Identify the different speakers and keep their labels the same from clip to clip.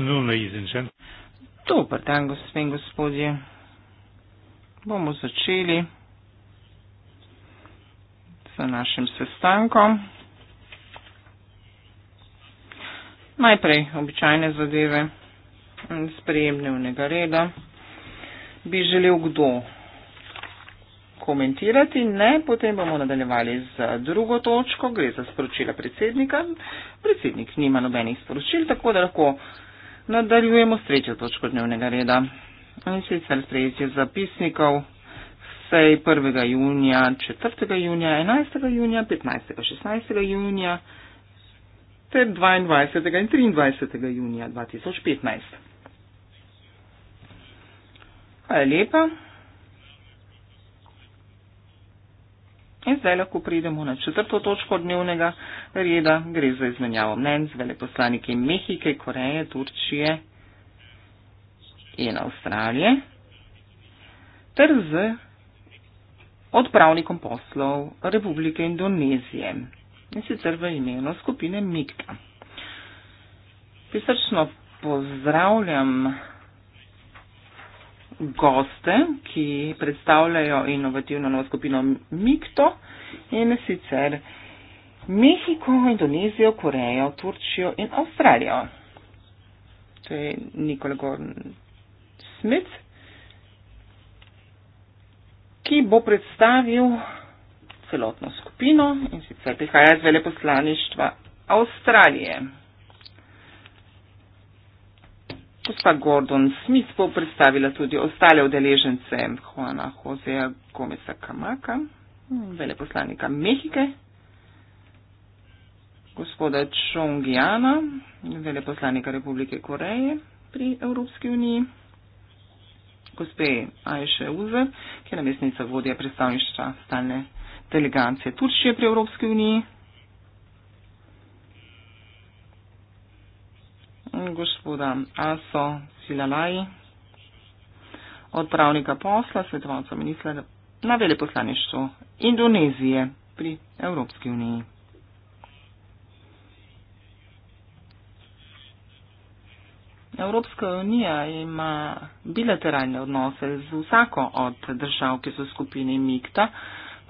Speaker 1: afternoon, ladies and gentlemen. Dobar dan, gospe in gospodje. Bomo začeli z našim sestankom. Najprej običajne zadeve sprejemnevnega reda. Bi želel kdo komentirati? Ne, potem bomo nadaljevali z drugo točko, gre za sporočila predsednika. Predsednik nima nobenih sporočil, tako da lahko Nadaljujemo s tretjo točko dnevnega reda. In sicer sprejetje zapisnikov sej 1. junija, 4. junija, 11. junija, 15. 16. junija ter 22. in 23. junija 2015. Hvala lepa. In zdaj lahko pridemo na četrto točko dnevnega reda, gre za izmenjavo mnen z veleposlaniki Mehike, Koreje, Turčije in Avstralije ter z odpravnikom poslov Republike Indonezije in sicer v imenu skupine Mikta. Pisrčno pozdravljam goste, ki predstavljajo inovativno novo skupino Mikto in sicer Mehiko, Indonezijo, Korejo, Turčijo in Avstralijo. To je Nikol Gordon Smith, ki bo predstavil celotno skupino in sicer prihaja z veleposlaništva Avstralije. gospa Gordon Smith bo predstavila tudi ostale udeležence Juana Josea Gomeza Kamaka, veleposlanika Mehike, gospoda Chongjana, veleposlanika Republike Koreje pri Evropski uniji, gospe Ajše Uze, ki je namestnica vodja predstavništva stalne delegacije Turčije pri Evropski uniji. gospoda Aso Silalaji, odpravnika posla, svetovalca ministra na veleposlaništvu Indonezije pri Evropski uniji. Evropska unija ima bilateralne odnose z vsako od držav, ki so v skupini MIGTA,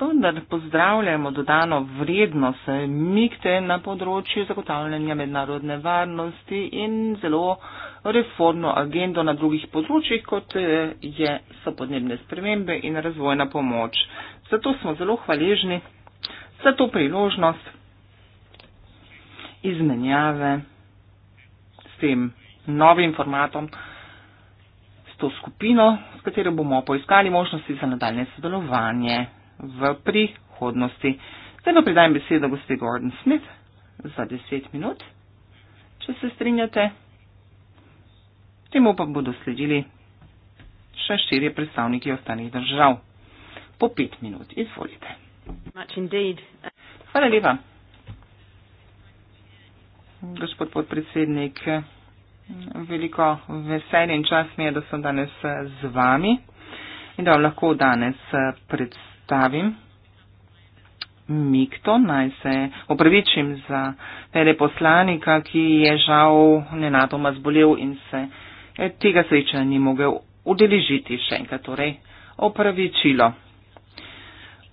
Speaker 1: vendar pozdravljamo dodano vrednost mikte na področju zagotavljanja mednarodne varnosti in zelo reformno agendo na drugih področjih, kot eh, je so podnebne spremembe in razvojna pomoč. Zato smo zelo hvaležni za to priložnost izmenjave s tem novim formatom, s to skupino, s katero bomo poiskali možnosti za nadaljne sodelovanje v prihodnosti. Zdaj pa predajem besedo gospe Gordon Smith za 10 minut, če se strinjate. Temu pa bodo sledili še štirje predstavniki ostalih držav. Po 5 minut, izvolite. Hvala lepa. Gospod podpredsednik, veliko veselje in čas mi je, da sem danes eh, z vami in da vam lahko danes predstavim eh, predstavim. Mikto, naj se opravičim za teleposlanika, ki je žal nenadoma zbolel in se eh, tega sreča ni mogel udeležiti še enkrat. Torej, opravičilo.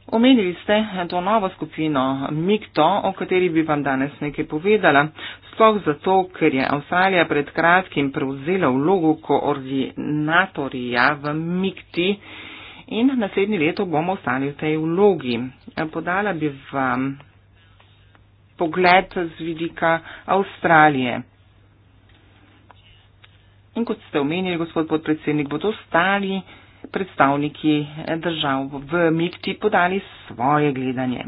Speaker 1: Omenili ste to novo skupino Mikto, o kateri bi vam danes nekaj povedala, sploh zato, ker je Avstralija pred kratkim prevzela vlogo koordinatorja v Mikti in naslednje leto bomo ostali v tej vlogi. Eh, podala bi vam pogled z vidika Avstralije. In kot ste omenili, gospod podpredsednik, bodo ostali predstavniki eh, držav v MIFTI podali svoje gledanje.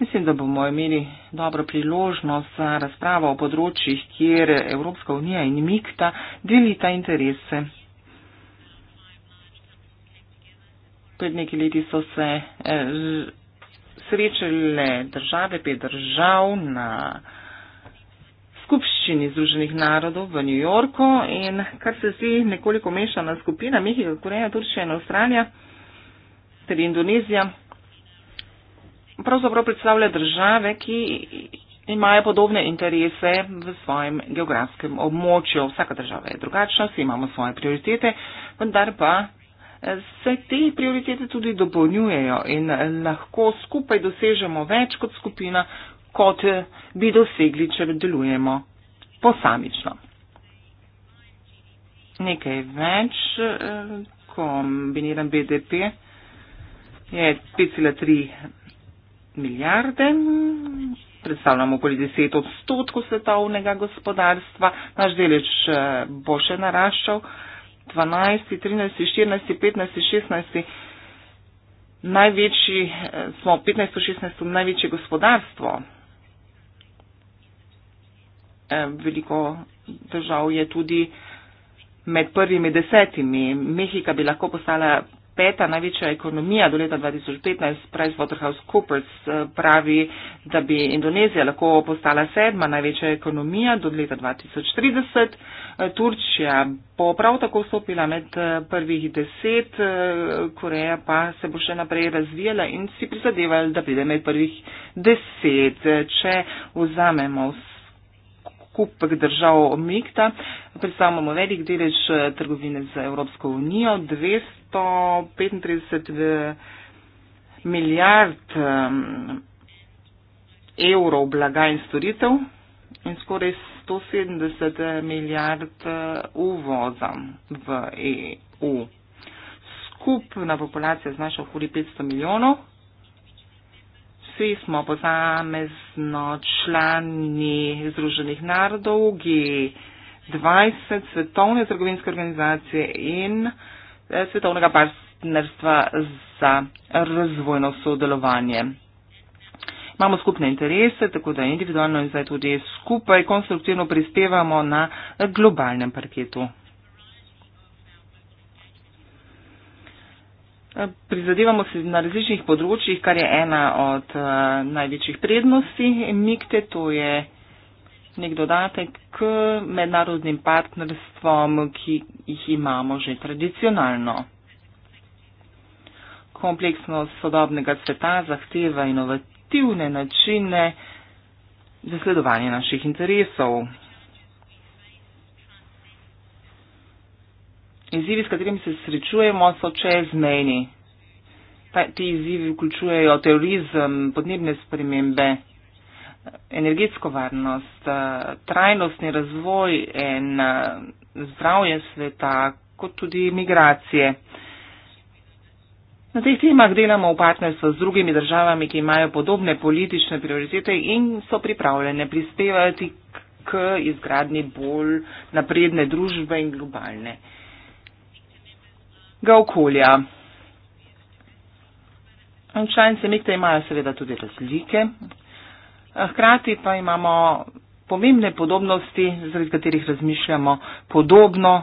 Speaker 1: Mislim, da bomo imeli dobro priložnost za razpravo o področjih, kjer Evropska unija in MIKTA delita interese. pred nekaj leti so se eh, srečale države, pet držav na skupščini Združenih narodov v New Yorku in kar se zdi nekoliko mešana skupina Mehika, Koreja, Turčija in Avstralija ter Indonezija, pravzaprav predstavlja države, ki imajo podobne interese v svojem geografskem območju. Vsaka država je drugačna, vsi imamo svoje prioritete, vendar pa se te prioritete tudi dopolnjujejo in lahko skupaj dosežemo več kot skupina, kot bi dosegli, če delujemo posamično. Nekaj več eh, kombiniran BDP je 5,3 milijarde, predstavljamo okoli 10 odstotkov svetovnega gospodarstva, naš delež eh, bo še naraščal. 12, 13, 14, 15, 16 največji, eh, smo 15, 16 največje gospodarstvo. Eh, veliko držav je tudi med prvimi desetimi. Mehika bi lahko postala peta največja ekonomija do leta 2015, PricewaterhouseCoopers eh, pravi, da bi Indonezija lahko postala sedma največja ekonomija do leta 2030. Eh, Turčija bo prav tako stopila med eh, prvih deset, Koreja pa se bo še naprej razvijala in si prizadevali, da pride med prvih deset. Če vzamemo vse skupek držav omikta predstavljamo velik delež eh, trgovine z Evropsko unijo, 235 eh, milijard evrov blaga in storitev in skoraj 170 eh, milijard uvoza v EU. Skupna populacija znaša okoli 500 milijonov konferenci smo posamezno člani Združenih narodov, G20, Svetovne trgovinske organizacije in eh, Svetovnega partnerstva za razvojno sodelovanje. Imamo skupne interese, tako da individualno in zdaj tudi skupaj konstruktivno prispevamo na globalnem parketu. Prizadevamo se na različnih področjih, kar je ena od uh, največjih prednosti Mikte, to je nek dodatek k mednarodnim partnerstvom, ki jih imamo že tradicionalno. Kompleksnost sodobnega sveta zahteva inovativne načine zasledovanja naših interesov. Izzivi, s katerimi se srečujemo, so čezmejni. Ti izzivi vključujejo terorizem, podnebne spremembe, energetsko varnost, eh, trajnostni razvoj in eh, zdravje sveta, kot tudi migracije. Na teh temah delamo v partnerstvu z drugimi državami, ki imajo podobne politične prioritete in so pripravljene prispevati k izgradni bolj napredne družbe in globalne ga okolja. Članice mikta imajo seveda tudi razlike, hkrati pa imamo pomembne podobnosti, zaradi katerih razmišljamo podobno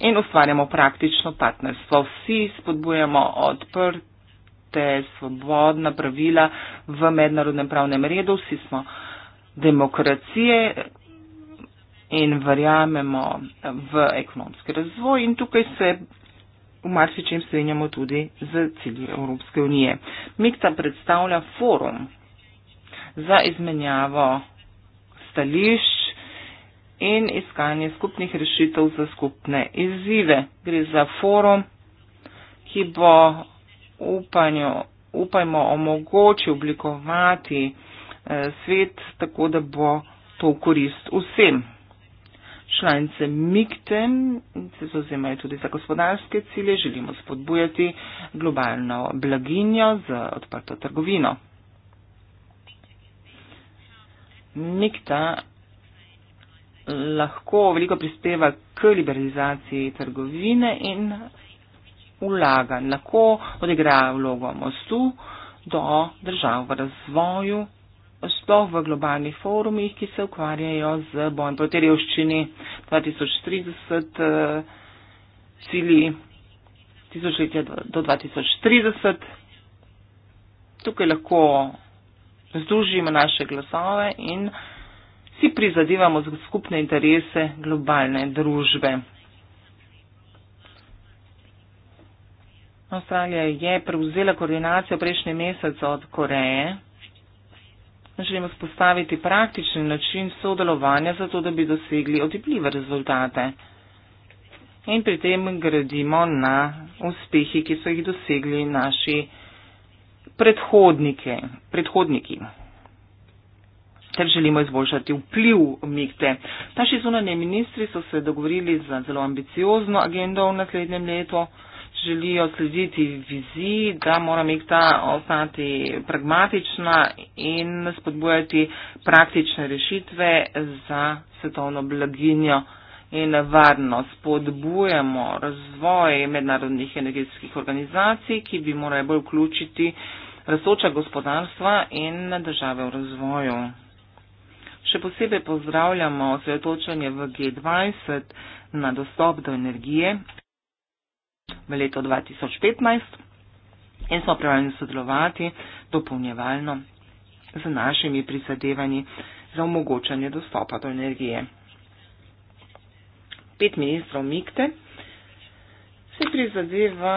Speaker 1: in ustvarjamo praktično partnerstvo. Vsi spodbujamo odprte, svobodna pravila v mednarodnem pravnem redu, vsi smo demokracije in verjamemo v ekonomski razvoj in tukaj se v marsičem strinjamo tudi z cilji Evropske unije. Mikta predstavlja forum za izmenjavo stališč in iskanje skupnih rešitev za skupne izzive. Gre za forum, ki bo upanju, upajmo omogoči oblikovati eh, svet tako, da bo to v korist vsem. Članice MIGTEN se zauzemajo tudi za gospodarske cilje, želimo spodbujati globalno blaginjo z odprto trgovino. MIGTA lahko veliko prispeva k liberalizaciji trgovine in vlaga, lahko odigra vlogo mostu do držav v razvoju sploh v globalnih forumih, ki se ukvarjajo z boj proti revščini 2030, sili eh, tisočletja do 2030. Tukaj lahko združimo naše glasove in si prizadevamo za skupne interese globalne družbe. Avstralija je prevzela koordinacijo prejšnji mesec od Koreje želimo spostaviti praktični način sodelovanja, zato da bi dosegli otipljive rezultate. In pri tem gradimo na uspehi, ki so jih dosegli naši predhodniki. Ker želimo izboljšati vpliv Mikte. Naši zunanje ministri so se dogovorili za zelo ambiciozno agendo v naslednjem letu želijo slediti viziji, da mora mekta ostati pragmatična in spodbujati praktične rešitve za svetovno blaginjo in varno. Spodbujemo razvoj mednarodnih energetskih organizacij, ki bi morali bolj vključiti razsoča gospodarstva in države v razvoju. Še posebej pozdravljamo osredotočanje v G20 na dostop do energije v leto 2015 in smo pravljeni sodelovati dopolnjevalno z našimi prizadevanji za omogočanje dostopa do energije. Pet ministrov Mikte se prizadeva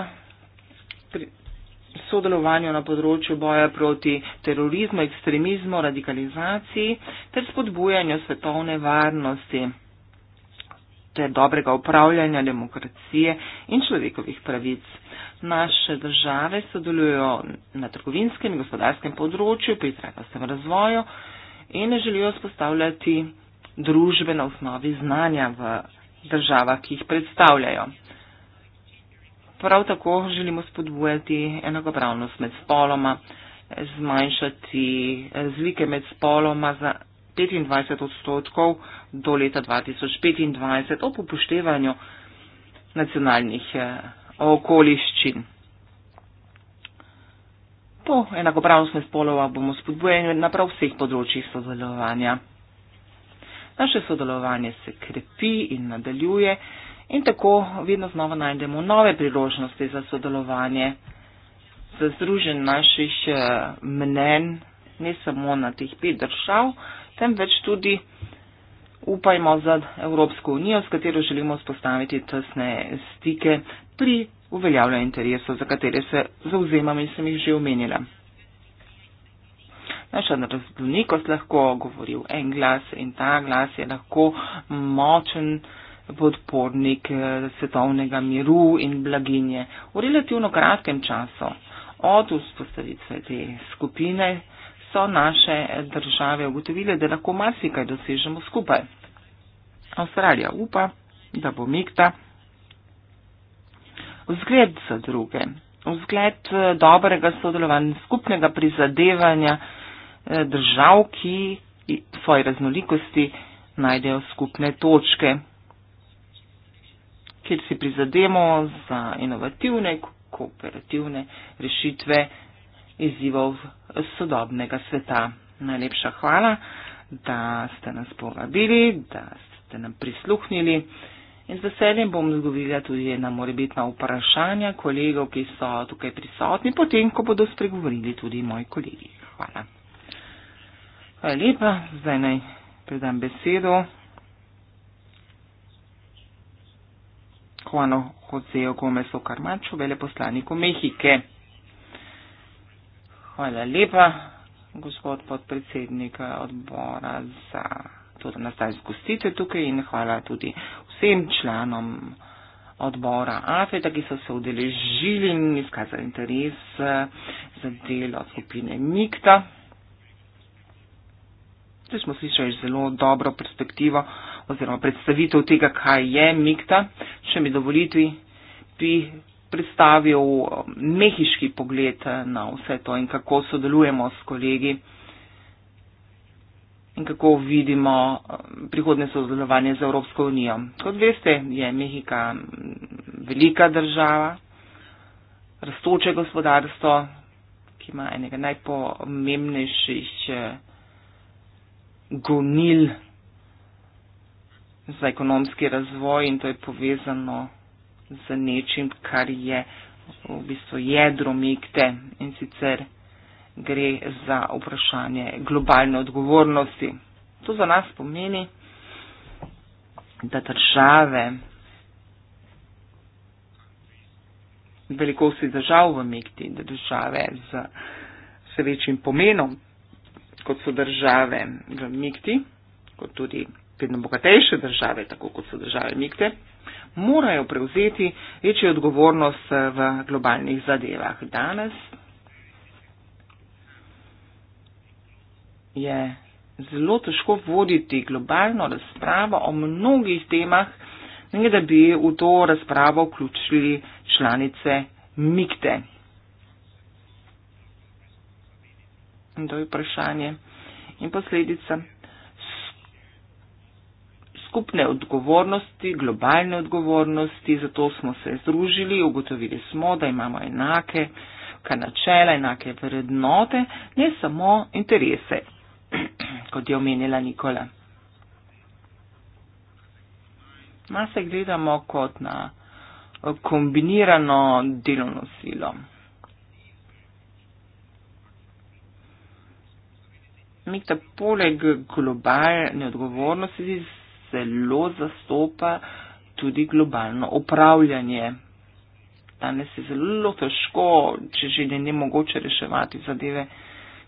Speaker 1: pri sodelovanju na področju boja proti terorizmu, ekstremizmu, radikalizaciji ter spodbujanju svetovne varnosti ter dobrega upravljanja demokracije in človekovih pravic. Naše države sodelujo na trgovinskem in gospodarskem področju pri trajnostnem razvoju in želijo spostavljati družbe na osnovi znanja v državah, ki jih predstavljajo. Prav tako želimo spodbujati enakopravnost med spoloma, zmanjšati razlike eh, med spoloma, 25 odstotkov do leta 2025 ob upoštevanju nacionalnih eh, okoliščin. Po enakopravnosti spolova bomo spodbujeni na prav vseh področjih sodelovanja. Naše sodelovanje se krepi in nadaljuje in tako vedno znova najdemo nove priložnosti za sodelovanje, za združen naših eh, mnen, ne samo na teh pet držav, temveč tudi upajmo za Evropsko unijo, s katero želimo spostaviti tesne stike pri uveljavljanju interesov, za katere se zauzemam in sem jih že omenila. Naša raznolikost lahko govori v en glas in ta glas je lahko močen podpornik eh, svetovnega miru in blaginje v relativno kratkem času od vzpostavitve te skupine so naše države ugotovile, da lahko marsikaj dosežemo skupaj. Avstralija upa, da bo migta. Vzgled za druge, vzgled eh, dobrega sodelovanja, skupnega prizadevanja eh, držav, ki v svoji raznolikosti najdejo skupne točke, kjer si prizademo za inovativne, kooperativne rešitve izzivov sodobnega sveta. Najlepša hvala, da ste nas povabili, da ste nam prisluhnili in z veseljem bom zgovila tudi na morebitna vprašanja kolegov, ki so tukaj prisotni, potem, ko bodo spregovorili tudi moji kolegi. Hvala. Hvala lepa, zdaj naj predam besedo. Juano Joseo Gomez Okarmacho, veleposlanico Mexique. Hvala lepa, gospod podpredsednik odbora, za to, da nas danes gostite tukaj in hvala tudi vsem članom odbora AFEDA, ki so se udeležili in izkazali interes za delo skupine MIKTA. Zdaj smo slišali zelo dobro perspektivo oziroma predstavitev tega, kaj je MIKTA. Še mi dovolite, bi predstavil um, mehiški pogled eh, na vse to in kako sodelujemo s kolegi in kako vidimo um, prihodne sodelovanje z Evropsko unijo. Kot veste, je Mehika velika država, rastoče gospodarstvo, ki ima enega najpomembnejših eh, gonil za ekonomski razvoj in to je povezano z nečim, kar je v bistvu jedro mikte in sicer gre za vprašanje globalne odgovornosti. To za nas pomeni, da države, velikosti držav v mikti, da države z vse večjim pomenom, kot so države v mikti, kot tudi vedno bogatejše države, tako kot so države mikte, morajo prevzeti večjo odgovornost eh, v globalnih zadevah. Danes je zelo težko voditi globalno razpravo o mnogih temah, ne da bi v to razpravo vključili članice Mikte. In to je vprašanje in posledica skupne odgovornosti, globalne odgovornosti, zato smo se združili, ugotovili smo, da imamo enake načela, enake vrednote, ne samo interese, kot je omenila Nikola. Ma se gledamo kot na kombinirano delovno silo. Mi ta poleg globalne odgovornosti zelo zastopa tudi globalno upravljanje. Danes je zelo težko, če že ne mogoče reševati zadeve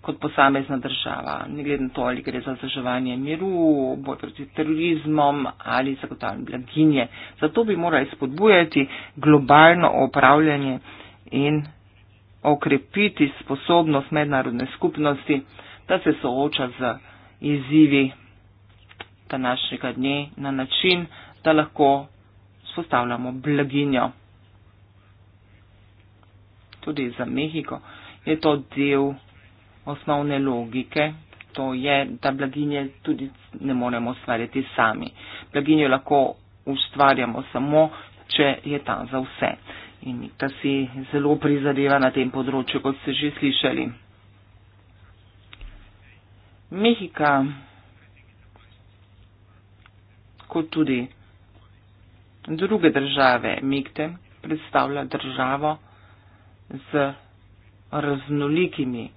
Speaker 1: kot posamezna država, ne glede na to, ali gre za zaževanje miru, boj proti terorizmom ali zagotavljanje blaginje. Zato bi morali spodbujati globalno upravljanje in okrepiti sposobnost mednarodne skupnosti, da se sooča z izzivi današnjega dne na način, da lahko spostavljamo blaginjo. Tudi za Mehiko je to del osnovne logike, to je, da blaginje tudi ne moremo ustvarjati sami. Blaginjo lahko ustvarjamo samo, če je ta za vse. In ta si zelo prizadeva na tem področju, kot ste že slišali. Mehika kot tudi druge države. Migte predstavlja državo z raznolikimi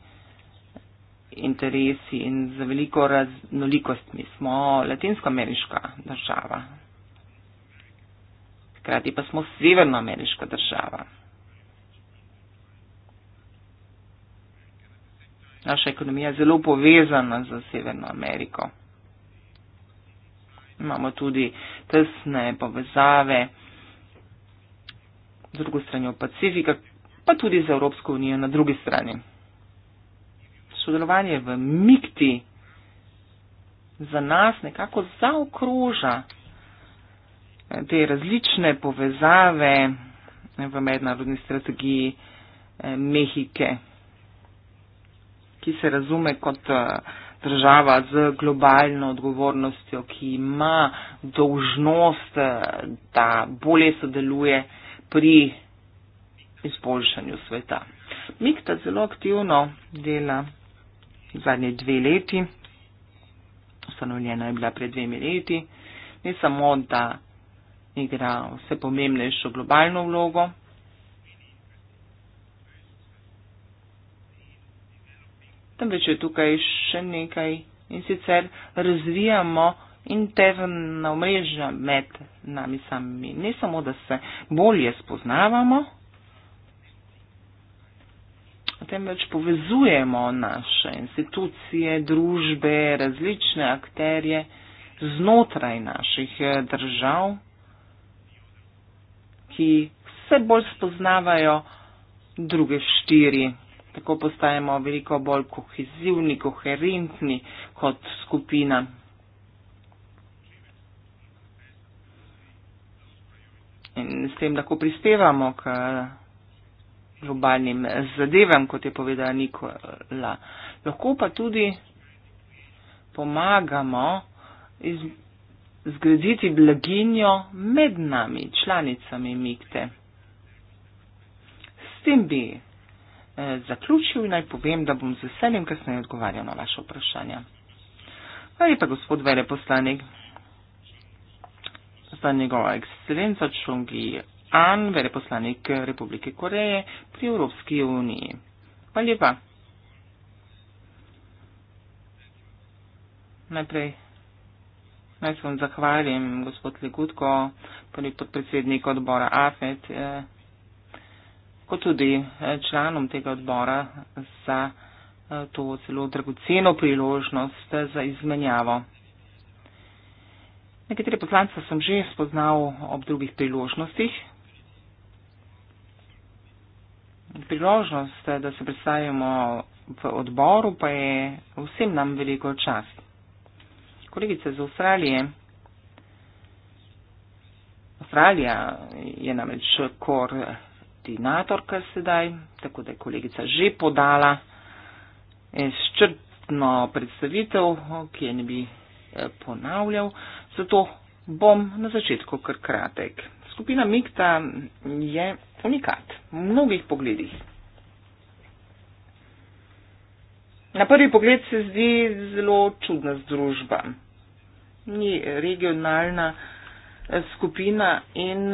Speaker 1: interesi in z veliko raznolikostmi. Smo latinskoameriška država. Hkrati pa smo severnoameriška država. Naša ekonomija je zelo povezana z Severno Ameriko imamo tudi tesne povezave z drugo stranjo Pacifika, pa tudi z Evropsko unijo na drugi strani. Sodelovanje v Mikti za nas nekako zaokroža eh, te različne povezave eh, v mednarodni strategiji eh, Mehike, ki se razume kot država z globalno odgovornostjo, ki ima dožnost, da bolje sodeluje pri izboljšanju sveta. Mikta zelo aktivno dela zadnje dve leti, ustanovljena je bila pred dvemi leti, ne samo, da igra vse pomembnejšo globalno vlogo, temveč je tukaj še nekaj in sicer razvijamo interna omrežja med nami samimi. Ne samo, da se bolje spoznavamo, temveč povezujemo naše institucije, družbe, različne akterje znotraj naših eh, držav, ki vse bolj spoznavajo druge štiri tako postajamo veliko bolj kohezivni, koherentni kot skupina. In s tem lahko prispevamo k globalnim zadevam, kot je povedala Nikola. Lahko pa tudi pomagamo zgraditi blaginjo med nami, članicami Mikte. S tem bi Eh, zaključil in naj povem, da bom z veseljem kasneje odgovarjal na vaše vprašanja. Ali pa gospod veleposlanik, zdaj njegova ekscelenca Čungi An, veleposlanik Republike Koreje pri Evropski uniji. Hvala lepa. Najprej naj se vam zahvalim, gospod Legutko, prvi podpredsednik odbora AFET. Eh, kot tudi eh, članom tega odbora za eh, to zelo dragoceno priložnost eh, za izmenjavo. Nekatere poslance sem že spoznal ob drugih priložnostih. Priložnost, da se predstavimo v odboru, pa je vsem nam veliko čast. Kolegice iz Avstralije. Avstralija je namreč kor koordinatorka sedaj, tako da je kolegica že podala izčrpno predstavitev, ki je ne bi eh, ponavljal. Zato bom na začetku kar kratek. Skupina Mikta je unikat v mnogih pogledih. Na prvi pogled se zdi zelo čudna združba. Ni regionalna skupina in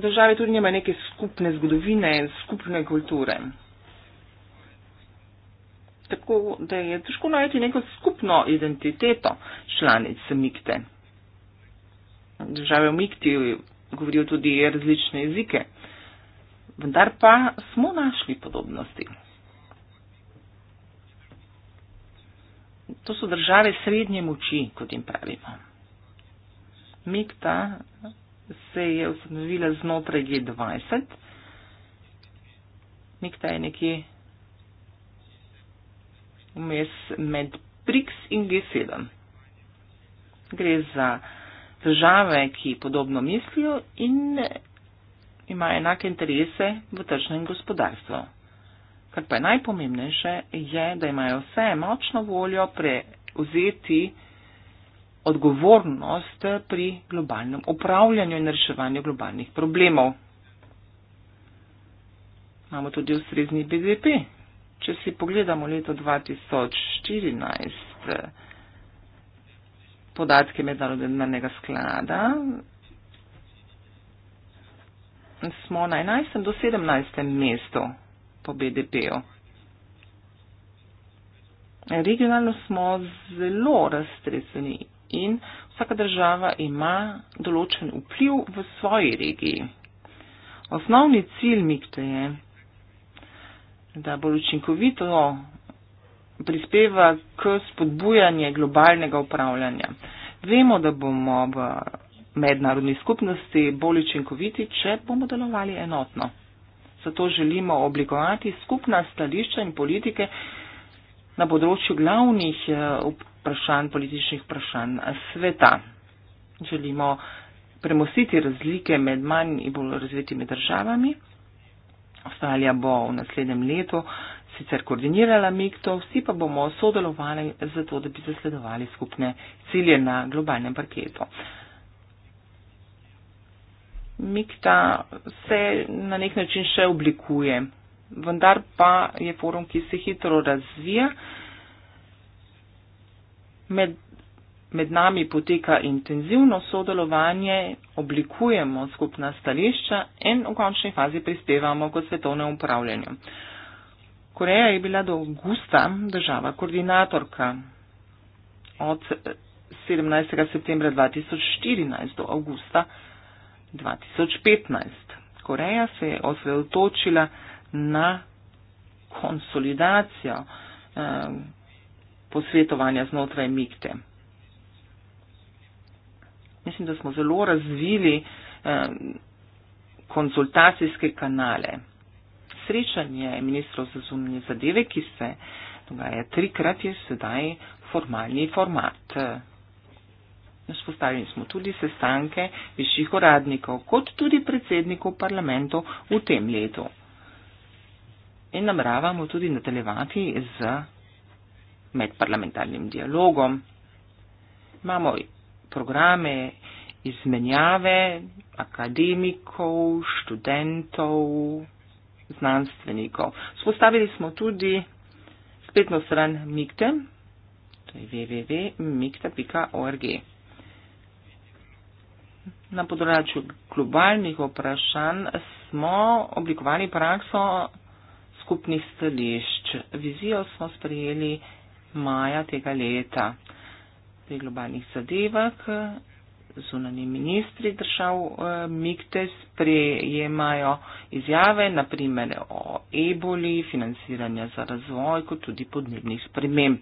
Speaker 1: države tudi nima neke skupne zgodovine, skupne kulture. Tako da je težko najti neko skupno identiteto članic Mikte. Države v Mikti govorijo tudi različne jezike, vendar pa smo našli podobnosti. To so države srednje moči, kot jim pravimo. MIGTA se je ustanovila znotraj G20. MIGTA je nekje vmes med PRICS in G7. Gre za države, ki podobno mislijo in imajo enake interese v tržnem gospodarstvu. Kar pa je najpomembnejše, je, da imajo vse močno voljo preuzeti odgovornost pri globalnem upravljanju in reševanju globalnih problemov. Imamo tudi ustrezni BDP. Če si pogledamo leto 2014 podatke mednarodnega sklada, smo na 11. do 17. mestu po BDP-u. Regionalno smo zelo raztreseni in vsaka država ima določen vpliv v svoji regiji. Osnovni cilj MIGTE je, da bo učinkovito prispeva k spodbujanju globalnega upravljanja. Vemo, da bomo v mednarodni skupnosti bolj učinkoviti, če bomo delovali enotno. Zato želimo oblikovati skupna stališča in politike na področju glavnih eh, vprašanj, političnih vprašanj sveta. Želimo premostiti razlike med manj in bolj razvitimi državami. Avstralija bo v naslednjem letu sicer koordinirala MIGTO, vsi pa bomo sodelovali za to, da bi zasledovali skupne cilje na globalnem parketu. MIGTA se na nek način še oblikuje, vendar pa je forum, ki se hitro razvija. Med, med nami poteka intenzivno sodelovanje, oblikujemo skupna stališča in v končni fazi prispevamo k svetovnemu upravljanju. Koreja je bila do augusta država koordinatorka. Od 17. Eh, septembra 2014 do augusta 2015. Koreja se je osredotočila na konsolidacijo. Eh, posvetovanja znotraj mikte. Mislim, da smo zelo razvili eh, konsultacijske kanale. Srečanje ministrov za zunanje zadeve, ki se dogaja trikrat, je sedaj formalni format. Vzpostavili smo tudi sestanke višjih uradnikov, kot tudi predsednikov parlamentov v tem letu. In nameravamo tudi nadaljevati z med parlamentarnim dialogom. Imamo programe izmenjave akademikov, študentov, znanstvenikov. Spostavili smo tudi spletno stran MIGTE, to je www.migte.org. Na področju globalnih vprašanj smo oblikovali prakso skupnih stališč. Vizijo smo sprejeli maja tega leta. Pri globalnih zadevah zunani ministri držav eh, Mikte sprejemajo izjave, naprimer o eboli, financiranja za razvoj, kot tudi podnebnih sprememb.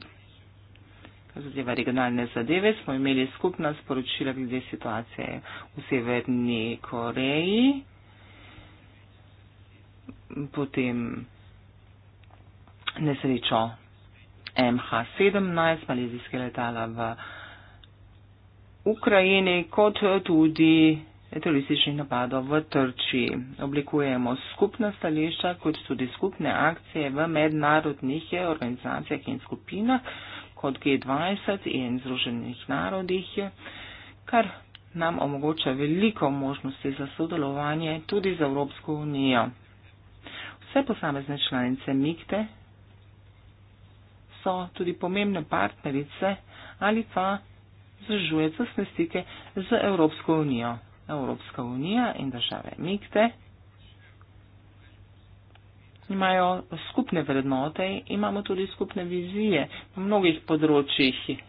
Speaker 1: Kar zadeva regionalne zadeve, smo imeli skupna sporočila glede situacije v Severni Koreji. Potem nesrečo MH17 malezijske letala v Ukrajini, kot tudi terorističnih napadov v Trčiji. Oblikujemo skupna stališča, kot tudi skupne akcije v mednarodnih organizacijah in skupinah, kot G20 in Združenih narodih, kar nam omogoča veliko možnosti za sodelovanje tudi z Evropsko unijo. Vse posamezne članice MIGTE so tudi pomembne partnerice ali pa zažuje tesne stike z Evropsko unijo. Evropska unija in države Mikte imajo skupne vrednote, imamo tudi skupne vizije na mnogih področjih.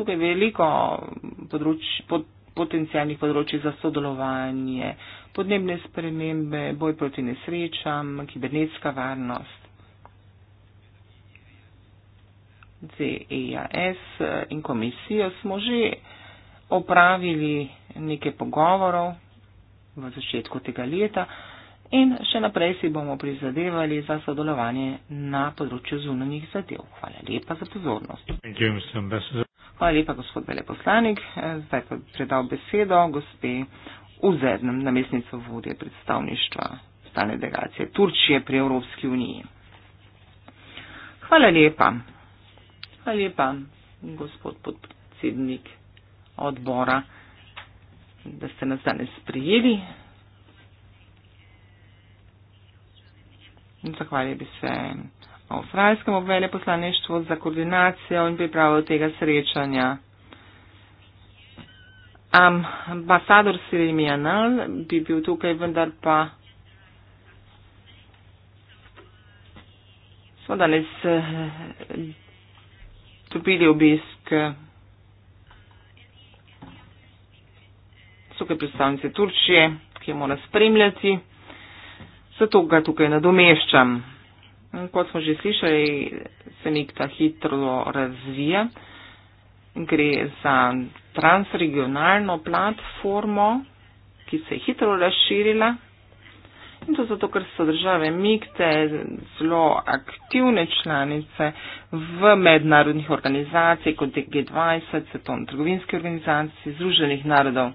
Speaker 1: Tukaj je veliko področ, pot, potencijalnih področji za sodelovanje, podnebne spremembe, boj proti nesrečam, kibernetska varnost. CEAS eh, in komisijo smo že opravili nekaj pogovorov v začetku tega leta in še naprej si bomo prizadevali za sodelovanje na področju zunanjih zadev. Hvala lepa za pozornost. Hvala lepa, gospod veleposlanik. Eh, Zdaj pa predal besedo gospe Uzednem, namestnico vodje predstavništva stalne delegacije Turčije pri Evropski uniji. Hvala lepa. Hvala lepa, gospod podpredsednik odbora, da ste nas danes prijeli. Zahvalil bi se avstralskemu veleposlaništvu za koordinacijo in pripravo tega srečanja. Ambasador Sirimijanal bi bil tukaj, vendar pa smo danes eh, dobili obisk. Tukaj eh, predstavnice Turčije, ki jo mora spremljati, zato ga tukaj nadomeščam. In kot smo že slišali, se nek ta hitro razvija. Gre za transregionalno platformo, ki se je hitro razširila, In to zato, ker so države Mikte zelo aktivne članice v mednarodnih organizacijah, kot je G20, svetovne trgovinske organizacije, Združenih narodov.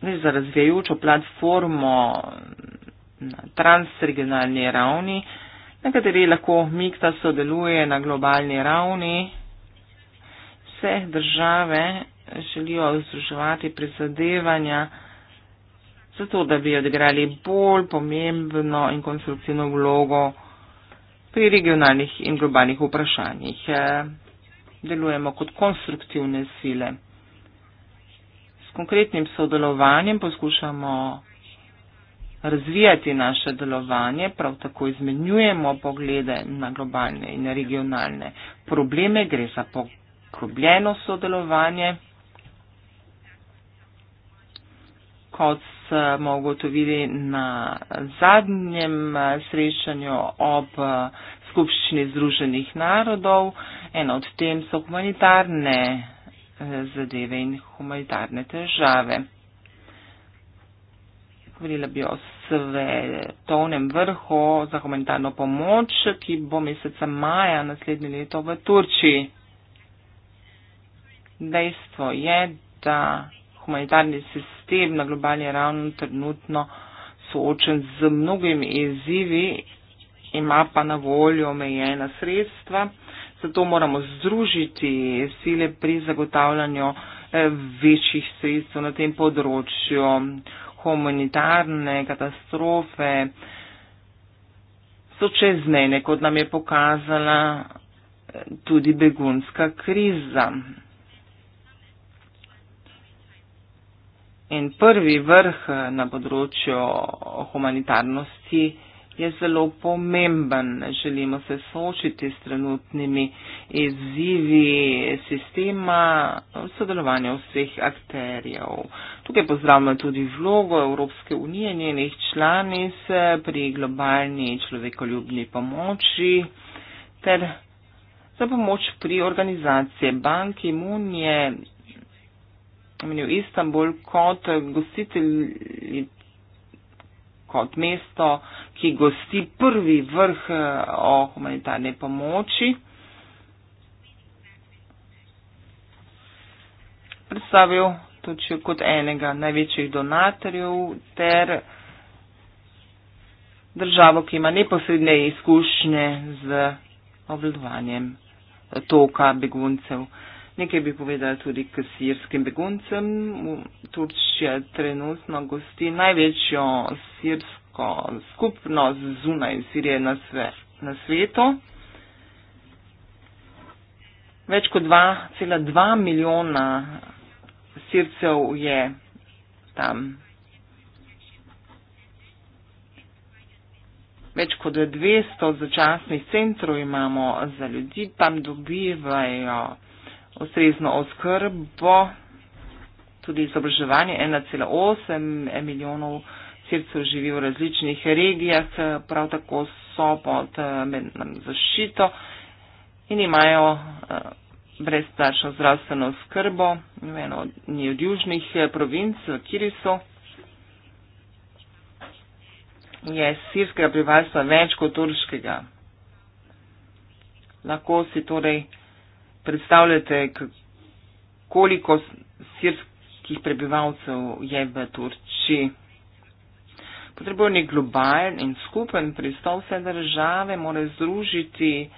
Speaker 1: Ne, za razvijajočo platformo na transregionalni ravni, na kateri lahko Mikta sodeluje na globalni ravni, vseh države želijo združevati prizadevanja, zato da bi odigrali bolj pomembno in konstruktivno vlogo pri regionalnih in globalnih vprašanjih. Eh, delujemo kot konstruktivne sile. S konkretnim sodelovanjem poskušamo razvijati naše delovanje, prav tako izmenjujemo poglede na globalne in regionalne probleme, gre za poglobljeno sodelovanje. Kot smo ugotovili na zadnjem eh, srečanju ob eh, skupščini Združenih narodov. Eno od tem so humanitarne eh, zadeve in humanitarne težave. Govorila bi o svetovnem vrhu za humanitarno pomoč, ki bo meseca maja naslednje leto v Turčiji. Dejstvo je, da humanitarni sistem sistem na globalni ravni trenutno soočen z mnogimi izzivi, ima pa na voljo omejena sredstva, zato moramo združiti sile pri zagotavljanju eh, večjih sredstev na tem področju humanitarne katastrofe. So čezmene, kot nam je pokazala eh, tudi begunska kriza. In prvi vrh eh, na področju humanitarnosti je zelo pomemben. Želimo se soočiti s trenutnimi izzivi sistema v sodelovanju vseh akterjev. Tukaj pozdravljamo tudi vlogo Evropske unije in njenih članic eh, pri globalni človekoljubni pomoči ter za pomoč pri organizaciji Banki Munije imenil Istanbul kot gostitelj, kot mesto, ki gosti prvi vrh eh, o humanitarni pomoči. Predstavil točil kot enega največjih donatorjev ter državo, ki ima neposredne izkušnje z obvladovanjem toka beguncev. Nekaj bi povedala tudi k sirskim beguncem. Turčija trenutno gosti največjo sirsko skupnost zunaj Sirije na, sve, na svetu. Več kot 2,2 milijona sircev je tam. Več kot 200 začasnih centrov imamo za ljudi, tam dobivajo ustrezno oskrbo, tudi izobraževanje 1,8 milijonov srcev živi v različnih regijah, prav tako so pod eh, zaščito in imajo eh, brezplačno zdravstveno skrbo v eno od, od južnih eh, provinc, v Kirisu. Je sirskega prebivalstva več kot turškega. Lahko si torej predstavljate, koliko sirskih prebivalcev je v Turčiji. Potrebujo nek globalen in skupen pristop vse države, morajo združiti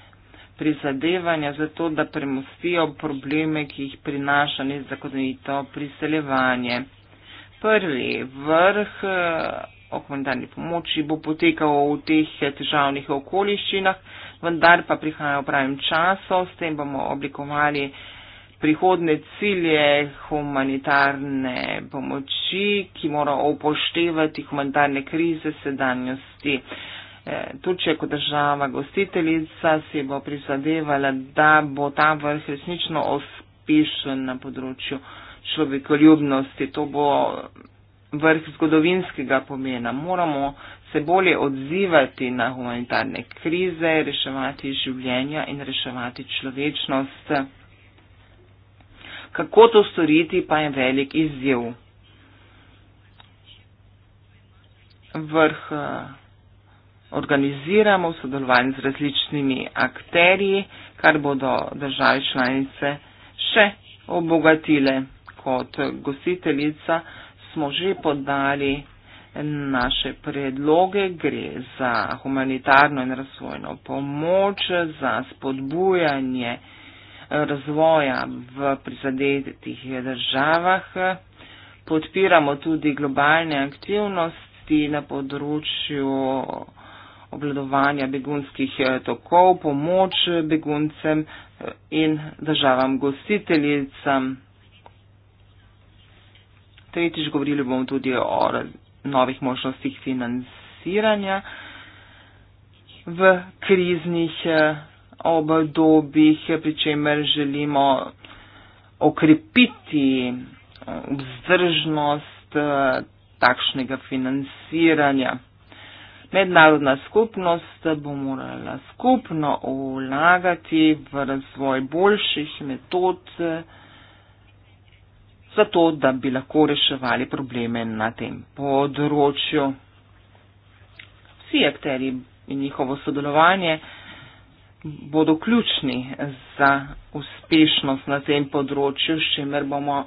Speaker 1: prizadevanja za to, da premostijo probleme, ki jih prinaša nezakonito priseljevanje. Prvi vrh o humanitarni pomoči bo potekal v teh težavnih okoliščinah, vendar pa prihaja v pravem času, s tem bomo oblikovali prihodne cilje humanitarne pomoči, ki mora upoštevati humanitarne krize sedanjosti. Eh, Turčija kot država gostiteljica si bo prizadevala, da bo ta vrh resnično uspešen na področju človekoljubnosti. To bo vrh zgodovinskega pomena. Moramo se bolje odzivati na humanitarne krize, reševati življenja in reševati človečnost. Kako to storiti, pa je velik izziv. Vrh eh, organiziramo v sodelovanju z različnimi akterji, kar bodo države članice še obogatile kot gostiteljica smo že podali naše predloge, gre za humanitarno in razvojno pomoč, za spodbujanje razvoja v prizadetih državah. Podpiramo tudi globalne aktivnosti na področju obladovanja begunskih eh, tokov, pomoč beguncem eh, in državam gostiteljicam. Tretjič, govorili bomo tudi o novih možnostih financiranja v kriznih eh, obdobjih, pri čemer želimo okrepiti eh, vzdržnost eh, takšnega financiranja. Mednarodna skupnost bo morala skupno vlagati v razvoj boljših metod zato, da bi lahko reševali probleme na tem področju. Vsi akteri in njihovo sodelovanje bodo ključni za uspešnost na tem področju, s čimer bomo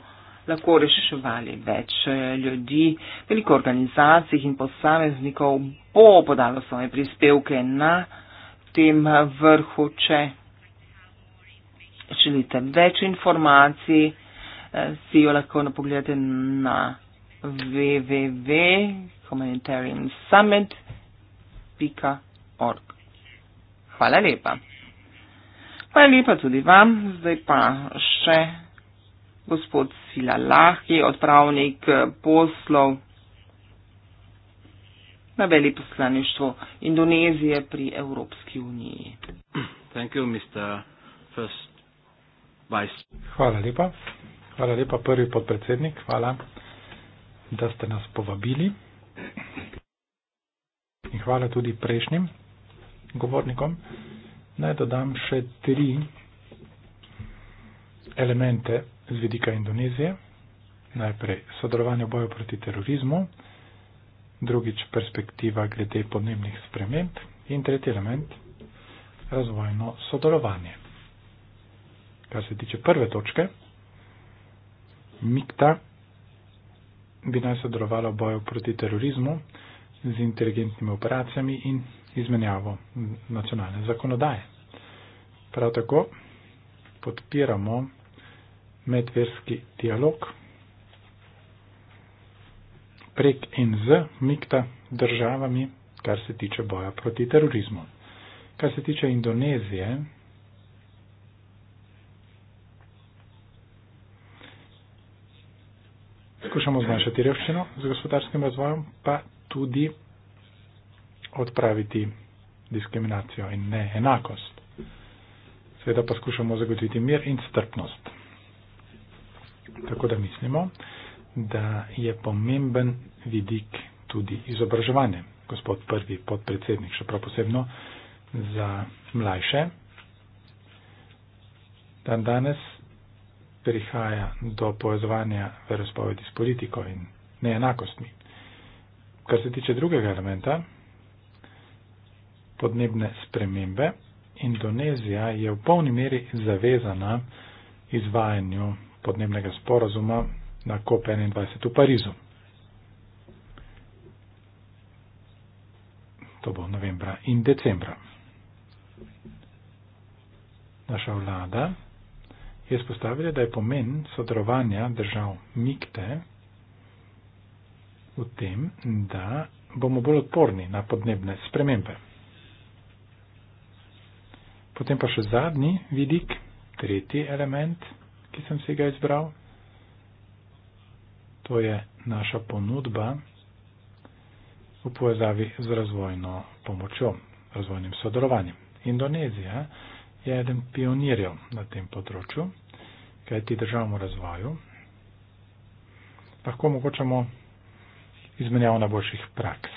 Speaker 1: lahko reševali več eh, ljudi. Veliko organizacij in posameznikov bo podalo svoje prispevke na tem eh, vrhu, če želite več informacij. Eh, si jo lahko napogledate na www.humanitariansummit.org. Hvala lepa. Hvala lepa tudi vam. Zdaj pa še gospod Sila Lahki, odpravnik poslov na veli poslaništvo Indonezije pri Evropski uniji.
Speaker 2: Thank you, Mr. First Vice.
Speaker 3: Hvala lepa. Hvala lepa, prvi podpredsednik. Hvala, da ste nas povabili. In hvala tudi prejšnjim govornikom. Naj dodam še tri elemente z vidika Indonezije. Najprej sodelovanje v boju proti terorizmu, drugič perspektiva glede podnebnih sprememb in tretji element razvojno sodelovanje. Kar se tiče prve točke, MIGTA bi naj sodelovala v boju proti terorizmu z inteligentnimi operacijami in izmenjavo nacionalne zakonodaje. Prav tako podpiramo medverski dialog prek in z MIGTA državami, kar se tiče boja proti terorizmu. Kar se tiče Indonezije, poskušamo zmanjšati revščino z gospodarskim razvojem, pa tudi odpraviti diskriminacijo in neenakost. Seveda poskušamo zagotoviti mir in strpnost. Tako da mislimo, da je pomemben vidik tudi izobraževanje. Gospod prvi podpredsednik, še prav posebno za mlajše. Dan danes prihaja do povezovanja verospovedi s politiko in neenakostmi. Kar se tiče drugega elementa, podnebne spremembe, Indonezija je v polni meri zavezana izvajanju podnebnega sporazuma na COP21 v Parizu. To bo novembra in decembra. Naša vlada je spostavila, da je pomen sodelovanja držav Nikte v tem, da bomo bolj odporni na podnebne spremembe. Potem pa še zadnji vidik, tretji element, ki sem si ga izbral. To je naša ponudba v povezavi z razvojno pomočjo, razvojnim sodelovanjem. Indonezija je eden pionirjev na tem področju, kaj ti državamo razvoju, lahko omogočamo izmenjavo najboljših praks.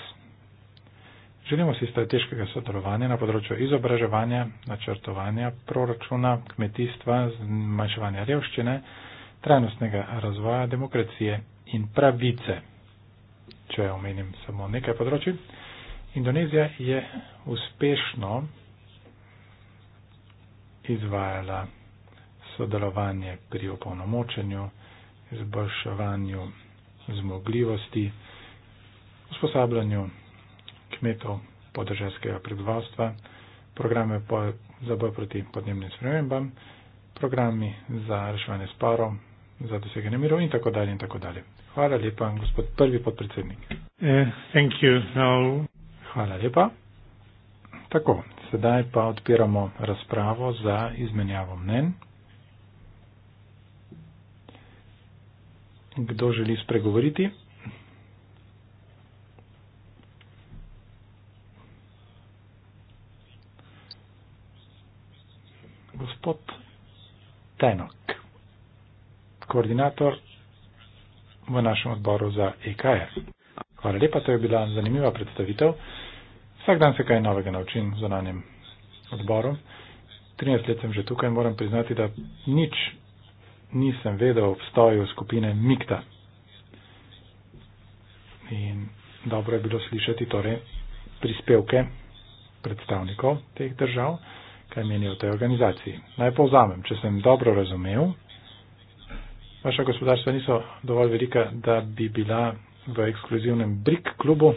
Speaker 3: Želimo si strateškega sodelovanja na področju izobraževanja, načrtovanja proračuna, kmetijstva, zmanjševanja revščine, trajnostnega razvoja, demokracije in pravice. Če omenim samo nekaj področji, Indonezija je uspešno izvajala sodelovanje pri opolnomočenju, izboljševanju zmogljivosti, usposabljanju kmetov podržavskega predvodstva, programe za boj proti podnebnim spremembam, programi za reševanje sporov, za doseganje miru in tako dalje in tako dalje. Hvala lepa, gospod prvi podpredsednik. Uh, thank you. No. Hvala lepa. Tako, Sedaj pa odpiramo razpravo za izmenjavo mnen. Kdo želi spregovoriti? Gospod Tenok, koordinator v našem odboru za EKR. Hvala lepa, to je bila zanimiva predstavitev. Vsak dan se kaj novega naučim v zonanjem odboru. 13 let sem že tukaj in moram priznati, da nič nisem vedel o obstoju skupine Mikta. In dobro je bilo slišati torej prispevke predstavnikov teh držav, kaj menijo o tej organizaciji. Naj povzamem, če sem dobro razumel, vaša gospodarstva niso dovolj velika, da bi bila v ekskluzivnem BRIC klubu,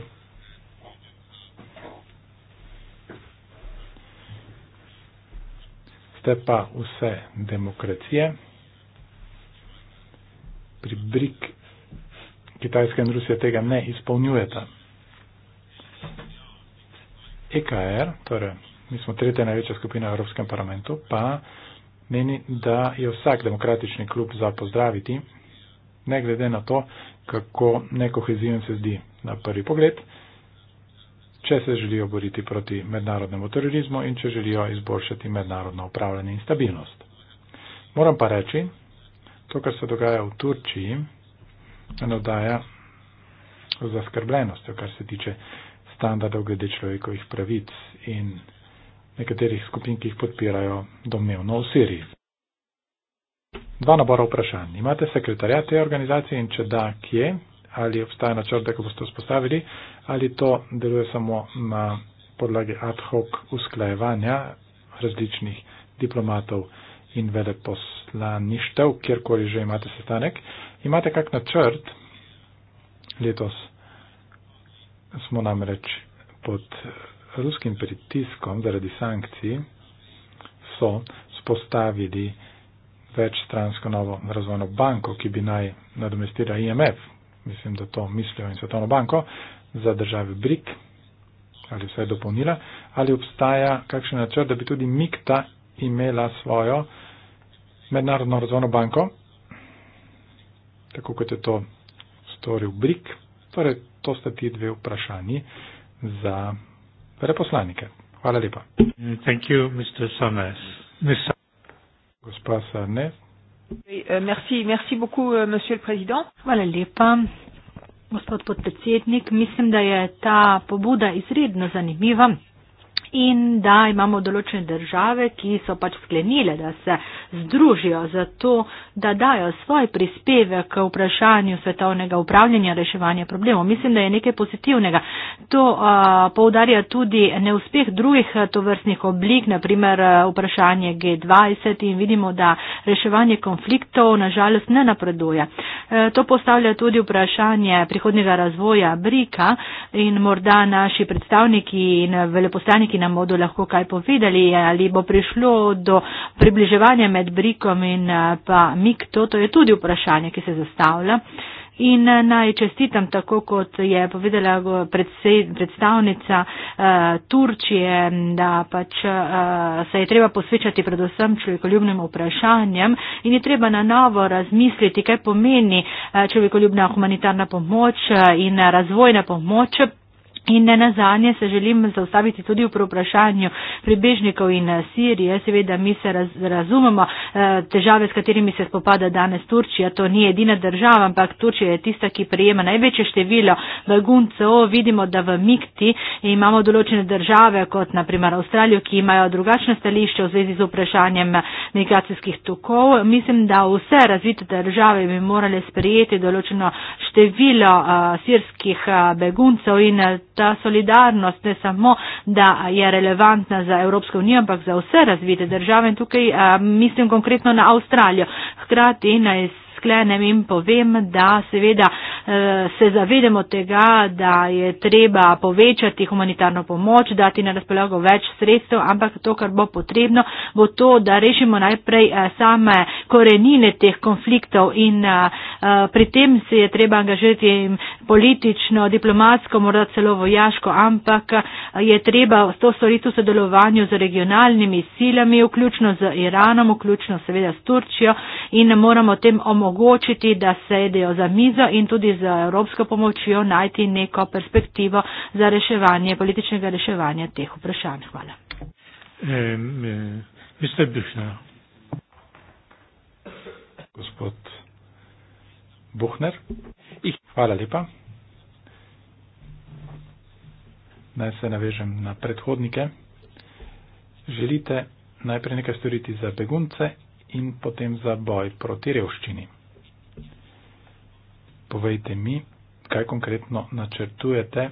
Speaker 3: ste pa vse demokracije. Pri BRIK Kitajska in Rusija tega ne izpolnjujeta. EKR, torej mi smo tretja največja skupina v Evropskem parlamentu, pa meni, da je vsak demokratični klub za pozdraviti, ne glede na to, kako nekohezivno se zdi na prvi pogled če se želijo boriti proti mednarodnemu terorizmu in če želijo izboljšati mednarodno upravljanje in stabilnost. Moram pa reči, to, kar se dogaja v Turčiji, nadaja zaskrbljenostjo, kar se tiče standardov glede človekovih pravic in nekaterih skupin, ki jih podpirajo domnevno v Siriji. Dva nabora vprašanj. Imate sekretarja te organizacije in če da, kje, ali obstaja načrte, ko boste vzpostavili, ali to deluje samo na podlagi ad hoc usklajevanja različnih diplomatov in veleposlaništev, kjerkoli že imate sestanek. Imate kak načrt? Letos smo namreč pod ruskim pritiskom zaradi sankcij so spostavili večstransko novo razvojno banko, ki bi naj nadomestila IMF mislim, da to mislijo in Svetovno banko, za državi BRIC ali vse dopolnila, ali obstaja kakšen načrt, da bi tudi MIKTA imela svojo mednarodno razvojno banko, tako kot je to storil BRIC. Torej, to sta ti dve vprašanji za preposlanike. Hvala lepa. Thank you, Mr. Sarnes. Gospa Sarnes,
Speaker 4: Oui, euh, merci, merci beaucoup, euh, Monsieur le Président. Hvala lepa, gospod podpredsednik. Mislim, da je ta pobuda izredno zanimiva in da imamo določene države, ki so pač sklenile, da se združijo za to, da dajo svoj prispevek k vprašanju svetovnega upravljanja reševanja problemov. Mislim, da je nekaj pozitivnega. To uh, poudarja tudi neuspeh drugih tovrstnih oblik, naprimer vprašanje G20 in vidimo, da reševanje konfliktov nažalost ne napreduje. Uh, to postavlja tudi vprašanje prihodnega razvoja Brika in morda naši predstavniki in veleposlaniki nam bodo lahko kaj povedali, ali bo prišlo do približevanja med Brikom in eh, pa Mikto, to je tudi vprašanje, ki se zastavlja. In eh, naj čestitam, tako kot je povedala predstavnica eh, Turčije, da pač se je treba posvečati predvsem človekoljubnim vprašanjem in je treba na novo razmisliti, kaj pomeni človekoljubna humanitarna pomoč in razvojna pomoč In ne nazadnje se želim zaustaviti tudi v vprašanju pribežnikov in eh, Sirije. Seveda mi se raz, razumemo eh, težave, s katerimi se spopada danes Turčija. To ni edina država, ampak Turčija je tista, ki prijema največje število beguncev. Vidimo, da v Mikti imamo določene države, kot naprimer Avstralijo, ki imajo drugačne stališče v zvezi z vprašanjem eh, migracijskih tokov. Mislim, da vse razvite države bi morale sprijeti določeno število sirskih beguncev in ta solidarnost ne samo, da je relevantna za Evropsko unijo, ampak za vse razvite države in tukaj a, mislim konkretno na Avstralijo. Hkrati naj sklenem in povem, da seveda eh, se zavedamo tega, da je treba povečati humanitarno pomoč, dati na razpolago več sredstev, ampak to, kar bo potrebno, bo to, da rešimo najprej eh, same korenine teh konfliktov in eh, pri tem se je treba angažirati politično, diplomatsko, morda celo vojaško, ampak je treba to storiti v sodelovanju z regionalnimi silami, vključno z Iranom, vključno seveda s Turčijo in moramo tem omogočiti omogočiti, da sedejo za mizo in tudi z evropsko pomočjo najti neko perspektivo za reševanje, političnega reševanja teh vprašanj. Hvala.
Speaker 3: E, e, Gospod Buhner. Hvala lepa. Naj se navežem na predhodnike. Želite najprej nekaj storiti za begunce in potem za boj proti revščini povejte mi, kaj konkretno načrtujete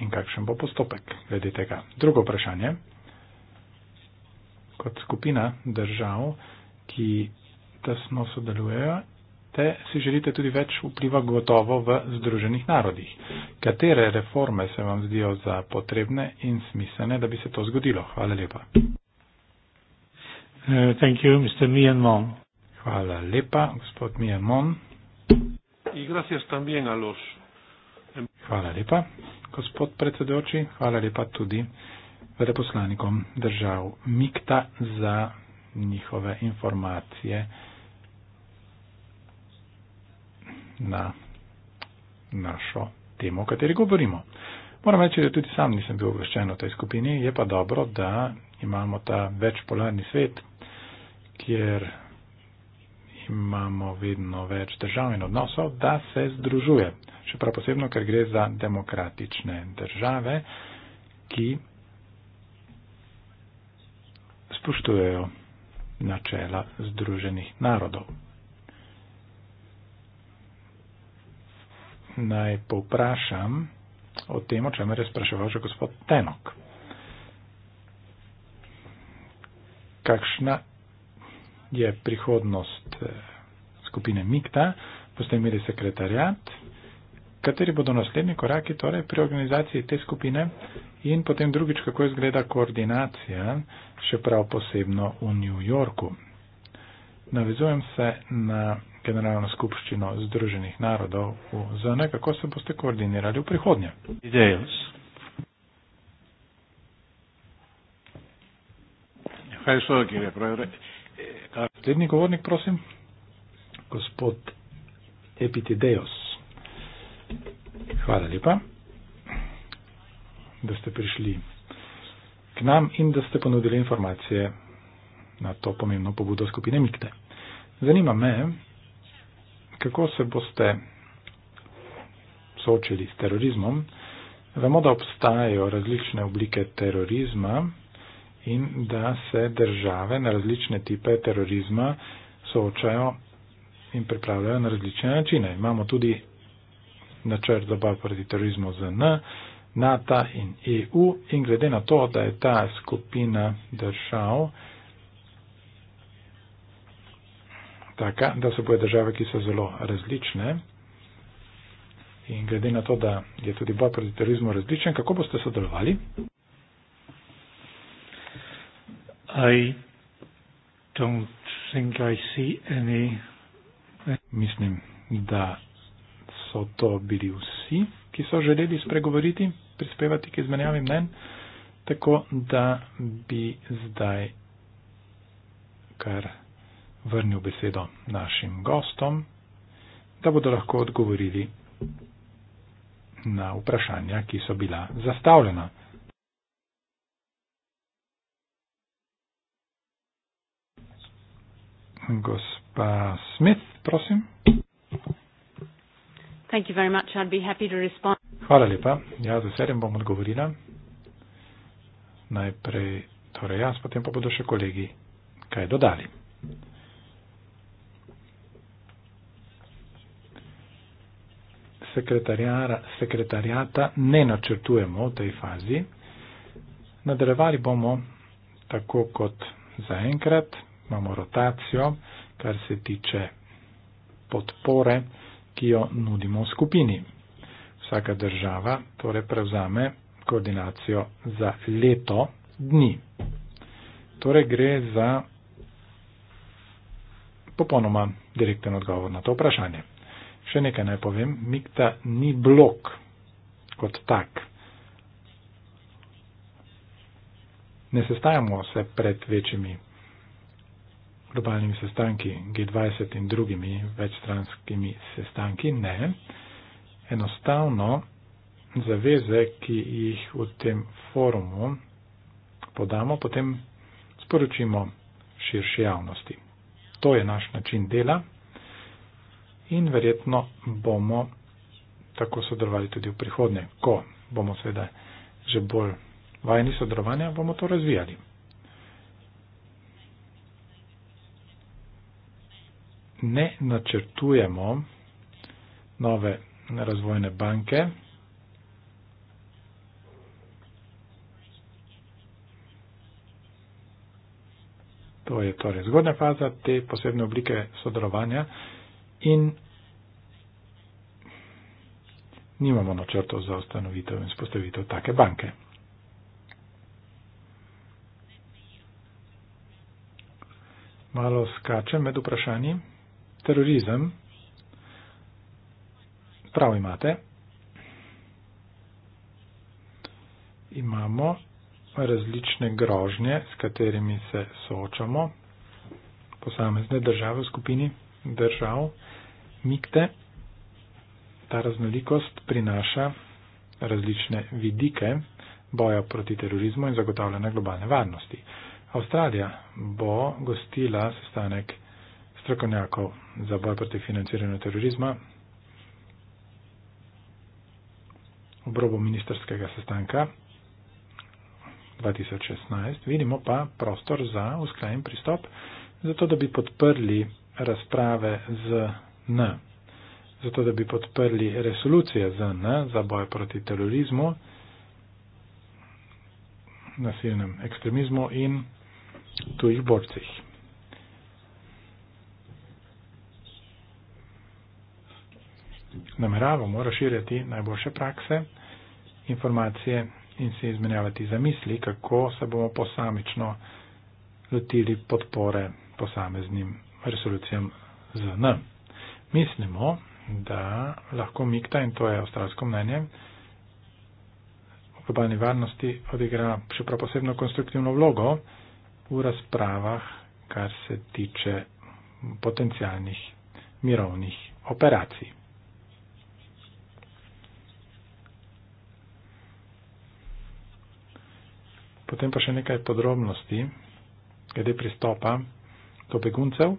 Speaker 3: in kakšen bo postopek glede tega. Drugo vprašanje. Kot skupina držav, ki tesno sodelujejo, te si želite tudi več vpliva gotovo v Združenih narodih. Katere reforme se vam zdijo za potrebne in smiselne, da bi se to zgodilo? Hvala lepa. Uh, thank you, Mr. Hvala lepa, gospod Mijemon in gracias también a los. Hvala lepa, gospod predsedoči, hvala lepa tudi veleposlanikom držav Mikta za njihove informacije na našo temo, o kateri govorimo. Moram reči, da tudi sam nisem bil obveščen o tej skupini, je pa dobro, da imamo ta večpolarni svet, kjer imamo vedno več držav in odnosov, da se združuje. Še prav posebno, ker gre za demokratične države, ki spoštujejo načela Združenih narodov. Naj povprašam o tem, o čemer je spraševal že gospod Tenok. Kakšna je prihodnost eh, skupine Mikta, boste imeli sekretarjat, kateri bodo naslednji koraki torej pri organizaciji te skupine in potem drugič, kako izgleda koordinacija, še prav posebno v New Yorku. Navezujem se na Generalno skupščino Združenih narodov v ZN, kako se boste koordinirali v prihodnje. Idejos. Hvala, Sodokir, je pravi. Naslednji govornik, prosim. Gospod Epitideos. Hvala lepa, da ste prišli k nam in da ste ponudili informacije na to pomembno pobudo skupine Mikte. Zanima me, kako se boste soočili s terorizmom. Vemo, da obstajajo različne oblike terorizma in da se države na različne tipe terorizma soočajo in pripravljajo na različne načine. Imamo tudi načrt za boj proti terorizmu ZN, NATO in EU in glede na to, da je ta skupina držav taka, da so boje države, ki so zelo različne in glede na to, da je tudi boj proti terorizmu različen, kako boste sodelovali? I don't think I see any. Eh. Mislim, da so to bili vsi, ki so želeli spregovoriti, prispevati k izmenjavi mnen, tako da bi zdaj kar vrnil besedo našim gostom, da bodo lahko odgovorili na vprašanja, ki so bila zastavljena. Gospa Smith, prosim.
Speaker 4: Thank you very much. I'd be happy to respond. Hvala
Speaker 3: lepa. Ja, z veseljem bom odgovorila. Najprej torej jaz, potem pa bodo še kolegi kaj dodali. Sekretarjata ne načrtujemo v tej fazi. Nadaljevali bomo tako kot zaenkrat imamo rotacijo, kar se tiče podpore, ki jo nudimo skupini. Vsaka država torej prevzame koordinacijo za leto dni. Torej gre za popolnoma direkten odgovor na to vprašanje. Še nekaj naj povem, mikta ni blok kot tak. Ne sestajamo se pred večjimi globalnimi sestanki G20 in drugimi večstranskimi sestanki? Ne. Enostavno zaveze, ki jih v tem forumu podamo, potem sporočimo širši javnosti. To je naš način dela in verjetno bomo tako sodelovali tudi v prihodnje, ko bomo seveda že bolj vajni sodelovanja, bomo to razvijali. ne načrtujemo nove razvojne banke. To je torej zgodna faza te posebne oblike sodelovanja in nimamo načrto za ustanovitev in spostavitev take banke. Malo skačem med vprašanji terorizem. Prav imate. Imamo različne grožnje, s katerimi se soočamo. Posamezne države v skupini držav, mikte, ta raznolikost prinaša različne vidike boja proti terorizmu in zagotavljanja globalne varnosti. Avstralija bo gostila sestanek strokovnjakov za boj proti financiranju terorizma. obrobo ministerskega sestanka 2016. Vidimo pa prostor za usklajen pristop, zato da bi podprli razprave z N, zato da bi podprli resolucije z N za boj proti terorizmu, nasilnem ekstremizmu in tujih borcih. nameravamo razširjati najboljše prakse, informacije in se izmenjavati zamisli, kako se bomo posamično lotili podpore posameznim resolucijam z N. Mislimo, da lahko Mikta, in to je avstralsko mnenje, v globalni varnosti odigra še prav posebno konstruktivno vlogo v razpravah, kar se tiče potencijalnih mirovnih operacij. Potem pa še nekaj podrobnosti glede pristopa do beguncev.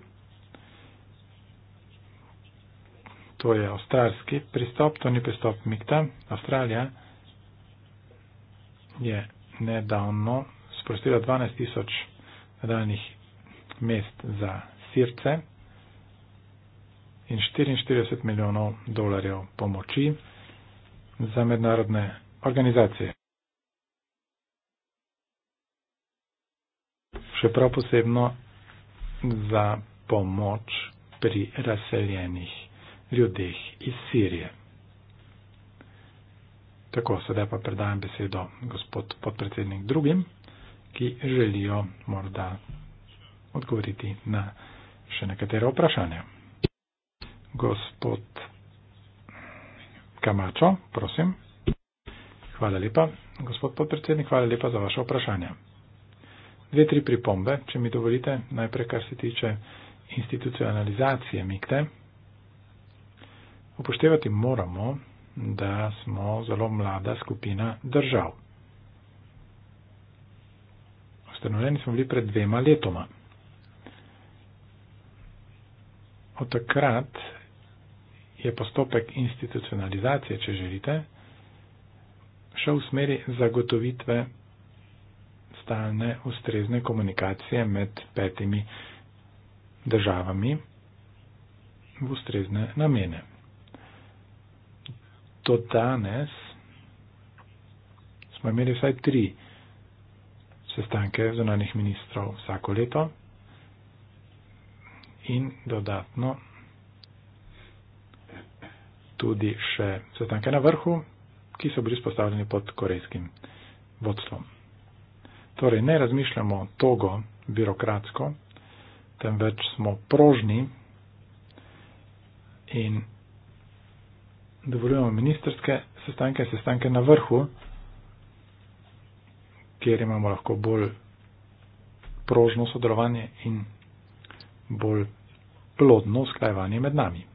Speaker 3: To je avstralski pristop, to ni pristop Mikta. Avstralija je nedavno sprostila 12 tisoč radnih mest za sirce in 44 milijonov dolarjev pomoči za mednarodne organizacije. še prav posebno za pomoč pri razseljenih ljudeh iz Sirije. Tako, sedaj pa predajam besedo gospod podpredsednik drugim, ki želijo morda odgovoriti na še nekatere vprašanja. Gospod Kamačo, prosim. Hvala lepa, gospod podpredsednik, hvala lepa za vaše vprašanje dve, tri pripombe, če mi dovolite, najprej kar se tiče institucionalizacije mikte. Upoštevati moramo, da smo zelo mlada skupina držav. Ustanovljeni smo bili pred dvema letoma. Od takrat je postopek institucionalizacije, če želite, šel v smeri zagotovitve stalne ustrezne komunikacije med petimi državami v ustrezne namene. Do danes smo imeli vsaj tri sestanke zunanih ministrov vsako leto in dodatno tudi še sestanke na vrhu, ki so bili spostavljeni pod korejskim vodstvom. Torej, ne razmišljamo togo, birokratsko, temveč smo prožni in dovoljujemo ministerske sestanke, sestanke na vrhu, kjer imamo lahko bolj prožno sodelovanje in bolj plodno usklajevanje med nami.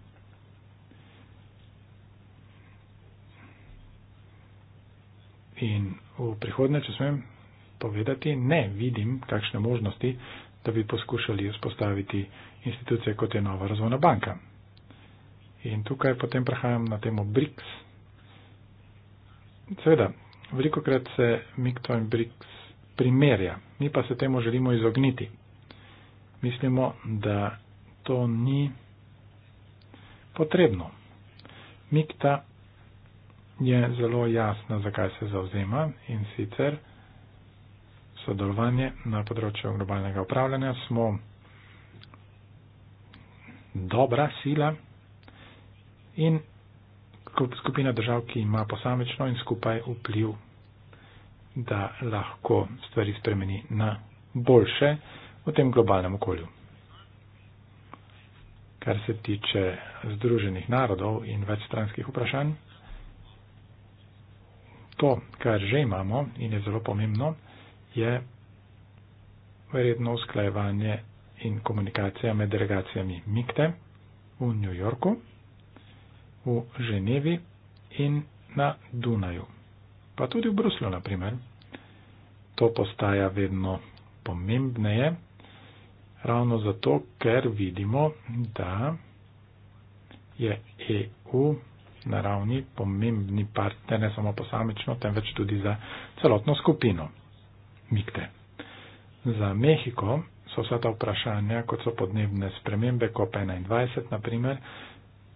Speaker 3: In v prihodnje, če smem, povedati, ne vidim kakšne možnosti, da bi poskušali vzpostaviti institucije kot je nova razvojna banka. In tukaj potem prehajam na temo BRICS. Seveda, veliko krat se MIGTO in BRICS primerja, mi pa se temu želimo izogniti. Mislimo, da to ni potrebno. MIGTA je zelo jasna, zakaj se zauzema in sicer sodelovanje na področju globalnega upravljanja. Smo dobra sila in skupina držav, ki ima posamično in skupaj vpliv, da lahko stvari spremeni na boljše v tem globalnem okolju. Kar se tiče združenih narodov in večstranskih vprašanj, to, kar že imamo in je zelo pomembno, je verjetno usklajevanje in komunikacija med delegacijami MIKTE v New Yorku, v Ženevi in na Dunaju. Pa tudi v Bruslju, na primer. To postaja vedno pomembneje, ravno zato, ker vidimo, da je EU na ravni pomembni partner ne samo posamično, temveč tudi za celotno skupino mikte. Za Mehiko so vsa ta vprašanja, kot so podnebne spremembe COP21, naprimer,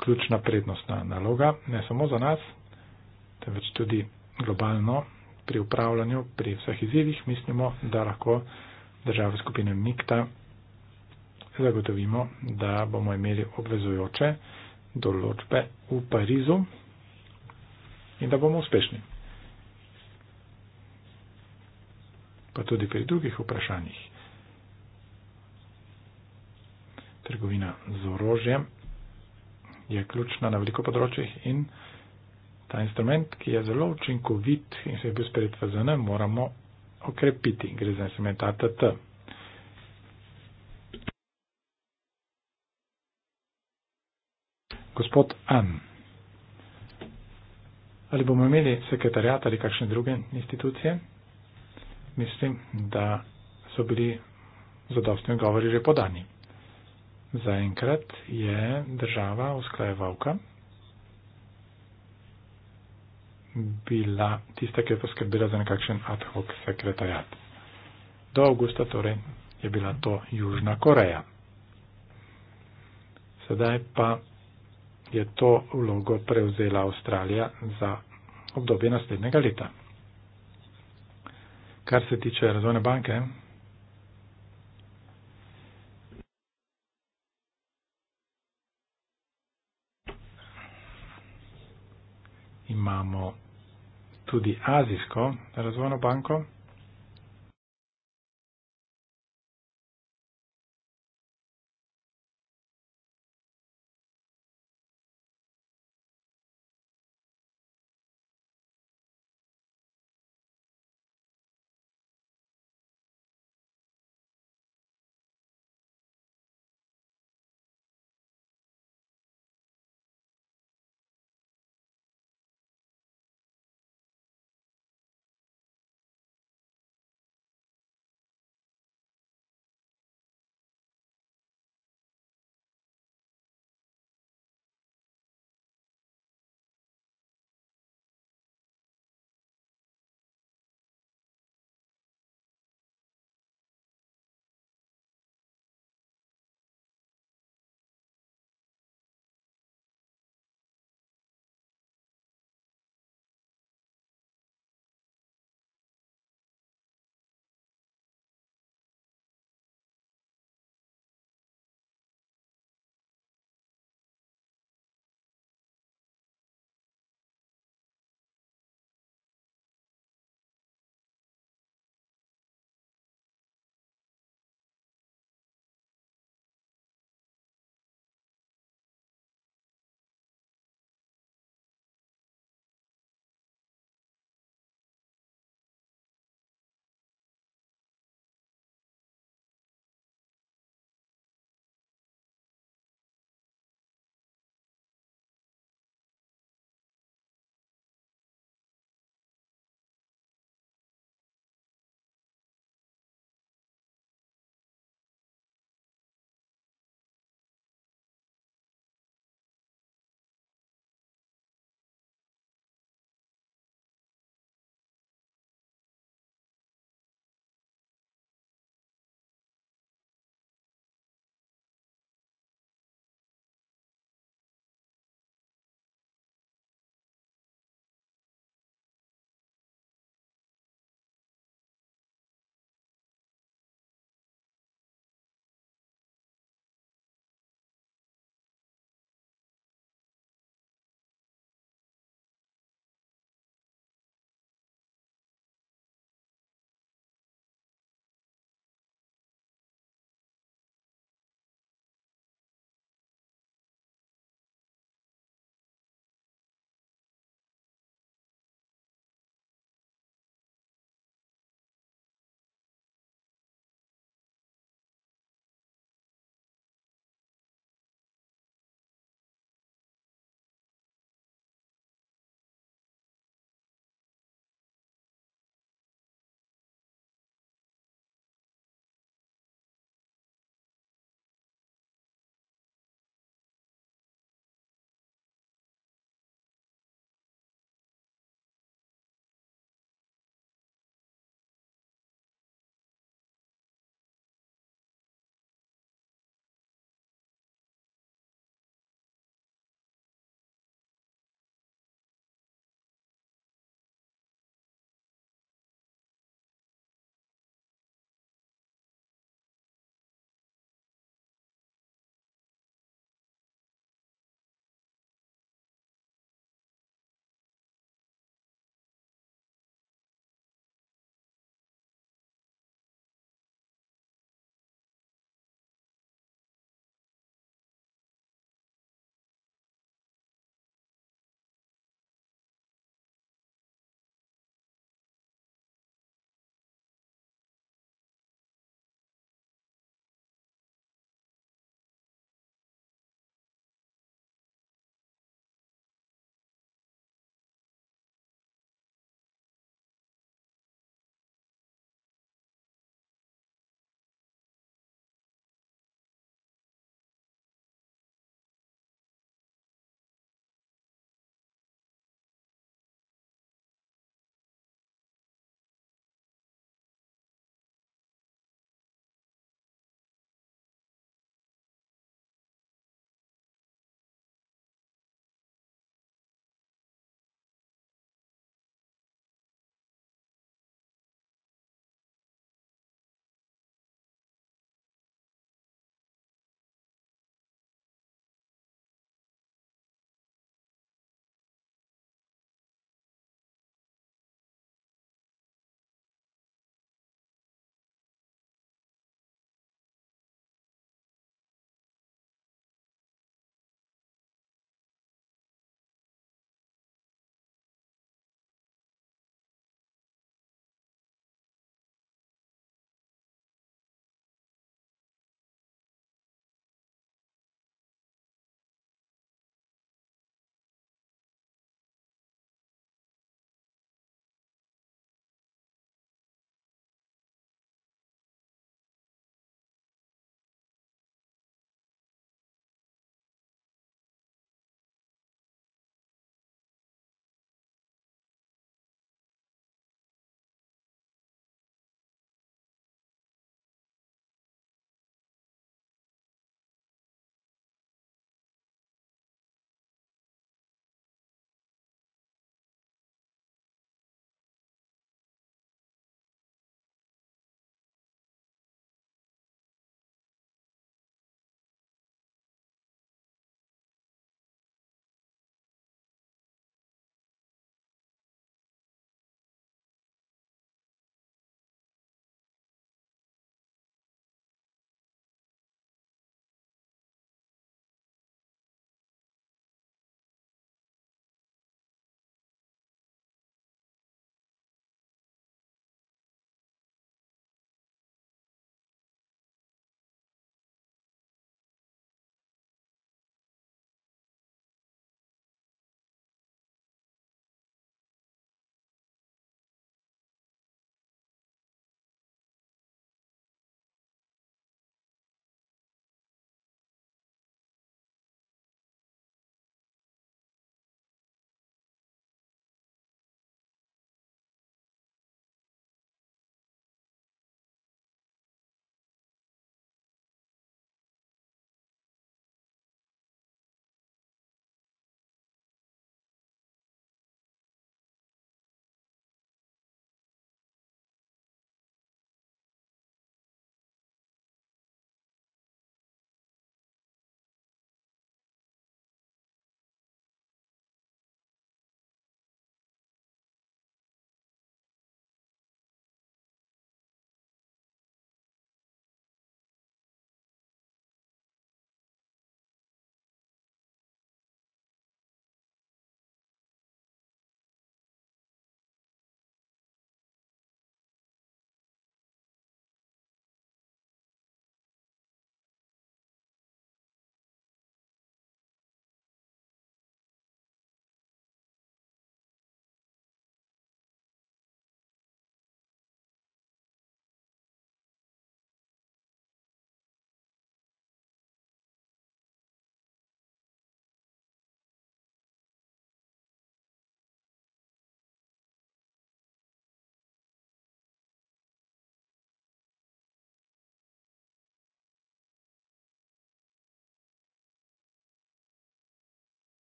Speaker 3: ključna prednostna naloga, ne samo za nas, temveč tudi globalno pri upravljanju, pri vseh izzivih, mislimo, da lahko države skupine MIKTA zagotovimo, da bomo imeli obvezujoče določbe v Parizu in da bomo uspešni. pa tudi pri drugih vprašanjih. Trgovina z orožjem je ključna na veliko področjih in ta instrument, ki je zelo učinkovit in se je bil sprejet v ZN, moramo okrepiti. Gre za instrument ATT. Gospod An, ali bomo imeli sekretarjat ali kakšne druge institucije, mislim, da so bili zadostni odgovori že podani. Zaenkrat je država usklajevalka bila tista, ki je poskrbila za nekakšen ad hoc sekretariat. Do avgusta torej je bila to Južna Koreja. Sedaj pa je to vlogo prevzela Avstralija za obdobje naslednjega leta kar se tiče razvojne banke. Imamo tudi
Speaker 2: azijsko razvojno banko.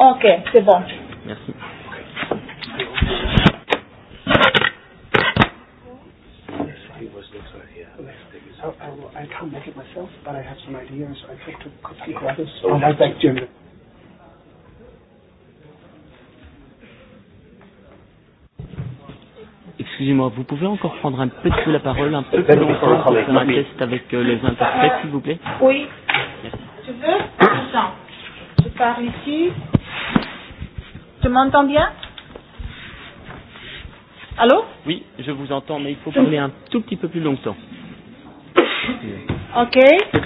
Speaker 4: Ok, c'est bon.
Speaker 2: Merci. Oh, Excusez-moi, vous pouvez encore prendre un petit peu la parole, un peu plus longtemps pour faire un test avec euh, les interprètes, s'il vous plaît Oui. Merci. Tu veux Attends. Je pars ici m'entends bien Allô Oui, je vous entends, mais il faut parler un tout petit peu plus longtemps. Ok.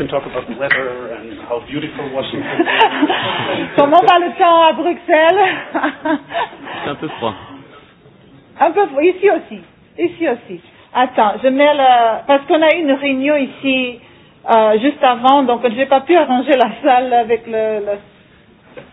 Speaker 2: Comment
Speaker 1: va le temps à Bruxelles C'est un peu froid. Un peu froid, ici aussi. Ici aussi. Attends, je mets le. Parce qu'on a eu une réunion ici euh, juste avant, donc je n'ai pas pu arranger la salle avec le. le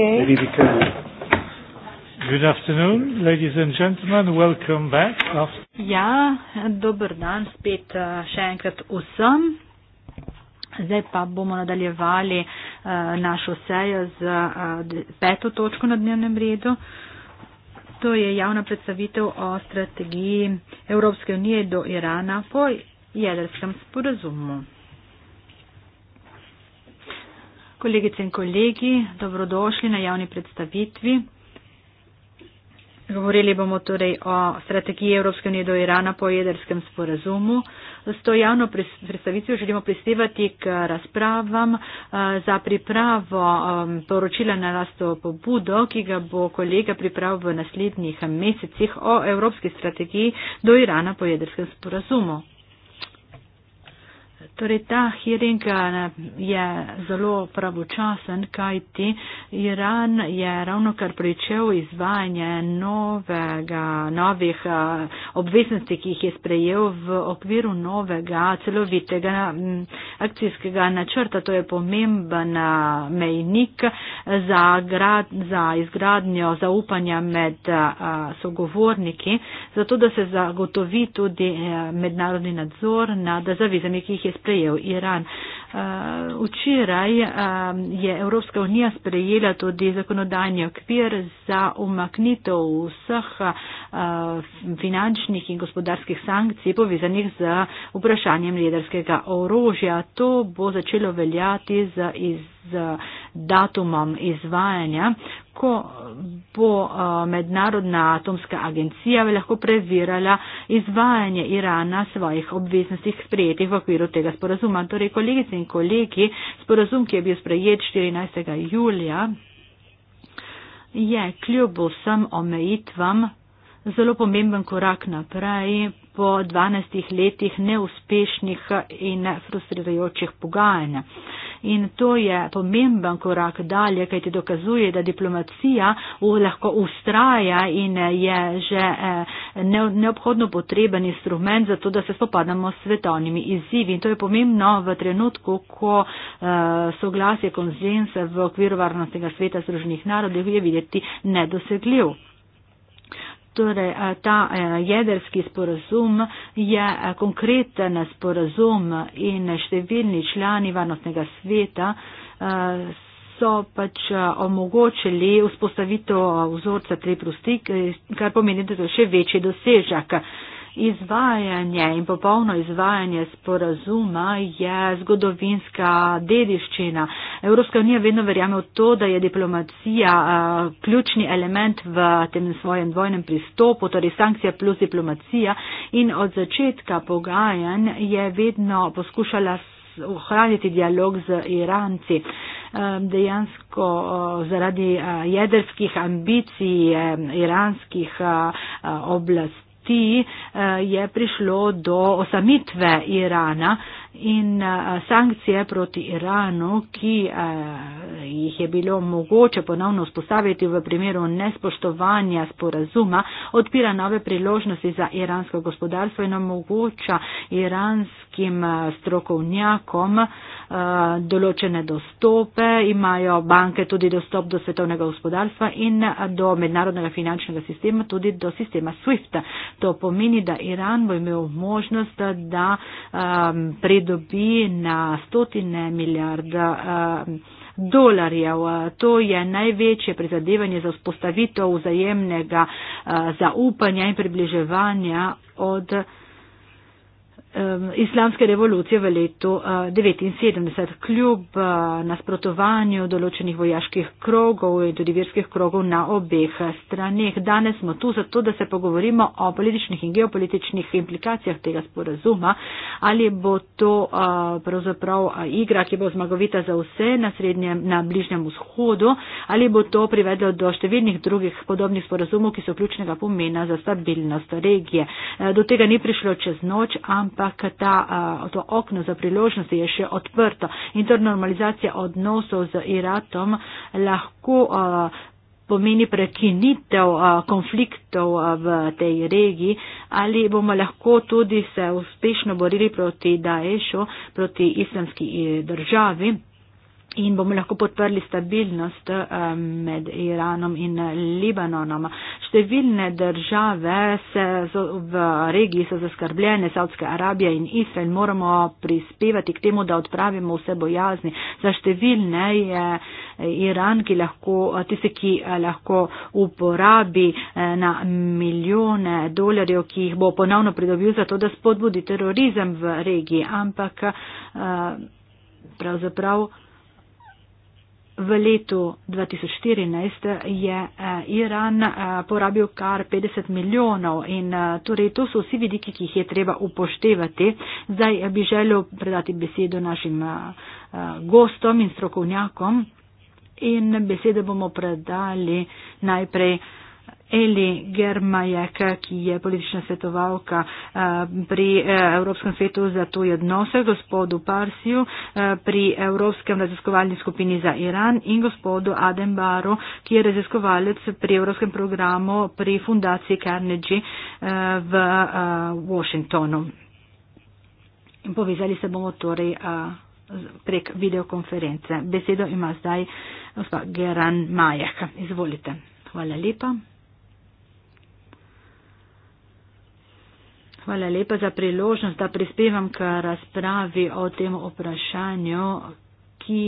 Speaker 2: Okay.
Speaker 3: Good afternoon, ladies and gentlemen, welcome back. After
Speaker 4: ja, dober dan spet eh, še enkrat vsem. Zdaj pa bomo nadaljevali uh, našo sejo z uh, peto točko na dnevnem redu. To je javna predstavitev o strategiji Evropske unije do Irana po jedrskem sporazumu. Kolegice in kolegi, dobrodošli na javni predstavitvi. Govorili bomo torej o strategiji Evropske unije do Irana po jedrskem sporazumu. S to javno predstavitvijo želimo prispevati k razpravam eh, za pripravo poročila na lasto pobudo, ki ga bo kolega pripravil v naslednjih mesecih o Evropski strategiji do Irana po jedrskem sporazumu. Torej, ta hearing eh, je zelo pravočasen, kajti Iran je ravno kar pričel izvajanje novega, novih eh, obveznosti, ki jih je sprejel v okviru novega celovitega mm, akcijskega načrta. To je pomemben eh, mejnik za, grad, za izgradnjo zaupanja med sogovorniki, zato da se zagotovi tudi mednarodni nadzor nad zavizami, ki jih je sprejel prejel Iran. Uh, včeraj um, je Evropska unija sprejela tudi zakonodajni okvir za umaknitev vseh uh, finančnih in gospodarskih sankcij povezanih z vprašanjem jedrskega orožja. To bo začelo veljati z, iz, z datumom izvajanja, lahko bo mednarodna atomska agencija lahko preverjala izvajanje Irana svojih obveznosti sprejetih v okviru tega sporazuma. Torej, kolegice in kolegi, sporazum, ki je bil sprejet 14. julija, je kljub vsem omejitvam zelo pomemben korak naprej po 12 letih neuspešnih in frustrirajočih pogajanj in to je pomemben korak dalje, kaj ti dokazuje, da diplomacija lahko ustraja in eh, je že eh, neobhodno potreben instrument za to, da se spopadamo s svetovnimi izzivi. In to je pomembno v trenutku, ko eh, soglasje konzens v okviru varnostnega sveta Združenih narodov je videti nedosegljiv. Torej, eh, ta eh, jedrski sporazum je eh, konkreten sporazum in številni člani varnostnega sveta so pač omogočili vzpostavitev vzorca 3 plus 3, kar pomeni, da je to še večji dosežek. Izvajanje in popolno izvajanje sporazuma je zgodovinska dediščina. Evropska unija vedno verjame v to, da je diplomacija uh, ključni element v tem svojem dvojnem pristopu, torej sankcija plus diplomacija in od začetka pogajanj je vedno poskušala ohraniti dialog z Iranci. Eh, dejansko eh, zaradi jedrskih ambicij iranskih oblasti demokratiji eh, je prišlo do osamitve Irana in a, sankcije proti Iranu, ki a, jih je bilo mogoče ponovno vzpostaviti v primeru nespoštovanja sporazuma, odpira nove priložnosti za iransko gospodarstvo in omogoča iranskim strokovnjakom a, določene dostope. Imajo banke tudi dostop do svetovnega gospodarstva in do mednarodnega finančnega sistema, tudi do sistema SWIFT. To pomeni, da Iran bo imel možnost, da a, pred pridobi na stotine milijard eh, dolarjev. To je največje prizadevanje za vzpostavitev vzajemnega eh, zaupanja in približevanja od islamske revolucije v letu 1979. Kljub nasprotovanju določenih vojaških krogov in tudi verskih krogov na obeh straneh, danes smo tu zato, da se pogovorimo o političnih in geopolitičnih implikacijah tega sporazuma, ali bo to pravzaprav igra, ki bo zmagovita za vse na, srednjem, na bližnjem vzhodu, ali bo to privedlo do številnih drugih podobnih sporazumov, ki so ključnega pomena za stabilnost regije. E, do tega ni prišlo čez noč, ampak ampak ta, eh, to okno za priložnosti je še odprto in to normalizacija odnosov z Iratom lahko eh, pomeni prekinitev eh, konfliktov v tej regiji ali bomo lahko tudi se uspešno borili proti Daešu, proti islamski državi in bomo lahko podprli stabilnost eh, med Iranom in eh, Libanonom. Številne države se v regiji so zaskrbljene, Saudska Arabija in Izrael moramo prispevati k temu, da odpravimo vse bojazni. Za številne je eh, Iran, ki lahko, tisti, ki lahko uporabi na milijone dolarjev, ki jih bo ponovno pridobil za to, da spodbudi terorizem v regiji, ampak pravzaprav. V letu 2014 je eh, Iran eh, porabil kar 50 milijonov in eh, torej to so vsi vidiki, ki jih je treba upoštevati. Zdaj bi želel predati besedo našim gostom in strokovnjakom in besede bomo predali najprej. Eli Germajek, ki je politična svetovalka eh, pri eh, Evropskem svetu za tuje odnose, gospodu Parsiju eh, pri Evropskem raziskovalni skupini za Iran in gospodu Adem Baru, ki je raziskovalec pri Evropskem programu pri fundaciji Carnegie v Washingtonu. Povezali se bomo torej prek videokonference. Besedo ima zdaj gospod Geran Majek. Izvolite. Hvala lepa. Hvala lepa za priložnost, da prispevam k razpravi o tem vprašanju, ki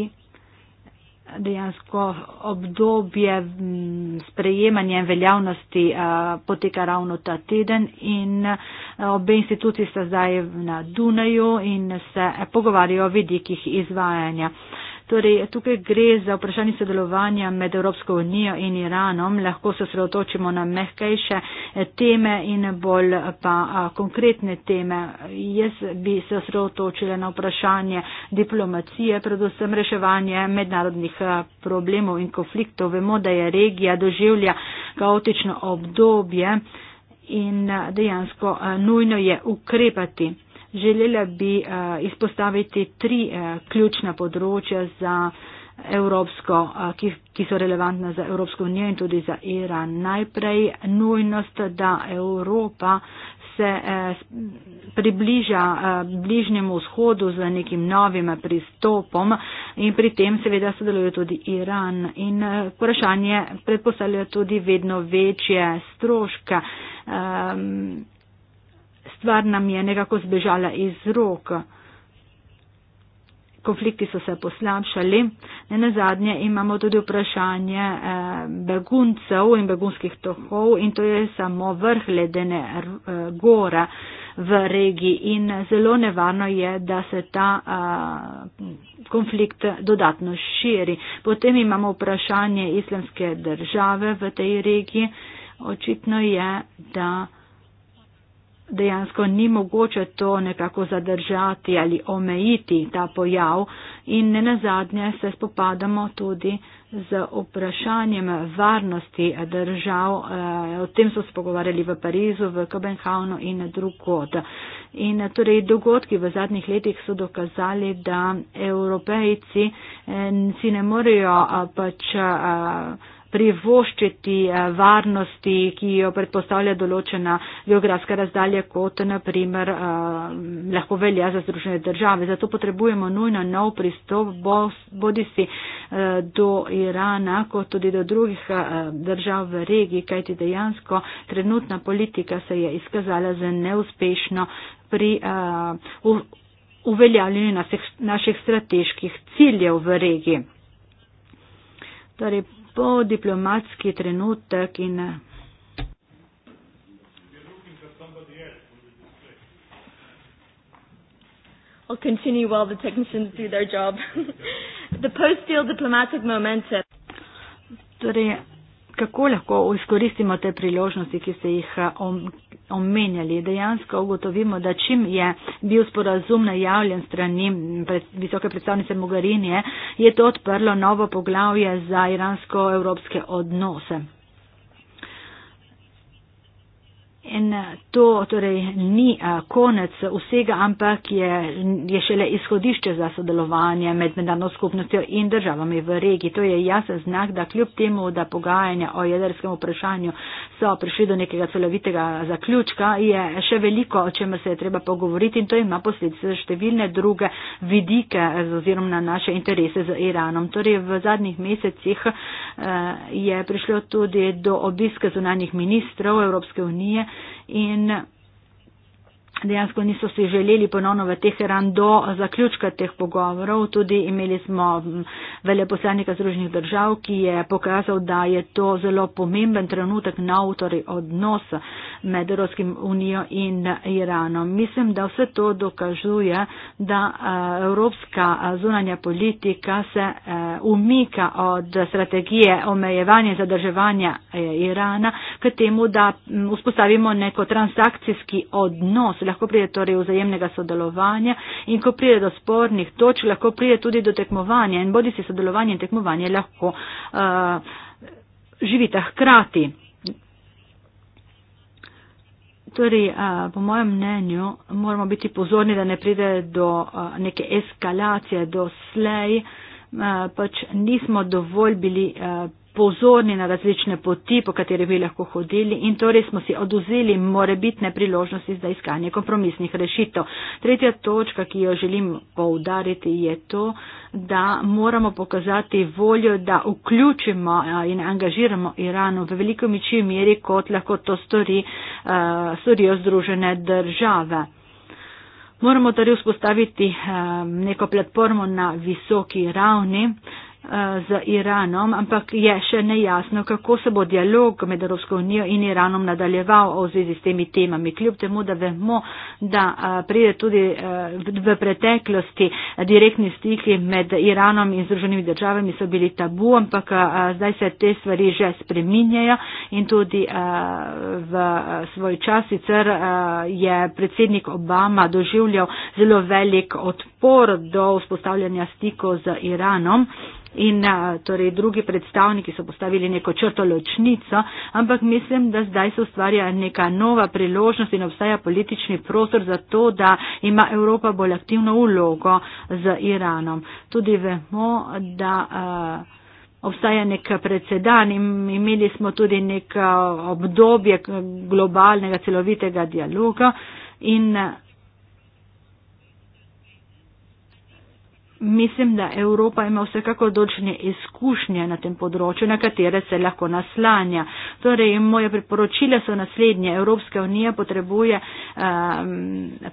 Speaker 4: dejansko obdobje mm, sprejemanja in veljavnosti poteka ravno ta teden in obe instituciji sta zdaj na Dunaju in se pogovarjajo o vidikih izvajanja. Torej, tukaj gre za vprašanje sodelovanja med Evropsko unijo in Iranom. Lahko se sredotočimo na mehkejše eh, teme in bolj pa eh, konkretne teme. Jaz bi se sredotočila na vprašanje diplomacije, predvsem reševanje mednarodnih eh, problemov in konfliktov. Vemo, da je regija doživlja kaotično obdobje in dejansko nujno je ukrepati. Želela bi eh, izpostaviti tri eh, ključna področja, Evropsko, eh, ki, ki so relevantna za Evropsko unijo in tudi za Iran. Najprej nujnost, da Evropa se eh, približa eh, bližnjemu vzhodu z nekim novim pristopom in pri tem seveda sodeluje tudi Iran. In eh, vprašanje predpostavlja tudi vedno večje stroške. Eh, stvar nam je nekako zbežala iz rok. Konflikti so se poslabšali. Ne na zadnje imamo tudi vprašanje eh, beguncev in begunskih tohov in to je samo vrh ledene eh, gora v regiji in zelo nevarno je, da se ta eh, konflikt dodatno širi. Potem imamo vprašanje islamske države v tej regiji. Očitno je, da dejansko ni mogoče to nekako zadržati ali omejiti ta pojav in ne nazadnje se spopadamo tudi z vprašanjem varnosti držav. Eh, o tem so se pogovarjali v Parizu, v Kobenhavnu in drugod. In eh, torej dogodki v zadnjih letih so dokazali, da evropejci eh, si ne morejo pač privoščiti eh, varnosti, ki jo predpostavlja določena geografska razdalja, kot naprimer eh, lahko velja za združene države. Zato potrebujemo nujno nov pristop, bodi si eh, do Irana, kot tudi do drugih držav v regiji, kajti dejansko trenutna politika se je izkazala za neuspešno pri uveljavljanju naših strateških ciljev v regiji. Torej, po diplomatski trenutek in eh, I'll continue while the technicians do their job. the post-deal diplomatic momentum. Torej, kako lahko izkoristimo te priložnosti, ki ste jih eh, omenjali. Dejansko ugotovimo, da čim je bil sporazum najavljen strani visoke predstavnice Mogarinje, je to odprlo novo poglavje za iransko-evropske odnose. In eh, to torej ni eh, konec vsega, ampak je, je šele izhodišče za sodelovanje med mednarodno skupnostjo in državami v regiji. To je jasen znak, da kljub temu, da pogajanja o jedrskem vprašanju so prišli do nekega celovitega zaključka, je še veliko, o čemer se je treba pogovoriti in to ima posledice za številne druge vidike oziroma na naše interese z Iranom. Torej v zadnjih mesecih eh, je prišlo tudi do obiska zunanjih ministrov Evropske unije in dejansko niso si želeli ponovno v Teheran do zaključka teh pogovorov. Tudi imeli smo veleposlanika Združenih držav, ki je pokazal, da je to zelo pomemben trenutek na avtori odnosa med Evropskim unijo in Iranom. Mislim, da vse to dokazuje, da evropska zunanja politika se umika od strategije omejevanja in zadrževanja e, Irana k temu, da vzpostavimo neko transakcijski odnos, lahko pride torej vzajemnega sodelovanja in ko pride do spornih točk, lahko pride tudi do tekmovanja in bodi si sodelovanje in tekmovanje lahko uh, živite hkrati. Torej, po mojem mnenju moramo biti pozorni, da ne pride do neke eskalacije, do slej, pač nismo dovolj bili pozorni na različne poti, po kateri bi lahko hodili in torej smo si oduzeli morebitne priložnosti za iskanje kompromisnih rešitev. Tretja točka, ki jo želim poudariti, je to, da moramo pokazati voljo, da vključimo in angažiramo Iranu v veliko miči meri, kot lahko to stori, storijo združene države. Moramo torej vzpostaviti neko platformo na visoki ravni, Eh, z Iranom, ampak je še nejasno, kako se bo dialog med Evropsko unijo in Iranom nadaljeval v zvezi s temi temami. Kljub temu, da vemo, da eh, pride tudi eh, v preteklosti direktni stiki med Iranom in Združenimi državami so bili tabu, ampak zdaj se te stvari že spreminjajo in tudi v svoj čas sicer je predsednik Obama doživljal zelo velik odpor do vzpostavljanja stikov z Iranom in torej drugi predstavniki so postavili neko črto ločnico, ampak mislim, da zdaj se ustvarja neka nova priložnost in obstaja politični prostor za to, da ima Evropa bolj aktivno ulogo z Iranom. Tudi vemo, da obstaja nek predsedan in imeli smo tudi nek obdobje globalnega celovitega dialoga. In mislim, da Evropa ima vsekakor določene izkušnje na tem področju, na katere se lahko naslanja. Torej, moje priporočile so naslednje. Evropska unija potrebuje um,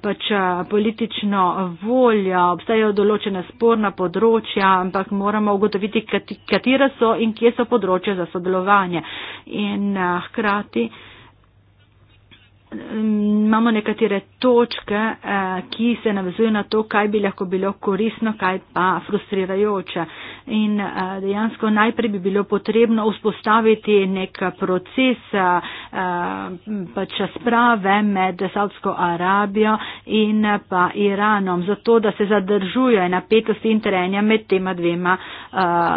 Speaker 4: pač eh, politično voljo, obstajajo določena sporna področja, ampak moramo ugotoviti, katera so in kje so področja za sodelovanje. In uh, hkrati. Mm, imamo nekatere točke, eh, ki se navezujejo na to, kaj bi lahko bilo korisno, kaj pa frustrirajoče. In eh, dejansko najprej bi bilo potrebno vzpostaviti nek proces eh, pač sprave med Saudsko Arabijo in pa Iranom, zato da se zadržuje napetosti in trenja med tema dvema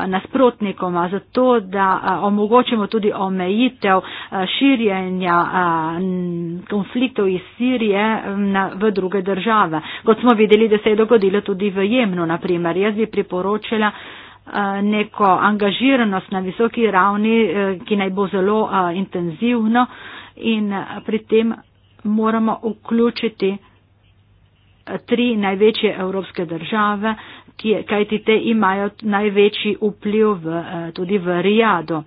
Speaker 4: nasprotnikoma, zato da omogočimo tudi omejitev širjenja konfliktov iz Sirije na, v druge države. Kot smo videli, da se je dogodilo tudi v Jemnu, naprimer. Jaz bi priporočila eh, neko angažiranost na visoki ravni, eh, ki naj bo zelo eh, intenzivno in pri tem moramo vključiti tri največje evropske države, kajti te imajo največji vpliv v, tudi v Rijado.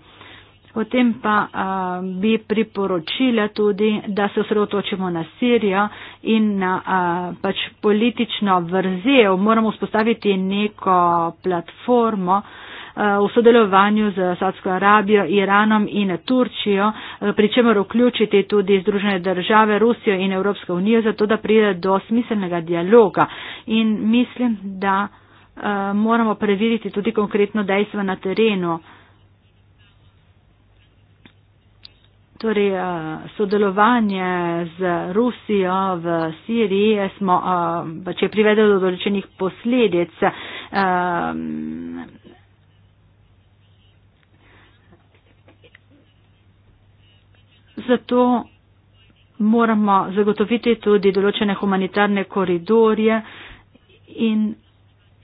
Speaker 4: Potem pa a, bi priporočila tudi, da se osredotočimo na Sirijo in na a, pač politično vrzel. Moramo spostaviti neko platformo v sodelovanju z Saudsko Arabijo, Iranom in Turčijo, pričemer vključiti tudi Združene države, Rusijo in Evropsko unijo, zato da pride do smiselnega dialoga. In mislim, da uh, moramo preveriti tudi konkretno dejstva na terenu. Uh, torej, eh, sodelovanje z Rusijo v Siriji, smo, eh, če je privedel do določenih posledic. Eh, zato moramo zagotoviti tudi določene humanitarne koridorje in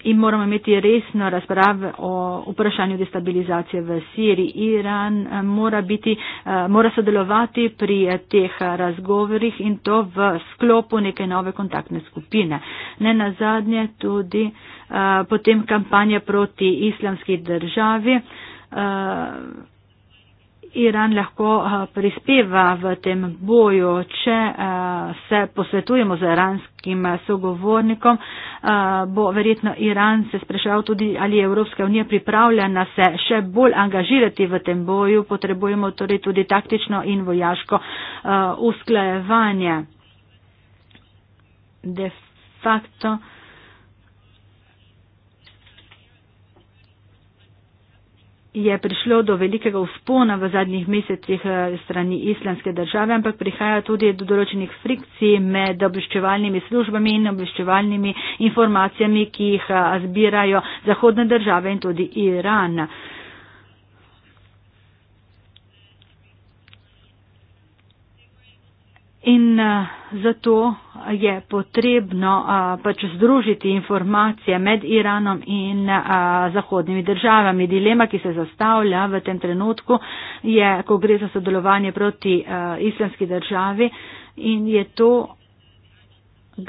Speaker 4: in moramo imeti resno razprave o vprašanju destabilizacije v Siriji. Iran eh, mora, biti, eh, mora sodelovati pri eh, teh razgovorih in to v sklopu neke nove kontaktne skupine. Ne na zadnje tudi potem kampanja proti islamski državi. Iran lahko eh, prispeva v tem boju, če eh, se posvetujemo z iranskim eh, sogovornikom, bo verjetno Iran se spraševal tudi, ali je Evropska unija pripravljena se še bolj angažirati v tem boju, potrebujemo torej tudi taktično in vojaško usklajevanje. De facto. je prišlo do velikega vzpona v zadnjih mesecih eh, strani islamske države, ampak prihaja tudi do določenih frikcij med obveščevalnimi službami in obveščevalnimi informacijami, ki jih eh, zbirajo zahodne države in tudi Iran. In eh, zato je potrebno eh, pač združiti informacije med Iranom in eh, zahodnimi državami. Dilema, ki se zastavlja v tem trenutku, je, ko gre za sodelovanje proti islamski državi in je to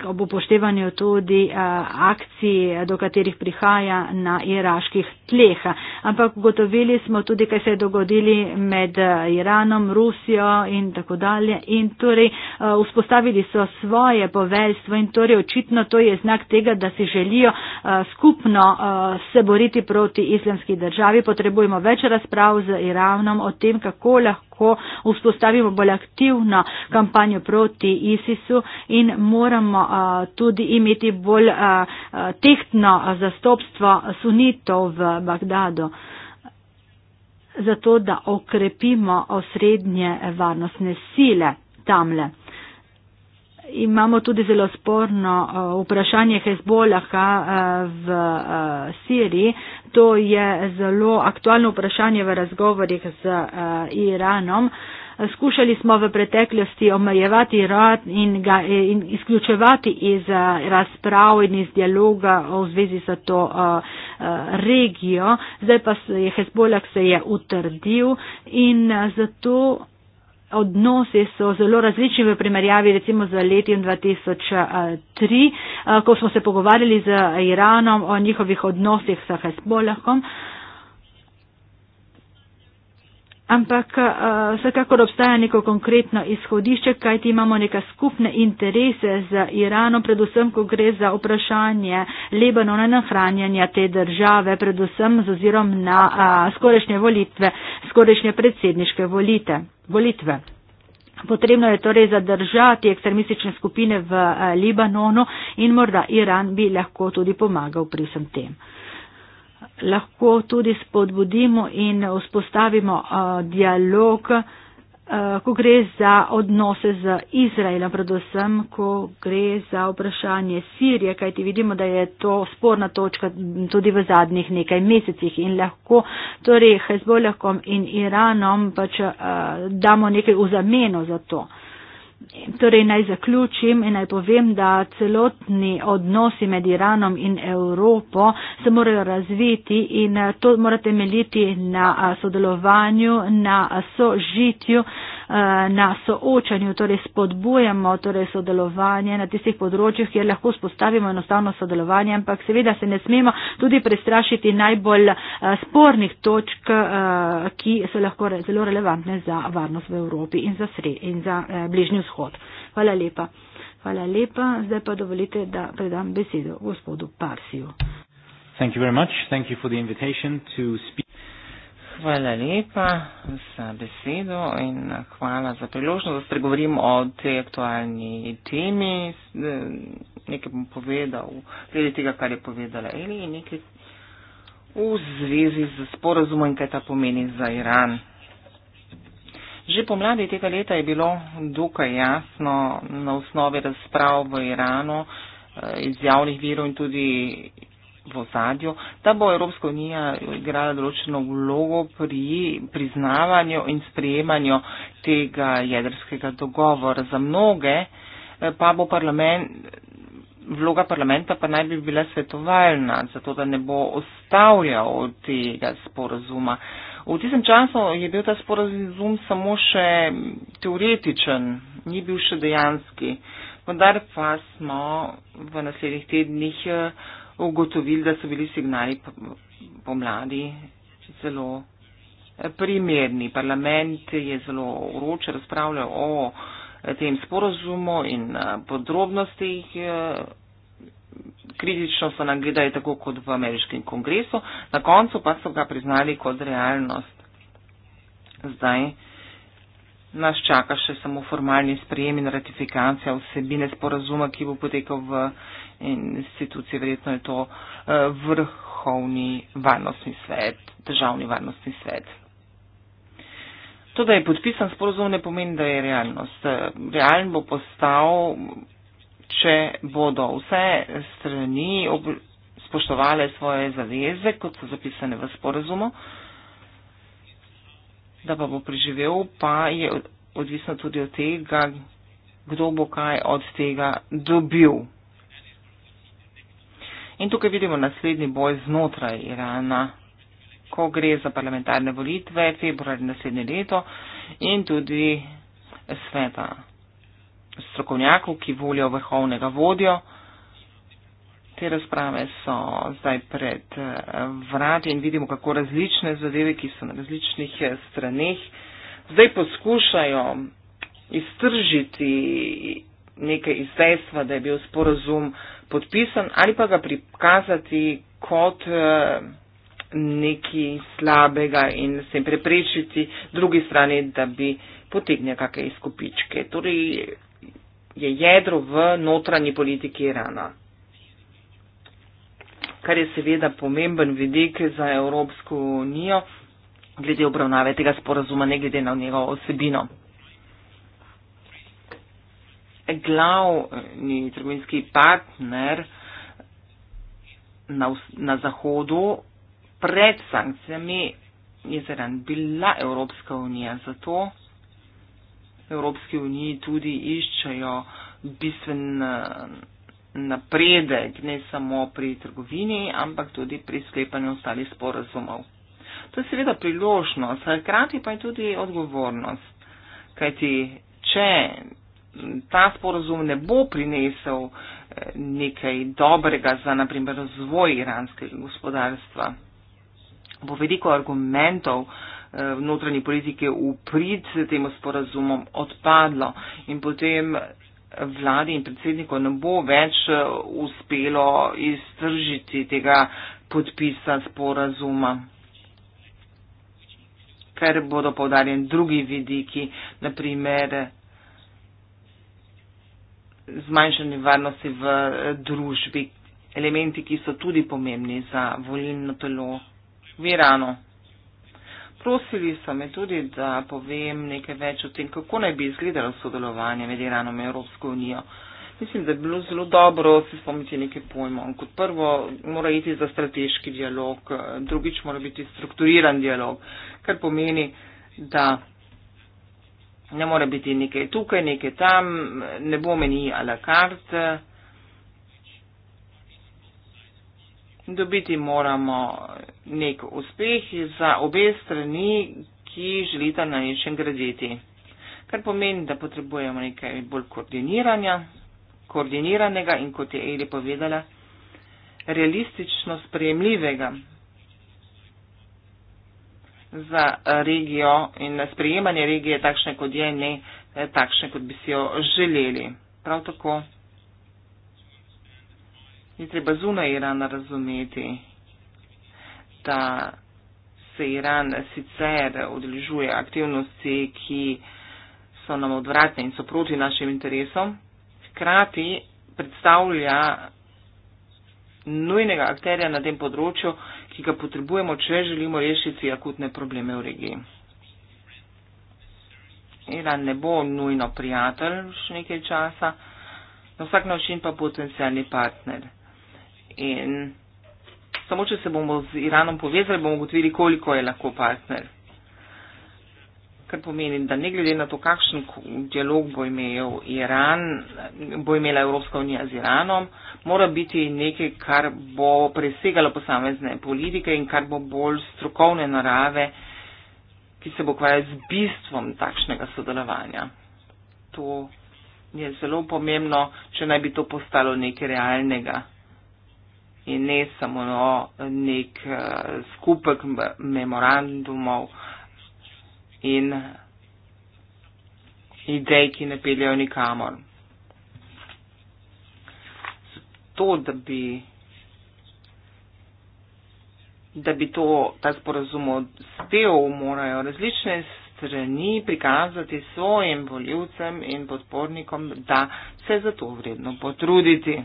Speaker 4: ob upoštevanju tudi uh, akcij, do katerih prihaja na iraških tleh. Ampak ugotovili smo tudi, kaj se je dogodili med eh, Iranom, Rusijo in tako dalje. In torej uh, vzpostavili so svoje poveljstvo in torej očitno to je znak tega, da si želijo uh, skupno uh, se boriti proti islamski državi. Potrebujemo več razprav z Iranom o tem, kako lahko lahko vzpostavimo bolj aktivno kampanjo proti ISIS-u in moramo tudi imeti bolj tehtno zastopstvo sunitov v Bagdadu zato da okrepimo osrednje varnostne sile tamle. Imamo tudi zelo sporno vprašanje Hezbolaha v Siriji, To je zelo aktualno vprašanje v razgovorih z uh, Iranom. Skušali smo v preteklosti omejevati Iran in ga eh, in izključevati iz eh, razprav in iz dialoga v zvezi z to uh, regijo. Zdaj pa je Hezbollah se je utrdil in zato odnosi so zelo različni v primerjavi recimo z letjem 2003, eh, ko smo se pogovarjali z Iranom o njihovih odnosih s Hezbollahom ampak eh, vsekakor obstaja neko konkretno izhodišče, kajti imamo neka skupne interese z Iranom, predvsem, ko gre za vprašanje Lebanona in ohranjanja te države, predvsem z ozirom na a, eh, skorešnje volitve, skorešnje predsedniške volite, volitve. Potrebno je torej zadržati ekstremistične skupine v eh, Libanonu in morda Iran bi lahko tudi pomagal pri vsem tem lahko tudi spodbudimo in vzpostavimo dialog, ko gre za odnose z Izraelom, predvsem, ko gre za vprašanje Sirije, kajti vidimo, da je to sporna točka tudi v zadnjih nekaj mesecih in lahko torej Hezbollahom in Iranom pač damo nekaj v zameno za to. Torej naj zaključim in naj povem, da celotni odnosi med Iranom in Evropo se morajo razviti in eh, to morate meliti na eh, sodelovanju, na eh, sožitju Eh, na soočanju, torej spodbujamo torej sodelovanje na tistih področjih, kjer lahko spostavimo enostavno sodelovanje, ampak seveda se ne smemo tudi prestrašiti najbolj eh, spornih točk, eh, ki so lahko zelo relevantne za varnost v Evropi in za, sred, in za bližnji vzhod. Hvala lepa. Hvala lepa. Zdaj pa dovolite, da predam besedo gospodu Parsiju.
Speaker 3: Thank you very much. Thank you for the invitation to speak.
Speaker 1: Hvala lepa
Speaker 4: za besedo
Speaker 1: in hvala za priložnost, da spregovorim o tej aktualni temi. Nekaj bom povedal, glede tega, kar je povedala Eli, in nekaj v zvezi z sporozumom in kaj ta pomeni za Iran. Že pomladi tega leta je bilo dokaj jasno na osnovi razprav v Iranu eh, iz javnih virov in tudi v ozadju, da bo Evropska unija igrala določeno vlogo pri priznavanju in sprejemanju tega jedrskega dogovora. Za mnoge eh, pa bo parlament, vloga parlamenta pa naj bi bila svetovalna, zato da ne bo ostavljal tega sporazuma. V tistem času je bil ta sporazum samo še teoretičen, ni bil še dejanski. Vendar pa smo v naslednjih tednih eh, ugotovili, da so bili signali pomladi zelo eh, primerni. Parlament je zelo vroče razpravljal o eh, tem sporozumu in eh, podrobnostih. Kritično so nagledali tako kot v ameriškem kongresu, na koncu pa so ga priznali kot realnost. Zdaj nas čaka še samo formalni sprejem in ratifikacija vsebine sporazuma, ki bo potekal v in institucije, verjetno je to eh, vrhovni varnostni svet, državni varnostni svet. To, da je podpisan sporozum, ne pomeni, da je realnost. Eh, realen bo postal, če bodo vse strani spoštovale svoje zaveze, kot so zapisane v sporozumu. Da pa bo priživel, pa je odvisno tudi od tega, kdo bo kaj od tega dobil. In tukaj vidimo naslednji boj znotraj Irana, ko gre za parlamentarne volitve februarja naslednje leto in tudi sveta strokovnjakov, ki volijo vrhovnega vodjo. Te razprave so zdaj pred eh, vrati in vidimo, kako različne zadeve, ki so na različnih eh, straneh, zdaj poskušajo iztržiti nekaj iz dejstva, da je bil sporozum podpisan ali pa ga prikazati kot eh, nekaj slabega in se preprečiti drugi strani, da bi potegnil kakšne izkupičke. Torej je jedro v notranji politiki Irana, kar je seveda pomemben vidik za Evropsko unijo glede obravnave tega sporazuma, ne glede na njegovo osebino glavni trgovinski partner na, na Zahodu pred sankcijami je zaradi bila Evropska unija. Zato Evropski uniji tudi iščejo bistven napredek ne samo pri trgovini, ampak tudi pri sklepanju ostalih sporazumov. To je seveda priložnost, hkrati pa je tudi odgovornost. Kajti, če ta sporozum ne bo prinesel eh, nekaj dobrega za, naprimer, razvoj iranskega gospodarstva. Bo veliko argumentov eh, notranji politike v prid temu sporazumom odpadlo in potem vladi in predsedniku ne bo več eh, uspelo iztržiti tega podpisa sporazuma, ker bodo povdarjeni drugi vidiki, naprimer zmanjšanje varnosti v eh, družbi, elementi, ki so tudi pomembni za volilno telo v Iranu. Prosili so me tudi, da povem nekaj več o tem, kako naj bi izgledalo sodelovanje med Iranom in Evropsko unijo. Mislim, da bi bilo zelo dobro se spomniti nekaj pojmov. Kot prvo mora iti za strateški dialog, drugič mora biti strukturiran dialog, kar pomeni, da ne more biti nekaj tukaj, nekaj tam, ne bo meni a la carte. Dobiti moramo nek uspeh za obe strani, ki želita na nečem graditi. Kar pomeni, da potrebujemo nekaj bolj koordiniranja, koordiniranega in kot je Eli povedala, realistično sprejemljivega, za regijo in sprejemanje regije takšne, kot je, ne eh, takšne, kot bi si jo želeli. Prav tako je treba zunaj Irana razumeti, da se Iran sicer odeležuje aktivnosti, ki so nam odvratne in so proti našim interesom, hkrati predstavlja nujnega akterja na tem področju, ki ga potrebujemo, če želimo rešiti akutne probleme v regiji. Iran ne bo nujno prijatelj še nekaj časa, na vsak način pa potencijalni partner. In samo če se bomo z Iranom povezali, bomo ugotovili, koliko je lahko partner kar pomeni, da ne glede na to, kakšen dialog bo, imel Iran, bo imela Evropska unija z Iranom, mora biti nekaj, kar bo presegalo posamezne politike in kar bo bolj strokovne narave, ki se bo kvajal z bistvom takšnega sodelovanja. To je zelo pomembno, če naj bi to postalo nekaj realnega in ne samo no, nek uh, skupek memorandumov in idej, ki ne peljajo nikamor. To, da bi, da bi to, ta sporazum odstev, morajo različne strani prikazati svojim voljivcem in podpornikom, da se je za to vredno potruditi.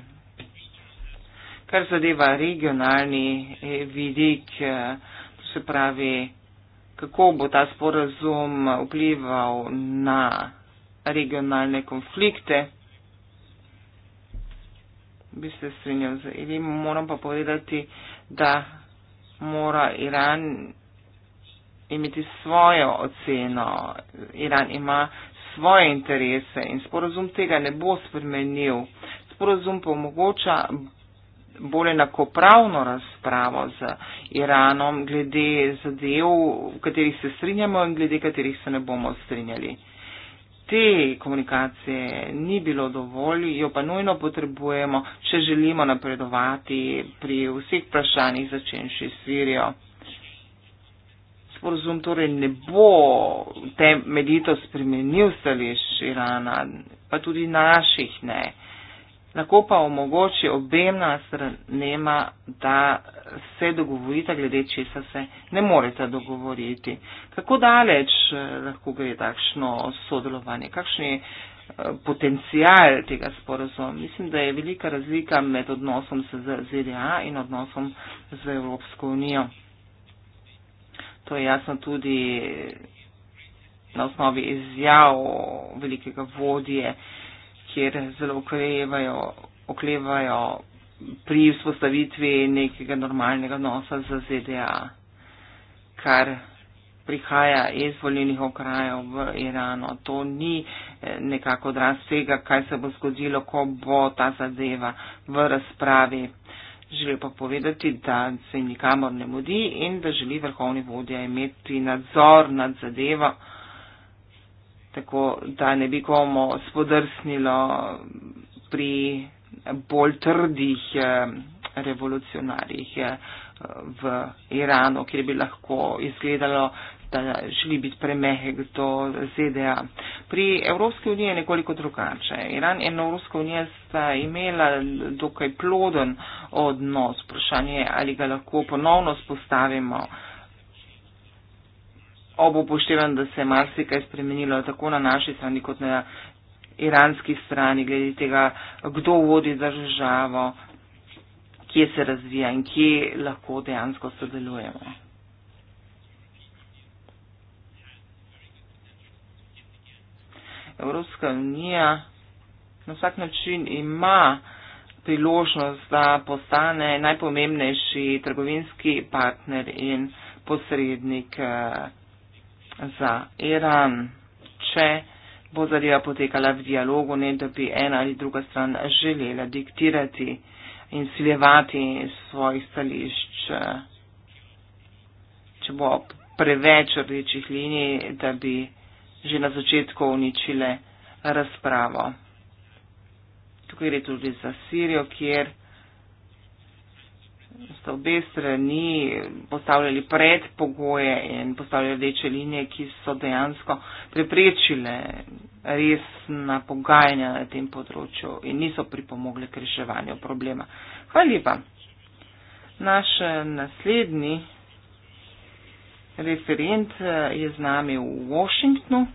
Speaker 1: Kar zadeva regionalni vidik, eh, se pravi kako bo ta sporazum vplival na regionalne konflikte. Bi se strinjal z Irim, moram pa povedati, da mora Iran imeti svojo oceno. Iran ima svoje interese in sporazum tega ne bo spremenil. Sporazum pa omogoča bolj enakopravno razpravo z Iranom glede zadev, v katerih se strinjamo in glede katerih se ne bomo strinjali. Te komunikacije ni bilo dovolj, jo pa nujno potrebujemo, če želimo napredovati pri vseh vprašanjih začenši Sirijo. Sporozum torej ne bo temeljito spremenil stališč Irana, pa tudi naših ne lahko pa omogoči obema stranema, da se dogovorita glede česa se ne morete dogovoriti. Kako daleč eh, lahko gre takšno sodelovanje, kakšen je eh, potencial tega sporozuma? Mislim, da je velika razlika med odnosom z ZDA in odnosom z Evropsko unijo. To je jasno tudi na osnovi izjav velikega vodje kjer zelo oklevajo, oklevajo pri vzpostavitvi nekega normalnega odnosa z ZDA, kar prihaja iz volilnih okrajev v Irano. To ni eh, nekako odraz tega, kaj se bo zgodilo, ko bo ta zadeva v razpravi. Želijo pa povedati, da se jim nikamor ne mudi in da želi vrhovni vodja imeti nadzor nad zadevo tako da ne bi komu spodrsnilo pri bolj trdih eh, revolucionarjih eh, v Iranu, kjer bi lahko izgledalo, da želi biti premehek do ZDA. Pri Evropski uniji je nekoliko drugače. Iran in Evropska unija sta imela dokaj ploden odnos. Vprašanje je, ali ga lahko ponovno spostavimo ob upoštevanju, da se je marsikaj spremenilo tako na naši strani kot na iranski strani, glede tega, kdo vodi državo, kje se razvija in kje lahko dejansko sodelujemo. Evropska unija na vsak način ima priložnost, da postane najpomembnejši trgovinski partner in posrednik. Eh, za Iran, če bo zadeva potekala v dialogu, ne da bi ena ali druga stran želela diktirati in siljevati svojih stališč, če bo preveč rdečih linij, da bi že na začetku uničile razpravo. Tukaj gre tudi za Sirijo, kjer sta obe strani postavljali predpogoje in postavljali rdeče linije, ki so dejansko preprečile resna pogajanja na tem področju in niso pripomogle k reševanju problema. Hvala lepa. Naš eh, naslednji referent eh, je z nami v Washingtonu.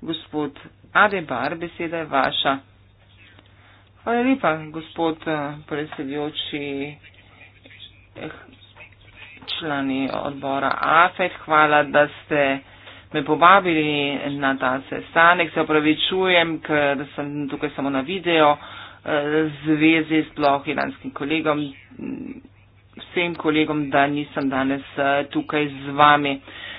Speaker 1: Gospod Adebar, beseda je vaša. Hvala lepa, gospod eh, predsedujoči člani odbora AFET, hvala, da ste me povabili na ta sestanek. Se opravičujem, ker sem tukaj samo na video eh, zvezi s sploh iranskim kolegom, vsem kolegom, da nisem danes eh, tukaj z vami.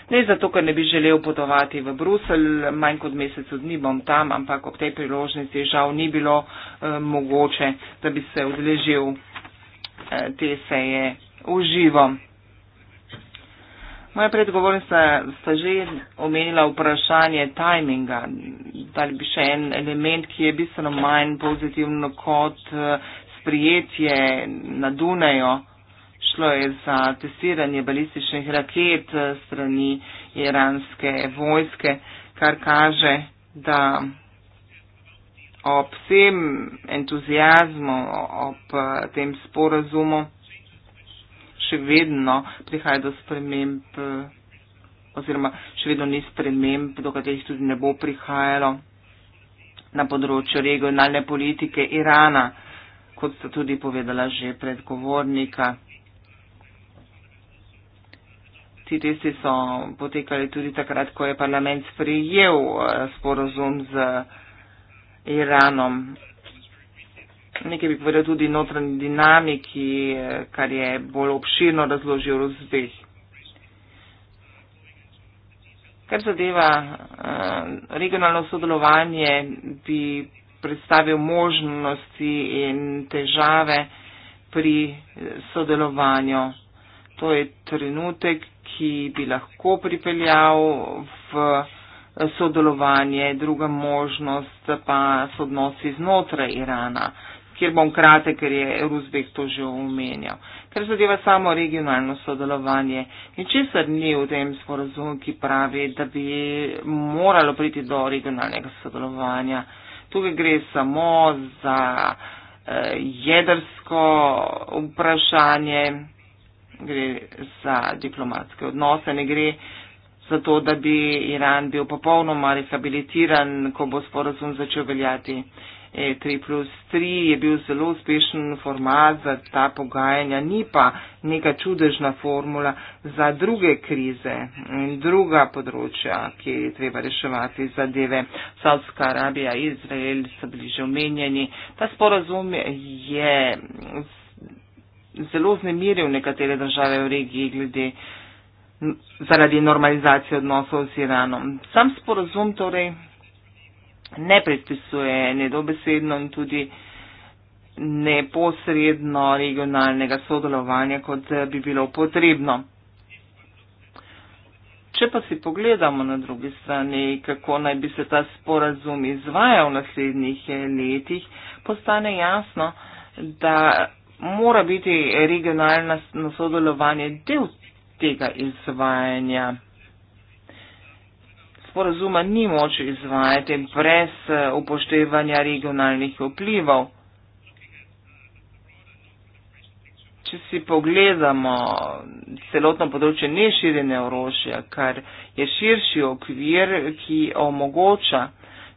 Speaker 1: Ne zato, ker ne bi želel potovati v Brusel, manj kot mesec dni bom tam, ampak ob tej priložnosti žal ni bilo eh, mogoče, da bi se odležil eh, te seje v živo. Moja predgovornica sta že omenila vprašanje tajminga, da bi še en element, ki je bistveno manj pozitivno kot eh, sprijetje na Dunajo. Šlo je za testiranje balističnih raket eh, strani iranske vojske, kar kaže, da ob vsem entuzijazmu, ob eh, tem sporazumu, še vedno prihaja do sprememb oziroma še vedno ni sprememb, do katerih tudi ne bo prihajalo na področju regionalne politike Irana, kot sta tudi povedala že predgovornika. Ti testi so potekali tudi takrat, ko je parlament sprejel eh, sporozum z Iranom nekaj bi povedal tudi notranji dinamiki, eh, kar je bolj obširno razložil Rozveh. Kar zadeva eh, regionalno sodelovanje, bi predstavil možnosti in težave pri eh, sodelovanju. To je trenutek, ki bi lahko pripeljal v sodelovanje, druga možnost pa so odnosi znotraj Irana kjer bom krate, ker je Ruzbek to že omenjal. Ker zadeva samo regionalno sodelovanje. In česar ni v tem sporozumu, ki pravi, da bi moralo priti do regionalnega sodelovanja. Tukaj gre samo za eh, jedrsko vprašanje, gre za diplomatske odnose, ne gre za to, da bi Iran bil popolnoma rehabilitiran, ko bo sporozum začel veljati. E3 plus 3 je bil zelo uspešen format za ta pogajanja, ni pa neka čudežna formula za druge krize in druga področja, ki je treba reševati zadeve. Saudska Arabija, Izrael so bili že omenjeni. Ta sporazum je zelo znemiril nekatere države v regiji glede zaradi normalizacije odnosov s Iranom. Sam sporazum torej ne predpisuje nedobesedno in tudi neposredno regionalnega sodelovanja, kot eh, bi bilo potrebno. Če pa si pogledamo na drugi strani, kako naj bi se ta sporazum izvajal v naslednjih eh, letih, postane jasno, da mora biti regionalno sodelovanje del tega izvajanja sporazuma ni moč izvajati brez eh, upoštevanja regionalnih vplivov. Če si pogledamo celotno področje neširjene orožja, kar je širši okvir, ki omogoča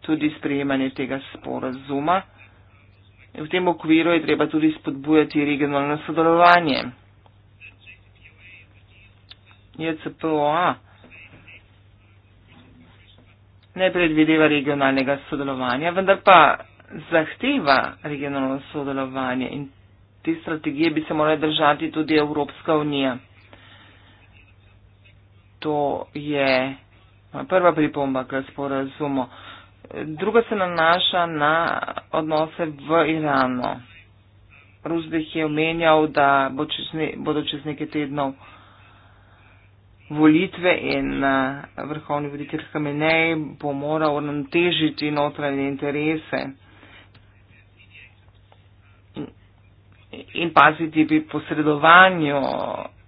Speaker 1: tudi sprejemanje tega sporazuma, v tem okviru je treba tudi spodbujati regionalno sodelovanje. JCPOA ne predvideva regionalnega sodelovanja, vendar pa zahteva regionalno sodelovanje in te strategije bi se morala držati tudi Evropska unija. To je prva pripomba k sporazumu. Druga se nanaša na odnose v Iranu. Ruzbih je omenjal, da bodo čez nekaj tednov volitve in uh, vrhovni voditelj Hamenej bo moral uravnotežiti notranje interese in paziti pri posredovanju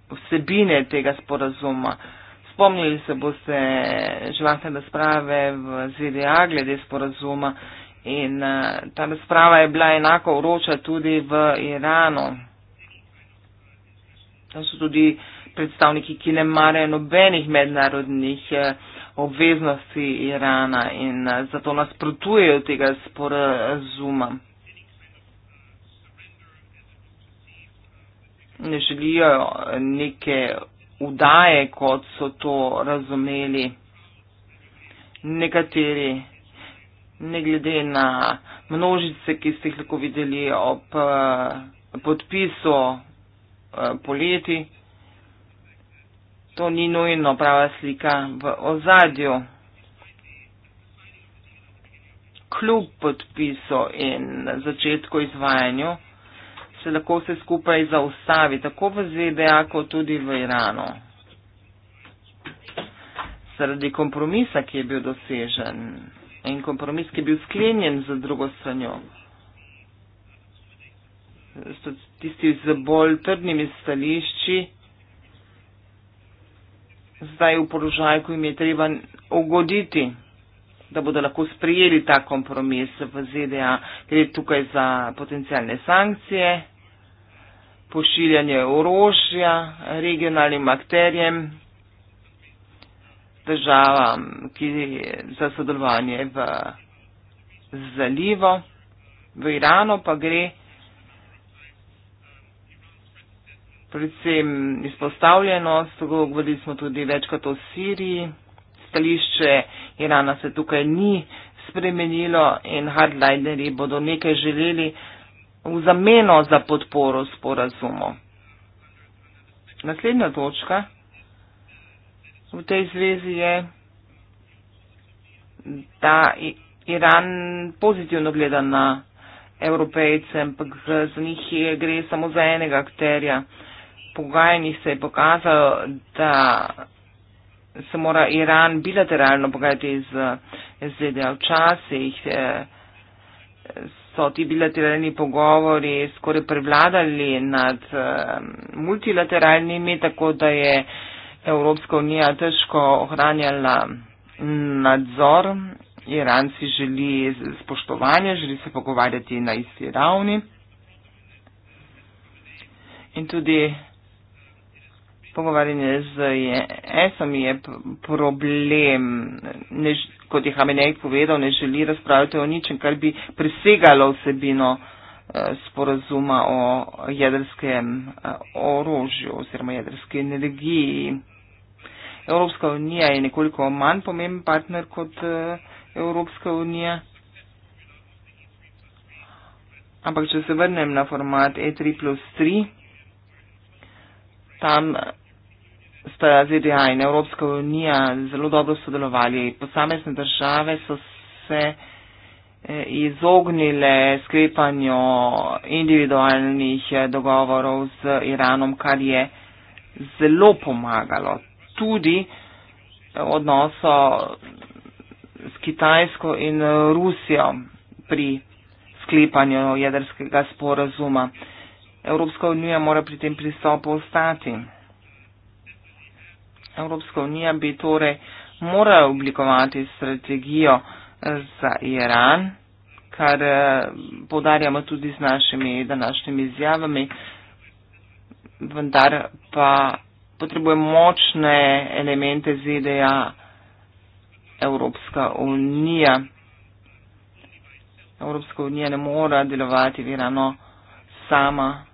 Speaker 1: vsebine tega sporazuma. Spomnili se boste živahne razprave v ZDA glede sporazuma in uh, ta razprava je bila enako vroča tudi v Iranu. Tam so tudi uh, predstavniki, ki ne marajo nobenih mednarodnih eh, obveznosti Irana in eh, zato nasprotujejo tega sporazuma. Ne želijo eh, neke udaje, kot so to razumeli nekateri, ne glede na množice, ki ste jih lahko videli ob podpisu poleti to ni nujno prava slika v ozadju. Kljub podpisu in začetku izvajanju se lahko vse skupaj zaustavi, tako v ZDA, kot tudi v Iranu. Zaradi kompromisa, ki je bil dosežen in kompromis, ki je bil sklenjen za drugo stranjo, so tisti z bolj trdnimi stališči, zdaj v položaju, ko jim je treba ugoditi, da bodo lahko sprijeli ta kompromis v ZDA, ker je tukaj za potencijalne sankcije, pošiljanje orožja regionalnim akterjem, državam, ki za sodelovanje v zalivo, v Irano pa gre. predvsem izpostavljenost, govorili smo tudi večkrat o Siriji, stališče Irana se tukaj ni spremenilo in hardlineri bodo nekaj želeli v zameno za podporo sporazumu. Naslednja točka v tej zvezi je, da Iran pozitivno gleda na Evropejce, ampak za njih gre samo za enega akterja pogajanjih se je pokazalo, da se mora Iran bilateralno pogajati z ZDA. Včasih eh, so ti bilateralni pogovori skoraj prevladali nad eh, multilateralnimi, tako da je Evropska unija težko ohranjala nadzor. Iran si želi spoštovanje, želi se pogovarjati na isti ravni. In tudi pogovarjanje z ESO mi je problem, ne, kot je Hamenej povedal, ne želi razpravljati o ničem, kar bi presegalo vsebino eh, sporazuma o jedrskem eh, orožju oziroma jedrski energiji. Evropska unija je nekoliko manj pomemben partner kot eh, Evropska unija. Ampak, če se vrnem na format E3 plus 3, tam sta ZDA in Evropska unija zelo dobro sodelovali. Posamezne države so se eh, izognile sklepanju individualnih eh, dogovorov z Iranom, kar je zelo pomagalo. Tudi eh, odnoso s Kitajsko in Rusijo pri sklepanju jedrskega sporazuma. Evropska unija mora pri tem pristopu ostati. Evropska unija bi torej morala oblikovati strategijo eh, za Iran, kar eh, podarjamo tudi z našimi današnjimi izjavami, vendar pa potrebuje močne elemente ZDA Evropska unija. Evropska unija ne mora delovati v Iranu sama,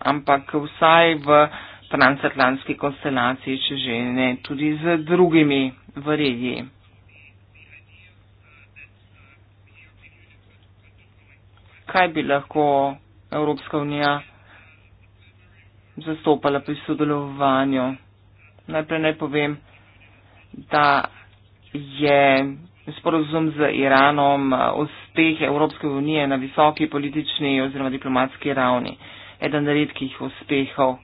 Speaker 1: ampak vsaj v transatlantski konstelaciji, če že ne, tudi z drugimi v regiji. Kaj bi lahko Evropska unija zastopala pri sodelovanju? Najprej naj povem, da je sporozum z Iranom eh, uspeh Evropske unije na visoki politični oziroma diplomatski ravni. Eden redkih uspehov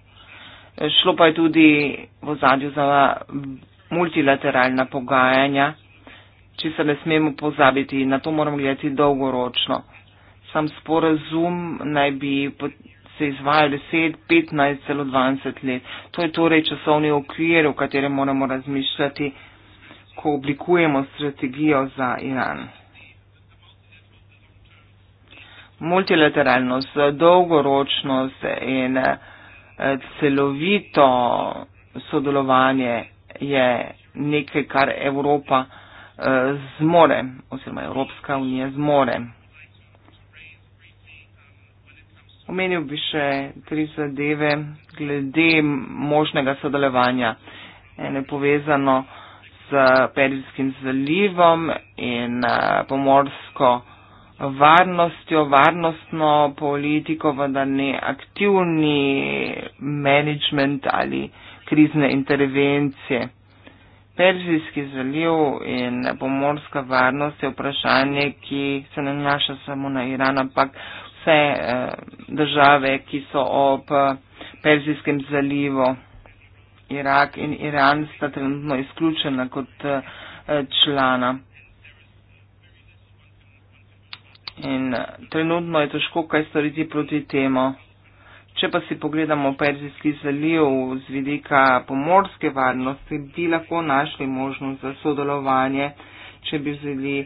Speaker 1: Šlo pa je tudi v zadju za multilateralna pogajanja, če se ne smemo pozabiti, na to moramo gledati dolgoročno. Sam sporazum naj bi se izvajal 10, 15, celo 20 let. To je torej časovni okvir, v katerem moramo razmišljati, ko oblikujemo strategijo za Iran. Multilateralnost, dolgoročnost in. Eh, celovito sodelovanje je nekaj, kar Evropa eh, zmore oziroma Evropska unija zmore. Omenil bi še tri zadeve glede možnega sodelovanja. Eno je povezano s Perijskim zalivom in eh, pomorsko varnostjo, varnostno politiko, vendar ne aktivni management ali krizne intervencije. Perzijski zaliv in pomorska varnost je vprašanje, ki se ne naša samo na Iran, ampak vse eh, države, ki so ob Perzijskem zalivu, Irak in Iran sta trenutno izključena kot eh, člana. In eh, trenutno je težko kaj storiti proti temu. Če pa si pogledamo Perzijski zaliv z vidika pomorske varnosti, bi lahko našli možnost za sodelovanje, če bi vzeli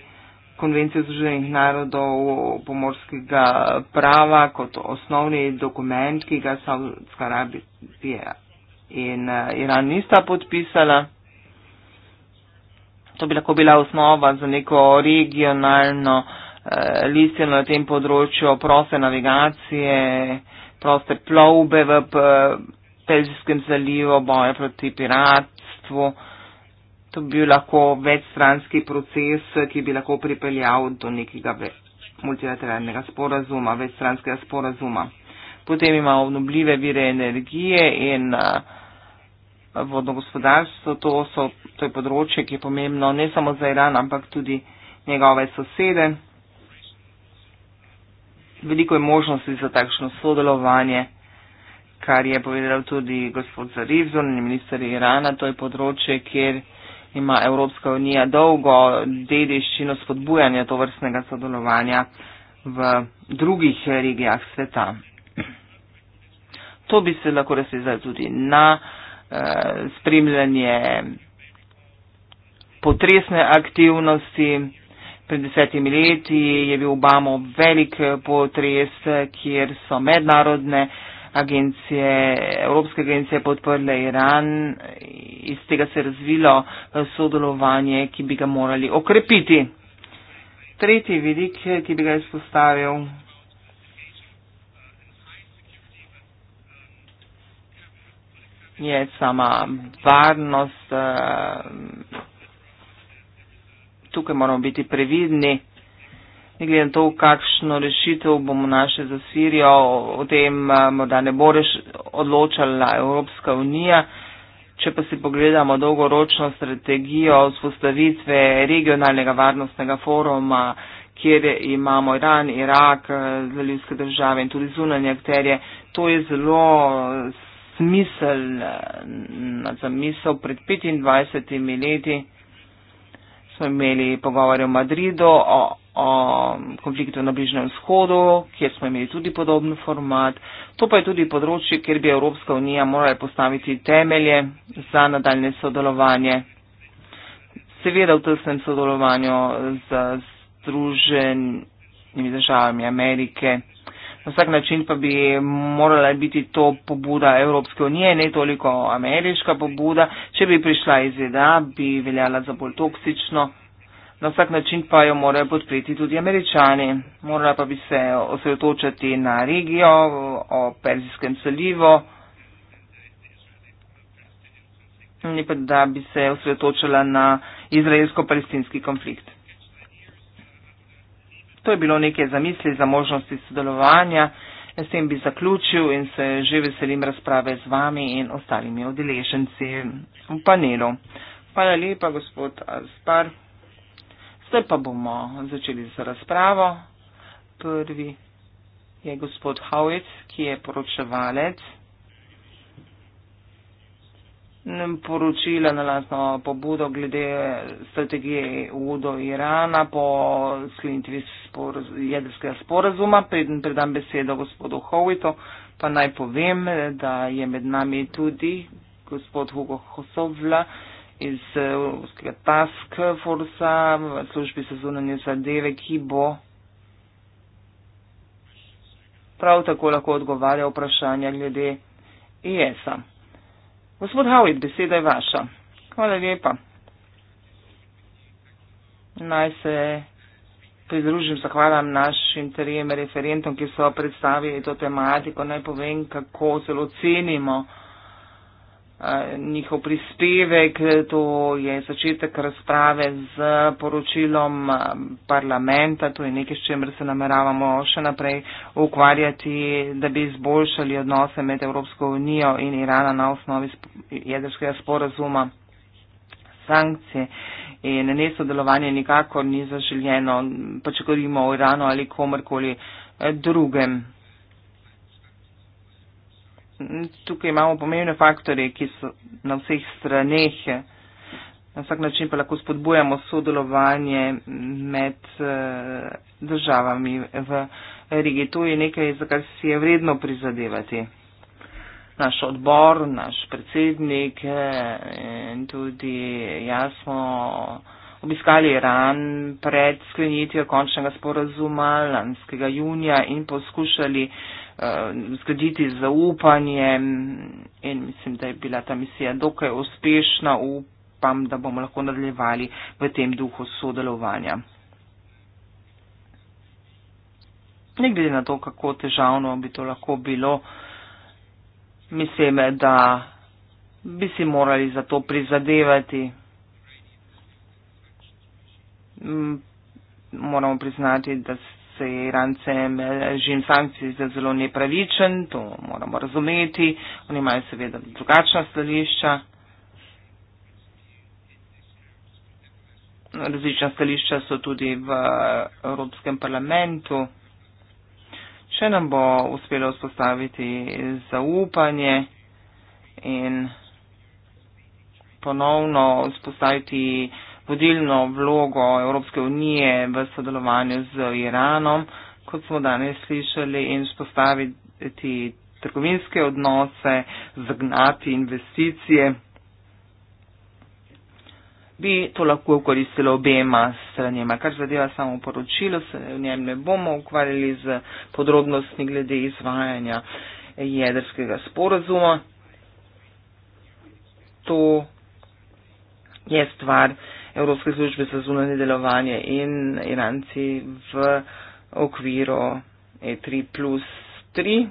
Speaker 1: konvencijo Združenih narodov pomorskega prava kot osnovni dokument, ki ga Saudska Arabija in eh, Iran nista podpisala. To bi lahko bila osnova za neko regionalno uh, Eh, listino na tem področju, proste navigacije, proste plovbe v eh, Pelžijskem zalivu, boje proti piratstvu. To bi bil lahko večstranski proces, eh, ki bi lahko pripeljal do nekega multilateralnega sporazuma, večstranskega sporazuma. Potem imamo obnobljive vire energije in uh, vodno gospodarstvo. To, so, to je področje, ki je pomembno ne samo za Iran, ampak tudi njegove sosede veliko je možnosti za takšno sodelovanje, kar je povedal tudi gospod Zariv, zornji minister Irana. To je področje, kjer ima Evropska unija dolgo dediščino spodbujanja to vrstnega sodelovanja v drugih regijah sveta. To bi se lahko razvezal tudi na eh, spremljanje potresne aktivnosti. Pred desetimi leti je bil Obama velik eh, potres, eh, kjer so mednarodne agencije, Evropske agencije podprle Iran. Iz tega se je razvilo eh, sodelovanje, ki bi ga morali okrepiti. Tretji vidik, ki bi ga izpostavil. Je sama varnost. Uh, tukaj moramo biti previdni. In glede na to, kakšno rešitev bomo našli za Sirijo, o tem eh, morda ne bo reš, odločala Evropska unija. Če pa si pogledamo dolgoročno strategijo vzpostavitve regionalnega varnostnega foruma, kjer imamo Iran, Irak, eh, zalivske države in tudi zunanje akterje, to je zelo eh, smisel, zamisel pred 25 leti smo imeli pogovore v Madridu o, o konfliktu na Bližnem vzhodu, kjer smo imeli tudi podoben format. To pa je tudi področje, kjer bi Evropska unija morala postaviti temelje za nadaljne sodelovanje. Seveda v tesnem sodelovanju z združenimi državami Amerike. Na vsak način pa bi morala biti to pobuda Evropske unije, ne toliko ameriška pobuda. Če bi prišla iz ZDA, bi veljala za bolj toksično. Na vsak način pa jo morajo podpreti tudi američani. Morala pa bi se osredotočati na regijo, o Perzijskem salivu. Ne pa da bi se osredotočila na izraelsko-palestinski konflikt. To je bilo nekaj zamisli za možnosti sodelovanja. S tem bi zaključil in se že veselim razprave z vami in ostalimi odeleženci v panelu. Hvala lepa, gospod Aspar. Zdaj pa bomo začeli z razpravo. Prvi je gospod Howitz, ki je poročevalec poročila na lastno pobudo glede strategije EU do Irana po sklenitvi sporaz jedrskega sporazuma. Preden predam besedo gospodu Hovito, pa naj povem, da je med nami tudi gospod Hugo Hosovla iz Evropskega task forcea v službi za zunanje zadeve, ki bo prav tako lahko odgovarjal vprašanja glede ESA. Gospod Havid, beseda je vaša. Hvala lepa. Naj se pridružim zahvalam našim trijem referentom, ki so predstavili to tematiko. Naj povem, kako zelo cenimo njihov prispevek, to je začetek razprave z poročilom eh, parlamenta, to je nekaj, s čemer se nameravamo še naprej ukvarjati, da bi izboljšali odnose med Evropsko unijo in Irana na osnovi jedrskega sporazuma. Sankcije in nesodelovanje nikakor ni zaželjeno, pa če govorimo o Iranu ali komorkoli eh, drugem tukaj imamo pomembne faktore, ki so na vseh straneh. Na vsak način pa lahko spodbujamo sodelovanje med eh, državami v regiji. To je nekaj, za kar si je vredno prizadevati. Naš odbor, naš predsednik eh, in tudi jaz smo obiskali Iran pred sklenitvijo končnega sporazuma lanskega junija in poskušali uh, Eh, zgraditi zaupanje in mislim, da je bila ta misija dokaj uspešna. Upam, da bomo lahko nadaljevali v tem duhu sodelovanja. Ne glede na to, kako težavno bi to lahko bilo, mislim, da bi si morali za to prizadevati. Mm, moramo priznati, da se je Irancem režim sankcij za zelo nepravičen, to moramo razumeti. Oni imajo seveda drugačna stališča, različna stališča so tudi v Evropskem parlamentu. Še nam bo uspelo vzpostaviti zaupanje in ponovno vzpostaviti vodilno vlogo Evropske unije v sodelovanju z Iranom, kot smo danes slišali, in spostaviti trgovinske odnose, zagnati investicije. Bi to lahko koristilo obema stranima. Kar zadeva samo poročilo, se v njem ne bomo ukvarjali z podrobnostmi glede izvajanja jedrskega sporazuma. To je stvar, ki Evropske službe za zunanje delovanje in Iranci v okviru E3 plus 3.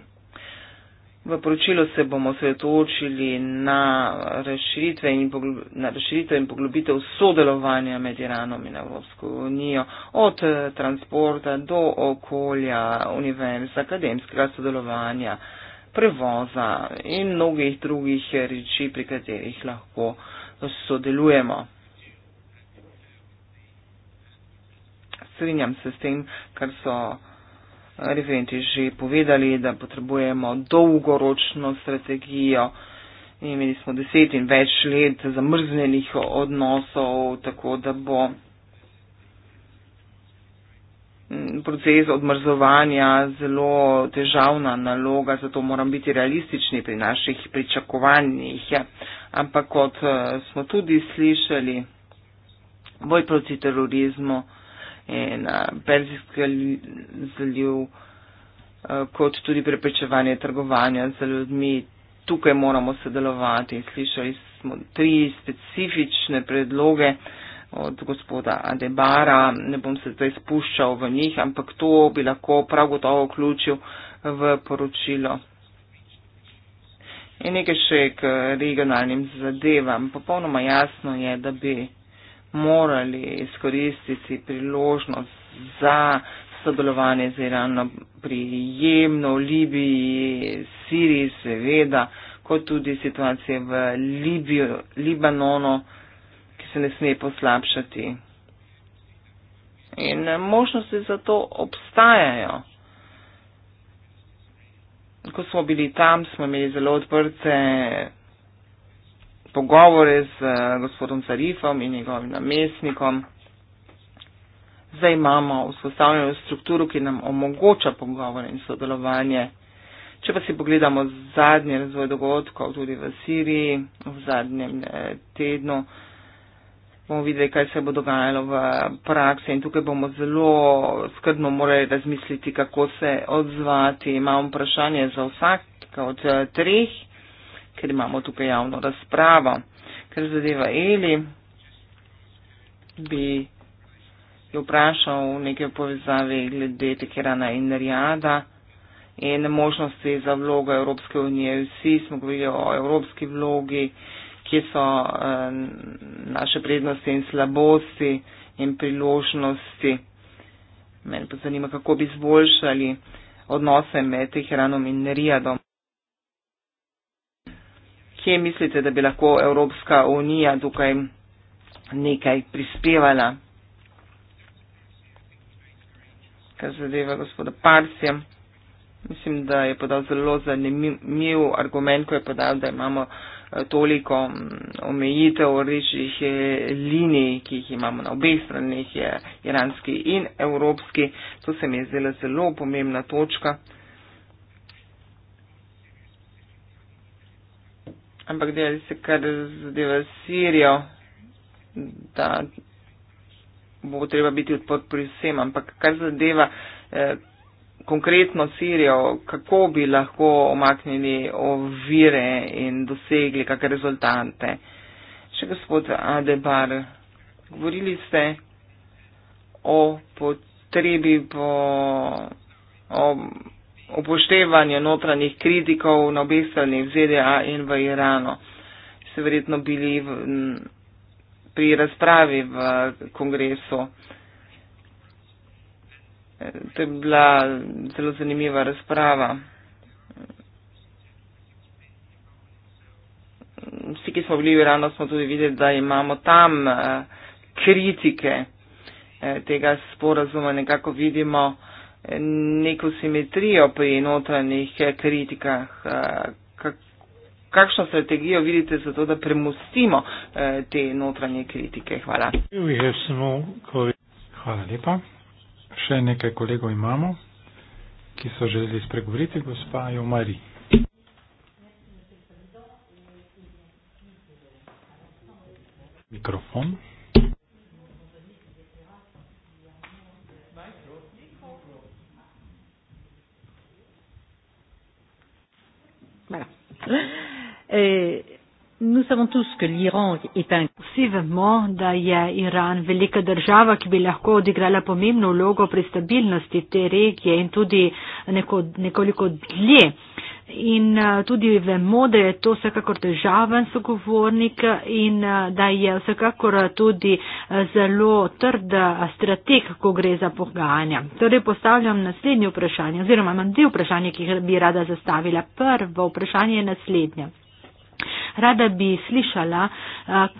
Speaker 1: V poročilu se bomo svetočili na razširitve in, poglo, na razširitve in poglobitev sodelovanja med Iranom in Evropsko unijo, od eh, transporta do okolja, univerz, akademskega sodelovanja, prevoza in mnogih drugih reči, pri katerih lahko sodelujemo. strinjam se s tem, kar so eh, referenti že povedali, da potrebujemo dolgoročno strategijo. In imeli smo deset in več let zamrznjenih odnosov, tako da bo mm, proces odmrzovanja zelo težavna naloga, zato moram biti realistični pri naših pričakovanjih. Ampak kot eh, smo tudi slišali, boj proti terorizmu in perzijskega eh, zaliv, eh, kot tudi preprečevanje trgovanja z ljudmi. Tukaj moramo sodelovati. Slišali smo tri specifične predloge od gospoda Adebara, ne bom se zdaj spuščal v njih, ampak to bi lahko prav gotovo vključil v poročilo. In nekaj še k regionalnim zadevam. Popolnoma jasno je, da bi morali izkoristiti priložnost za sodelovanje z Iranom pri Jemnu, Libiji, Siriji, seveda, kot tudi situacije v Libijo, Libanonu, ki se ne sme poslabšati. In eh, možnosti za to obstajajo. Ko smo bili tam, smo imeli zelo odprte pogovore z eh, gospodom Zarifom in njegovim namestnikom. Zdaj imamo vzpostavljeno strukturo, ki nam omogoča pogovore in sodelovanje. Če pa si pogledamo zadnji razvoj dogodkov tudi v Siriji v zadnjem eh, tednu, bomo videli, kaj se bo dogajalo v praksi in tukaj bomo zelo skrbno morali razmisliti, kako se odzvati. Imam vprašanje za vsak od eh, treh ker imamo tukaj javno razpravo. Ker zadeva Eli, bi jo vprašal v neke povezave glede Tekerana in Rijada in možnosti za vlogo Evropske unije. Vsi smo govorili o evropski vlogi, kje so eh, naše prednosti in slabosti in priložnosti. Mene pa zanima, kako bi izboljšali odnose med Teheranom in Rijadom kje mislite, da bi lahko Evropska unija tukaj nekaj prispevala, kar zadeva gospoda Parsija. Mislim, da je podal zelo zanimiv argument, ko je podal, da imamo eh, toliko mm, omejitev rečih eh, linij, ki jih imamo na obeh stranih, je iranski in evropski. To se mi je zdela zelo pomembna točka. ampak del se kar zadeva Sirijo, da bo treba biti odprt pri vsem, ampak kar zadeva eh, konkretno Sirijo, kako bi lahko omaknili ovire in dosegli kakšne rezultate. Še gospod Adebar, govorili ste o potrebi po. O, upoštevanje notranjih kritikov na obeh stranih ZDA in v Iranu. Se verjetno bili v, m, pri razpravi v kongresu. E, to je bila zelo zanimiva razprava. Vsi, ki smo bili v Iranu, smo tudi videli, da imamo tam uh, kritike uh, tega sporazuma. Nekako vidimo uh, neko simetrijo pri notranjih eh, kritikah. Eh, kakšno strategijo vidite za to, da premustimo eh, te notranje kritike? Hvala.
Speaker 3: Hvala lepa. Še nekaj kolegov imamo, ki so želeli spregovoriti, gospa Jomari. Mikrofon.
Speaker 4: Euh, nous savons tous que l'Iran est un... Vsi vemo, da je Iran velika država, ki bi lahko odigrala pomembno vlogo pri stabilnosti te regije in tudi neko, nekoliko dlje in eh, tudi vemo, da je to vsekakor težaven sogovornik in eh, da je vsekakor tudi eh, zelo trd strateg, ko gre za pogajanja. Torej postavljam naslednje vprašanje oziroma imam dve vprašanje, ki jih bi rada zastavila. Prvo vprašanje je naslednje rada bi slišala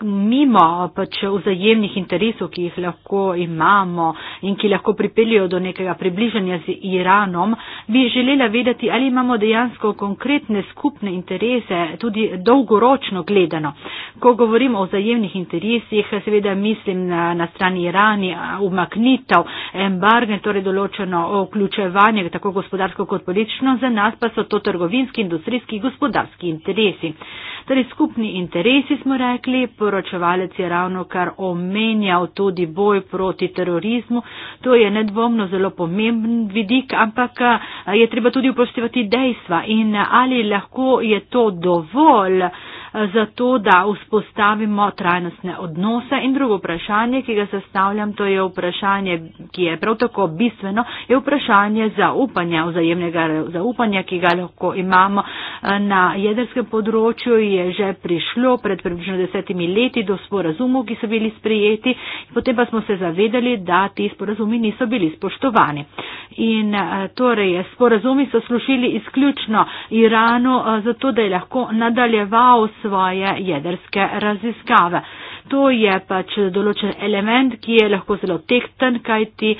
Speaker 4: mimo pač vzajemnih interesov, ki jih lahko imamo in ki lahko pripeljajo do nekega približanja z Iranom, bi želela vedeti, ali imamo dejansko konkretne skupne interese, tudi dolgoročno gledano. Ko govorimo o vzajemnih interesih, seveda mislim na, na strani Irani, umaknitev, embargo, torej določeno vključevanje, tako gospodarsko kot politično, za nas pa so to trgovinski, industrijski, gospodarski interesi. Torej, skupni interesi smo rekli, poročevalec je ravno kar omenjal tudi boj proti terorizmu. To je nedvomno zelo pomemben vidik, ampak eh, je treba tudi upoštevati dejstva in eh, ali lahko je to dovolj za to, da vzpostavimo trajnostne odnose. In drugo vprašanje, ki ga sestavljam, to je vprašanje, ki je prav tako bistveno, je vprašanje zaupanja, vzajemnega zaupanja, ki ga lahko imamo eh, na jedrskem področju. Je že prišlo pred približno desetimi leti do sporazumov, ki so bili sprijeti, potem pa smo se zavedali, da ti sporazumi niso bili spoštovani. In eh, torej, sporazumi so slušili izključno Iranu, eh, zato da je lahko nadaljeval s svoje jedrske raziskave to je pač določen element, ki je lahko zelo tekten, kajti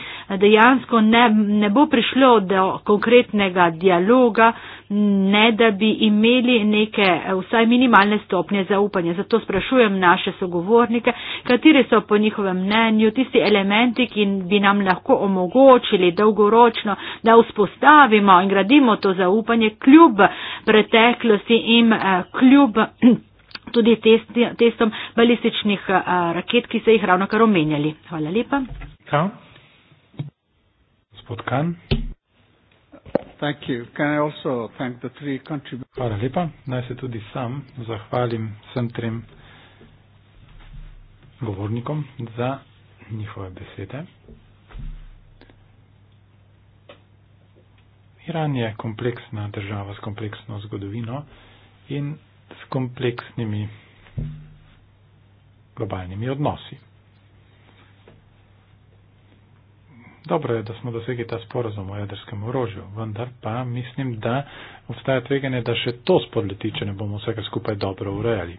Speaker 4: dejansko ne, ne bo prišlo do konkretnega dialoga, ne da bi imeli neke eh, vsaj minimalne stopnje zaupanja. Zato sprašujem naše sogovornike, kateri so po njihovem mnenju tisti elementi, ki bi nam lahko omogočili dolgoročno, da vzpostavimo in gradimo to zaupanje kljub preteklosti in eh, kljub. tudi test, testom balističnih a, eh, raket, ki ste jih ravno kar omenjali. Hvala lepa.
Speaker 5: Hvala
Speaker 3: lepa. Naj se tudi sam zahvalim vsem trem govornikom za njihove besede. Iran je kompleksna država s kompleksno zgodovino in s kompleksnimi globalnimi odnosi. Dobro je, da smo dosegli ta sporozum o jedrskem orožju, vendar pa mislim, da obstaja tveganje, da še to spodleti, če ne bomo vsega skupaj dobro urejali.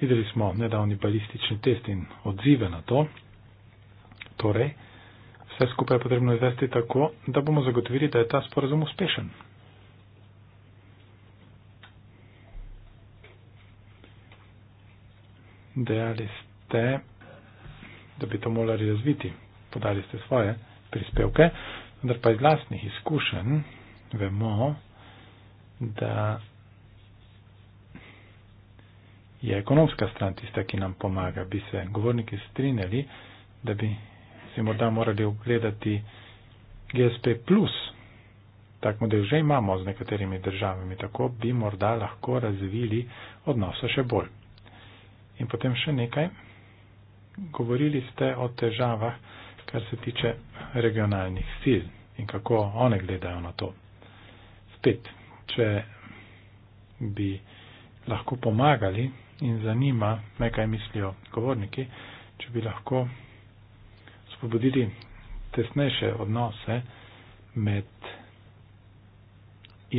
Speaker 3: Videli smo nedavni balistični test in odzive na to. Torej, vse skupaj je potrebno izvesti tako, da bomo zagotovili, da je ta sporozum uspešen. dejali ste, da bi to morali razviti. Podali ste svoje prispevke, vendar pa iz lastnih izkušenj vemo, da je ekonomska stran tista, ki nam pomaga. Bi se govorniki strinjali, da bi se morda morali ogledati GSP. Tak model že imamo z nekaterimi državami, tako bi morda lahko razvili odnose še bolj. In potem še nekaj. Govorili ste o težavah, kar se tiče regionalnih sil in kako one gledajo na to. Spet, če bi lahko pomagali in zanima me, kaj mislijo govorniki, če bi lahko spobodili tesnejše odnose med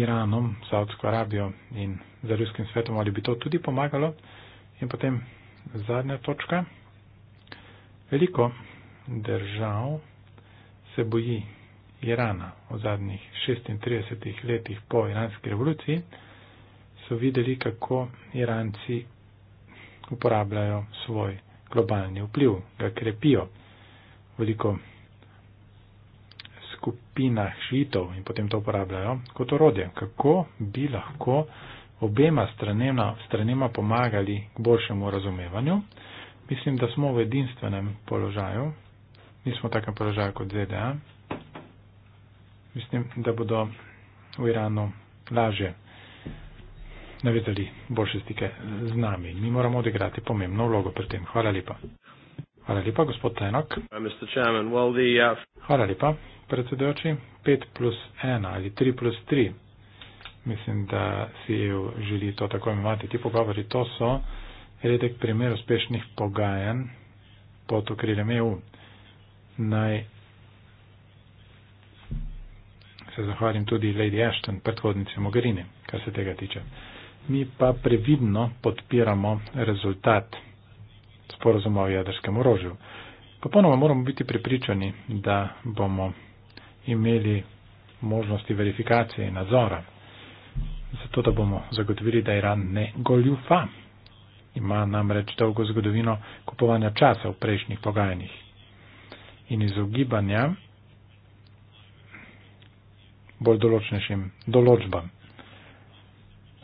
Speaker 3: Iranom, Saudsko Arabijo in za Ruskim svetom, ali bi to tudi pomagalo, In potem zadnja točka. Veliko držav se boji Irana v zadnjih 36 letih po iranski revoluciji, so videli, kako Iranci uporabljajo svoj globalni vpliv, ga krepijo. Veliko skupinah žitov in potem to uporabljajo kot orodje. Kako bi lahko obema stranema, stranema pomagali k boljšemu razumevanju. Mislim, da smo v edinstvenem položaju, nismo v takem položaju kot ZDA. Mislim, da bodo v Iranu lažje navezali boljše stike z nami. Mi moramo odigrati pomembno vlogo pri tem. Hvala lepa. Hvala lepa, gospod Tenok.
Speaker 2: Uh, uh,
Speaker 3: Hvala lepa, predsedujoči. 5 plus 1 ali 3 plus 3 mislim, da si želi to tako imenovati. Ti pogovori, to so redek primer uspešnih pogajanj pod okriljem EU. Naj se zahvalim tudi Lady Ashton, predhodnice Mogherini, kar se tega tiče. Mi pa previdno podpiramo rezultat sporozuma o jedrskem orožju. Popolnoma moramo biti prepričani, da bomo imeli možnosti verifikacije in nadzora zato, da bomo zagotovili, da Iran ne goljufa. Ima namreč dolgo zgodovino kupovanja časa v prejšnjih pogajanjih in izogibanja bolj določnejšim določbam.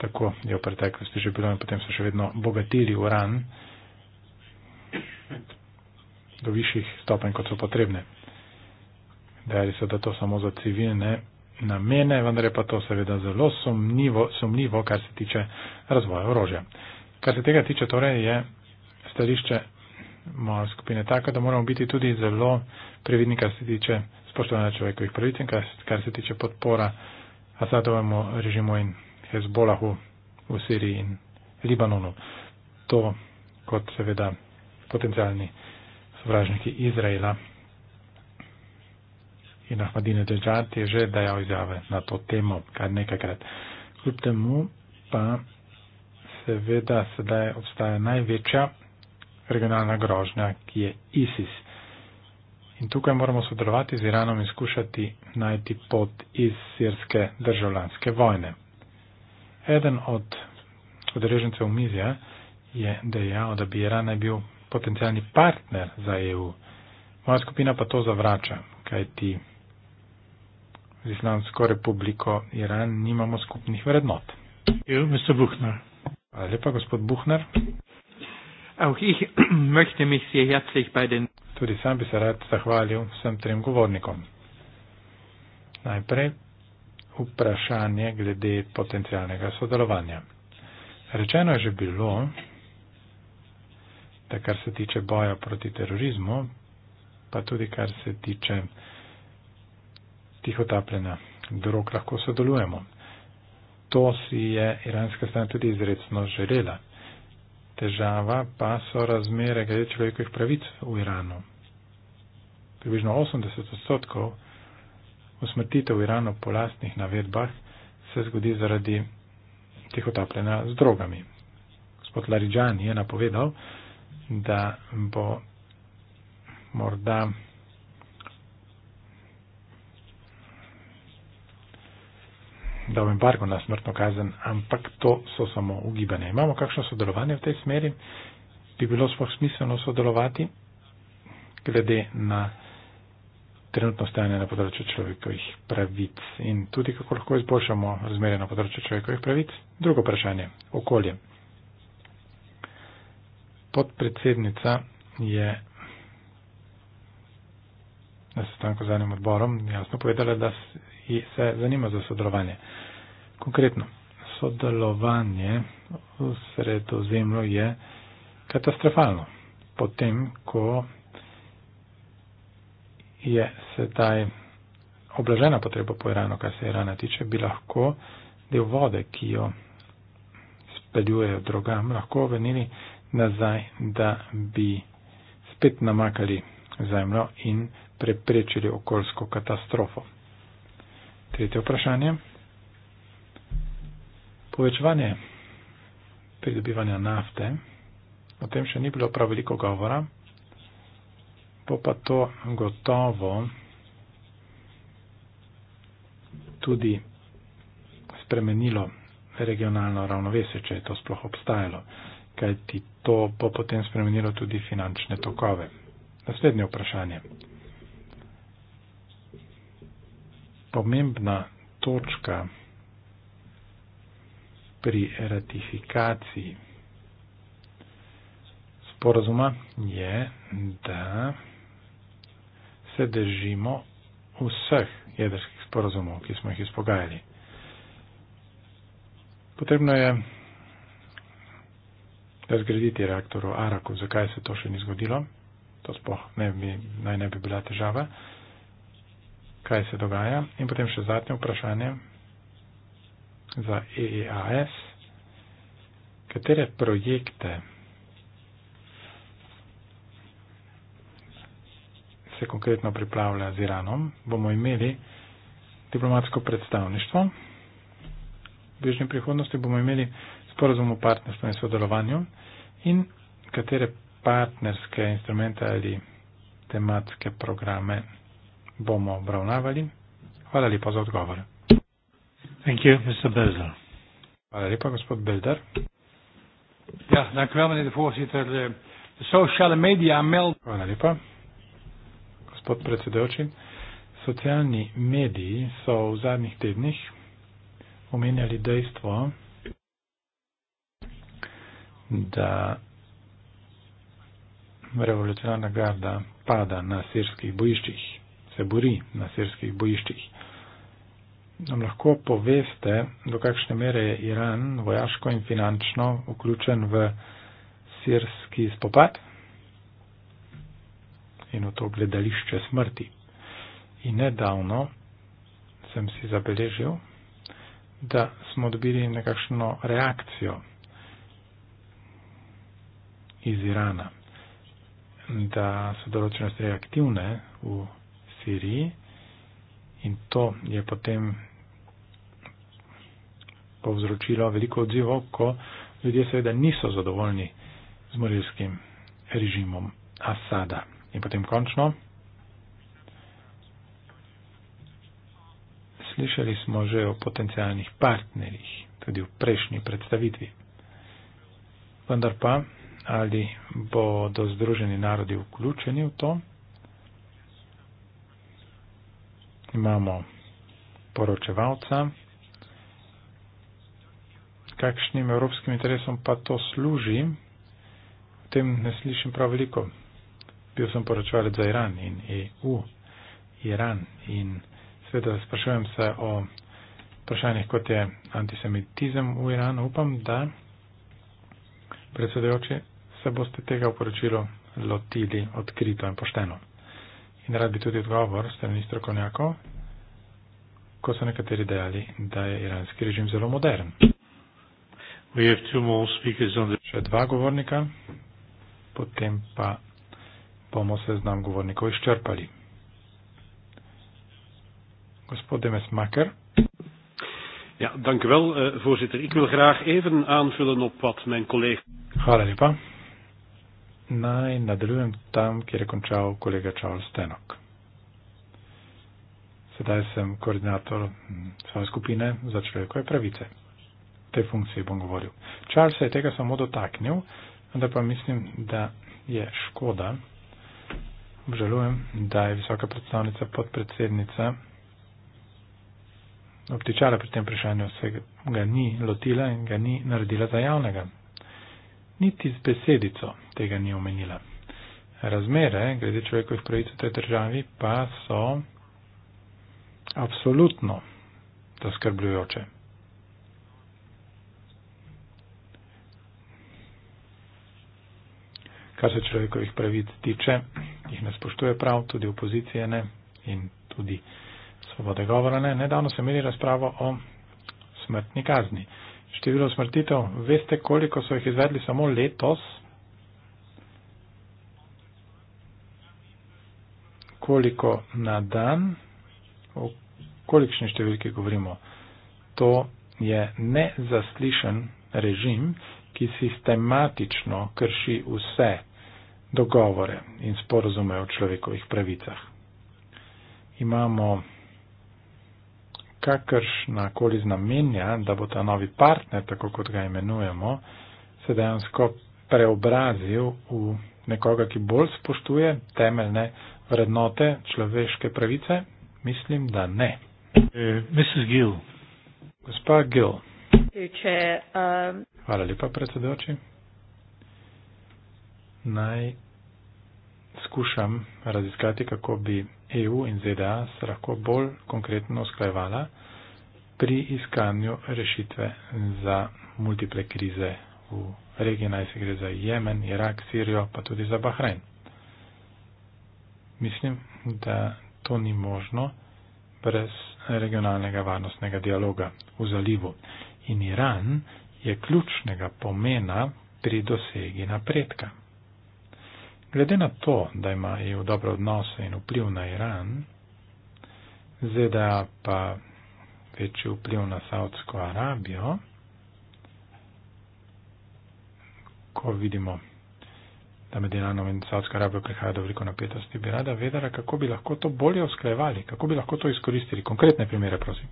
Speaker 3: Tako je v preteklosti že bilo in potem so še vedno bogatili uran do višjih stopenj, kot so potrebne. Dajali so, da to samo za civilne namene, vendar je pa to seveda zelo sumnivo, sumnivo kar se tiče razvoja orožja. Kar se tega tiče, torej je stališče moje skupine tako, da moramo biti tudi zelo previdni, kar se tiče spoštovanja človekovih pravic in kar, kar se tiče podpora Asadovemu režimu in Hezbolahu v Siriji in Libanonu. To kot seveda potencialni sovražniki Izraela in Ahmadine Džadžad je že dajal izjave na to temo kar nekajkrat. Kljub temu pa seveda sedaj obstaja največja regionalna grožnja, ki je ISIS. In tukaj moramo sodelovati z Iranom in skušati najti pot iz sirske državljanske vojne. Eden od odrežencev Mizija je dejal, da bi Iran naj bil potencijalni partner za EU. Moja skupina pa to zavrača, kajti z Islamsko republiko Iran nimamo skupnih vrednot. Hvala lepa, gospod Buhner. Tudi sam bi se rad zahvalil vsem trem govornikom. Najprej vprašanje glede potencijalnega sodelovanja. Rečeno je že bilo, da kar se tiče boja proti terorizmu, pa tudi kar se tiče tihotapljenja drog lahko sodelujemo. To si je iranska stran tudi izredno želela. Težava pa so razmere glede človekovih pravic v Iranu. Približno 80 odstotkov usmrtitev v Iranu po lastnih navedbah se zgodi zaradi tihotapljenja z drogami. Gospod Larijan je napovedal, da bo morda dal embargo na smrtno kazen, ampak to so samo ugibanje. Imamo kakšno sodelovanje v tej smeri? Bi bilo sploh smiselno sodelovati glede na trenutno stanje na področju človekovih pravic in tudi kako lahko izboljšamo razmere na področju človekovih pravic? Drugo vprašanje, okolje. Podpredsednica je na sestanku z enim odborom jasno povedala, da se zanima za sodelovanje. Konkretno, sodelovanje v sredozemlju je katastrofalno. Potem, ko je sedaj oblažena potreba po Iranu, kar se Irana tiče, bi lahko del vode, ki jo speljujejo drogam, lahko venili nazaj, da bi spet namakali zemljo in preprečili okoljsko katastrofo. Tretje vprašanje. Povečevanje pridobivanja nafte, o tem še ni bilo prav veliko govora, bo pa to gotovo tudi spremenilo regionalno ravnovesje, če je to sploh obstajalo, kajti to bo potem spremenilo tudi finančne tokove. Naslednje vprašanje. Pomembna točka pri ratifikaciji sporazuma je, da se držimo vseh jedrskih sporazumov, ki smo jih izpogajali. Potrebno je razgraditi reaktor v Araku, zakaj se to še ni zgodilo. To spoh ne bi, naj ne bi bila težava. Kaj se dogaja? In potem še zadnje vprašanje za EAS, e katere projekte se konkretno pripravlja z Iranom, bomo imeli diplomatsko predstavništvo. V bližnji prihodnosti bomo imeli sporozum o partnerstvu in sodelovanju in katere partnerske instrumente ali tematske programe bomo obravnavali. Hvala lepa za odgovore. Thank you, Mr. Belder. Hvala lepa, gospod Belder. Ja, dank u wel, meneer de voorzitter. Eh, de sociale media melden. Hvala lepa, gospod predsedevči. Socialni mediji so v zadnjih tednih omenjali dejstvo, da revolucionarna garda pada na sirskih bojiščih, se bori na sirskih bojiščih nam lahko poveste, do kakšne mere je Iran vojaško in finančno vključen v sirski spopad in v to gledališče smrti. In nedavno sem si zabeležil, da smo dobili nekakšno reakcijo iz Irana, da so določene stvari aktivne v Siriji. In to je potem povzročilo veliko odzivov, ko ljudje seveda niso zadovoljni z morilskim režimom Asada. In potem končno. Slišali smo že o potencijalnih partnerjih, tudi v prejšnji predstavitvi. Vendar pa, ali bodo Združeni narodi vključeni v to? imamo poročevalca. Kakšnim evropskim interesom pa to služi, v tem ne slišim prav veliko. Bil sem poročevalec za Iran in EU, Iran in seveda sprašujem se o vprašanjih, kot je antisemitizem v Iranu. Upam, da predsedojoči se boste tega v poročilu lotili odkrito in pošteno in rad bi tudi odgovor strani strokovnjakov, ko so nekateri dejali, da je iranski režim zelo modern. Še dva govornika, potem pa bomo seznam govornikov izčrpali. Gospod Demes Maker. Ja, dank u wel, uh, voorzitter. Ik wil graag even aanvullen op wat mijn collega. Hvala lepa naj nadaljujem tam, kjer je končal kolega Charles Stenok. Sedaj sem koordinator hm, svoje skupine za človekove pravice. V tej funkciji bom govoril. Charles se je tega samo dotaknil, vendar pa mislim, da je škoda. Obžalujem, da je visoka predstavnica podpredsednica obtičala pri tem vprašanju, se ga ni lotila in ga ni naredila za javnega. Niti z besedico tega ni omenila. Razmere glede človekovih pravic v tej državi pa so absolutno zaskrbljujoče. Kar se človekovih pravic tiče, jih ne spoštuje prav, tudi opozicije ne in tudi svobode govora ne. Nedavno smo imeli razpravo o smrtni kazni. Število smrtitev, veste, koliko so jih izvedli samo letos, koliko na dan, o kolikšni številki govorimo. To je nezaslišen režim, ki sistematično krši vse dogovore in sporozume o človekovih pravicah. Imamo kakršna koli znamenja, da bo ta novi partner, tako kot ga imenujemo, se dejansko preobrazil v nekoga, ki bolj spoštuje temeljne vrednote človeške pravice? Mislim, da ne. Eh, uh, Gil. Gospa Gil.
Speaker 2: Če, um...
Speaker 3: Hvala lepa, predsedoči. Naj skušam raziskati, kako bi EU in ZDA se lahko bolj konkretno usklajevala pri iskanju rešitve za multiple krize v regije naj se gre za Jemen, Irak, Sirijo, pa tudi za Bahrajn. Mislim, da to ni možno brez regionalnega varnostnega dialoga v zalivu. In Iran je ključnega pomena pri dosegi napredka. Glede na to, da ima EU dobre odnose in vpliv na Iran, ZDA pa večji vpliv na Saudsko Arabijo, ko vidimo, da Medina Nova in Saudska Arabija prihaja do veliko napetosti, bi rada vedela, kako bi lahko to bolje usklajevali, kako bi lahko to izkoristili. Konkretne primere, prosim.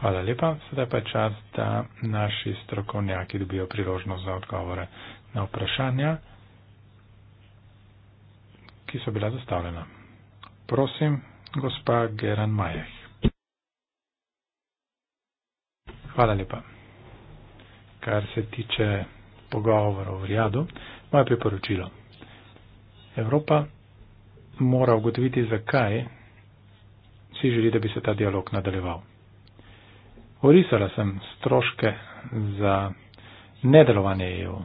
Speaker 3: Hvala lepa. Sedaj pa je čas, da naši strokovnjaki dobijo priložnost za odgovore na vprašanja, ki so bila zastavljena. Prosim, gospa Geran Majeh. Hvala lepa kar se tiče pogovorov v Rjadu, moje priporočilo. Evropa mora ugotoviti, zakaj si želi, da bi se ta dialog nadaljeval. Orisala sem stroške za nedelovanje EU.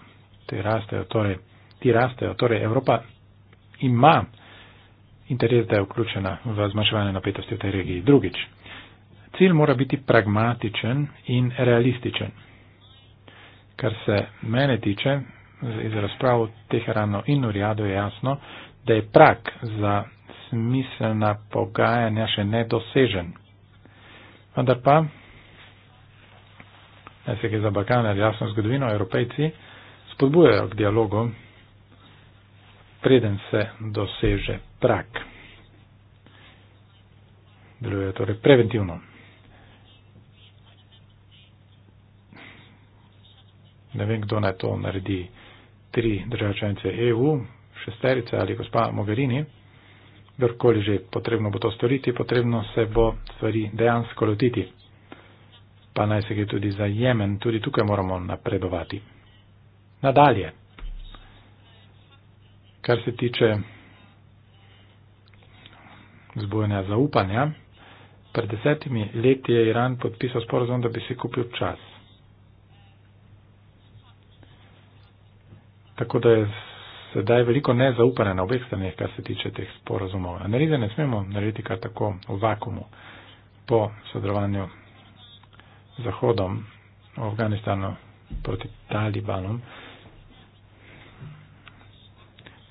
Speaker 3: Ti rastejo, torej, ti rastejo, torej Evropa ima interes, da je vključena v zmanjševanje napetosti v tej regiji. Drugič, cilj mora biti pragmatičen in realističen. Kar se mene tiče, iz razprav Teherano in Urijado je jasno, da je prak za smiselna pogajanja še nedosežen. Vendar pa, ne se je za Balkane jasno zgodovino, evropejci spodbujajo k dialogu, preden se doseže prak. Deluje torej preventivno. ne vem, kdo naj to naredi, tri državčanice EU, šesterice ali gospa Mogherini, kdorkoli že potrebno bo to storiti, potrebno se bo stvari dejansko lotiti. Pa naj se gre tudi za Jemen, tudi tukaj moramo napredovati. Nadalje, kar se tiče zbojanja zaupanja, pred desetimi leti je Iran podpisal sporozum, da bi si kupil čas. tako da je sedaj veliko nezaupanja na obeh stranih, kar se tiče teh sporazumov. Analize ne smemo narediti kar tako v vakumu po sodelovanju z Zahodom v Afganistanu proti Talibanom.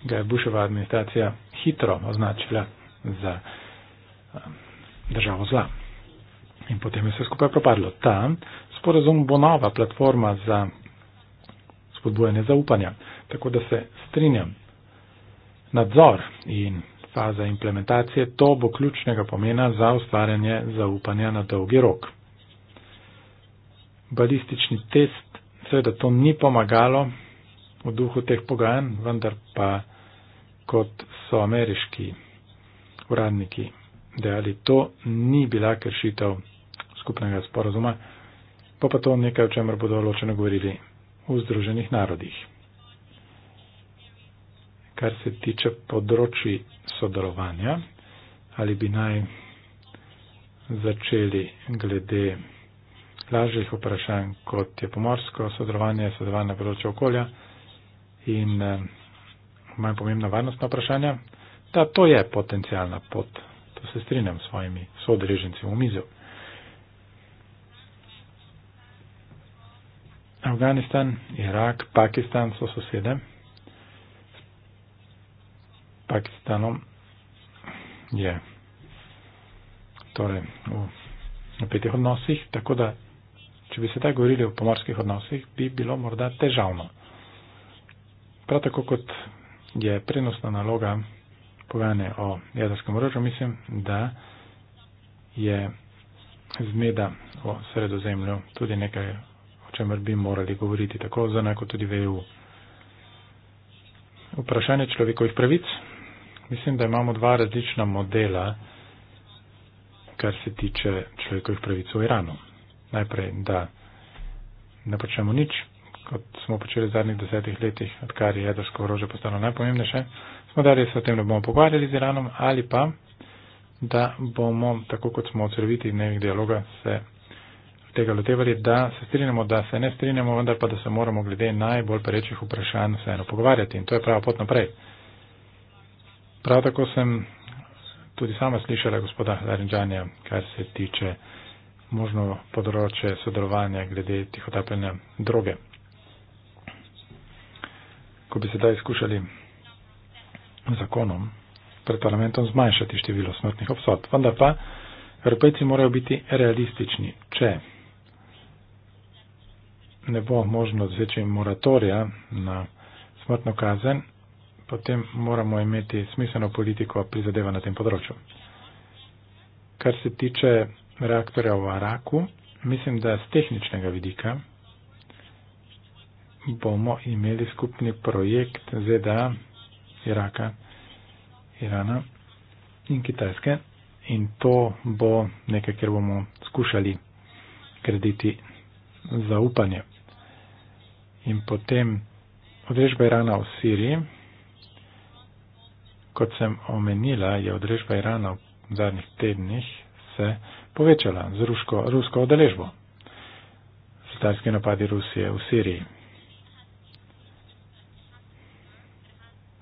Speaker 3: Ga je Bušova administracija hitro označila za eh, državo zla. In potem je vse skupaj propadlo. Ta sporazum bo nova platforma za spodbujanje zaupanja. Tako da se strinjam. Nadzor in faza implementacije, to bo ključnega pomena za ustvarjanje zaupanja na dolgi rok. Balistični test, seveda to ni pomagalo v duhu teh pogajanj, vendar pa kot so ameriški uradniki dejali, to ni bila kršitev skupnega sporozuma, pa pa to nekaj, o čemer bodo ločeno govorili v Združenih narodih kar se tiče področji sodelovanja, ali bi naj začeli glede lažjih vprašanj, kot je pomorsko sodelovanje, sodelovanje na področju okolja in eh, manj pomembna varnostna vprašanja. Da, to je potencijalna pot. To se strinjam s svojimi sodreženci v mizu. Afganistan, Irak, Pakistan so sosede. Pakistanom je torej v napetih odnosih, tako da če bi se tako govorili o pomorskih odnosih, bi bilo morda težavno. Prav tako kot je prenosna naloga pogajanja o jedrskem orožju, mislim, da je zmeda o sredozemlju tudi nekaj, o čemer bi morali govoriti, tako zanako tudi v EU. Vprašanje človekovih pravic Mislim, da imamo dva različna modela, kar se tiče človekovih pravic v Iranu. Najprej, da ne počnemo nič, kot smo počeli v zadnjih desetih letih, odkar je jedrsko orožje postalo najpomembnejše, smo dali se o tem, da bomo pogovarjali z Iranom, ali pa, da bomo, tako kot smo od celovitih dnevnih dialoga, se tega lotevali, da se strinjamo, da se ne strinjamo, vendar pa, da se moramo glede najbolj perečih vprašanj vseeno pogovarjati. In to je prava pot naprej. Prav tako sem tudi sama slišala gospoda Larinđanja, kar se tiče možno področje sodelovanja glede tihotapljanja droge. Ko bi se da izkušali zakonom pred parlamentom zmanjšati število smrtnih obsod. Vendar pa, evropejci morajo biti realistični, če ne bo možno z večjim moratorija na smrtno kazen, potem moramo imeti smiselno politiko prizadeva na tem področju. Kar se tiče reaktorja v Araku, mislim, da z tehničnega vidika bomo imeli skupni projekt ZDA, Iraka, Irana in Kitajske in to bo nekaj, kjer bomo skušali krediti zaupanje. In potem odrežba Irana v Siriji, Kot sem omenila, je odrežba Irana v zadnjih tednih se povečala z rusko, rusko odeležbo. Sitarski napadi Rusije v Siriji.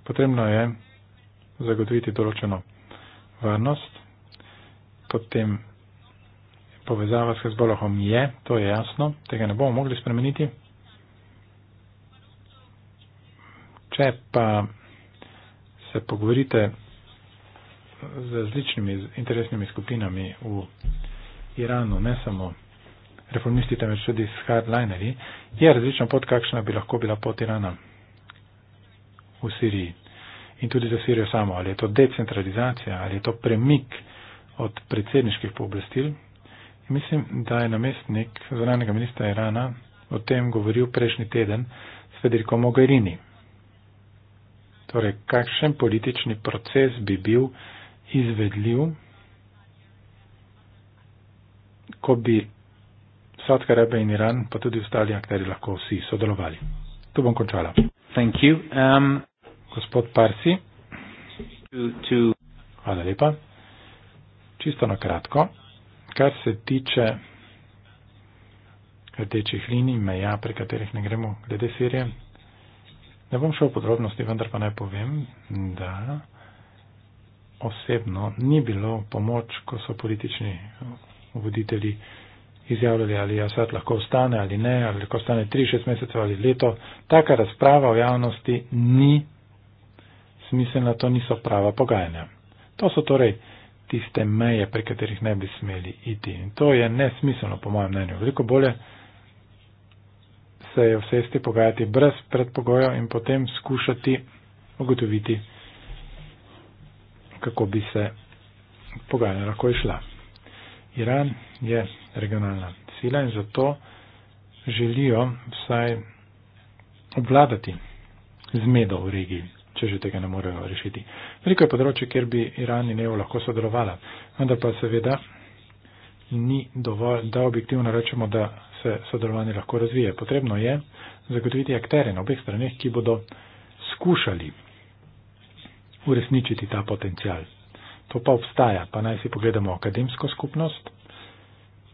Speaker 3: Potrebno je zagotoviti določeno varnost, potem povezava s Hezbolahom je, to je jasno, tega ne bomo mogli spremeniti. Če pa se pogovorite z različnimi interesnimi skupinami v Iranu, ne samo reformisti, temveč tudi s hardlinerji, je različna pot, kakšna bi lahko bila pot Irana v Siriji in tudi za Sirijo samo. Ali je to decentralizacija, ali je to premik od predsedniških pooblastil. Mislim, da je namestnik zunanjega ministra Irana o tem govoril prejšnji teden s Federico Mogherini. Torej, kakšen politični proces bi bil izvedljiv, ko bi Saudska Arabija in Iran, pa tudi ostali akteri, lahko vsi sodelovali. Tu bom končala. Thank you. Um, Gospod Parsi. To, to... Hvala lepa. Čisto na kratko. Kar se tiče rdečih linij, meja, pri katerih ne gremo, glede Sirije. Ne bom šel v podrobnosti, vendar pa naj povem, da osebno ni bilo pomoč, ko so politični voditelji izjavljali, ali Asad lahko ostane ali ne, ali lahko ostane 3-6 mesecev ali leto. Taka razprava v javnosti ni smiselna, to niso prava pogajanja. To so torej tiste meje, pri katerih ne bi smeli iti. In to je nesmiselno, po mojem mnenju. Veliko bolje se je vsesti pogajati brez predpogojev in potem skušati ugotoviti, kako bi se pogajanja lahko išla. Iran je regionalna sila in zato želijo vsaj obvladati zmedo v regiji, če že tega ne morejo rešiti. Veliko je področje, kjer bi Iran in EU lahko sodelovala, vendar pa seveda ni dovolj, da objektivno rečemo, da se sodelovanje lahko razvije. Potrebno je zagotoviti akterje na obeh straneh, ki bodo skušali uresničiti ta potencial. To pa obstaja, pa naj si pogledamo akademsko skupnost,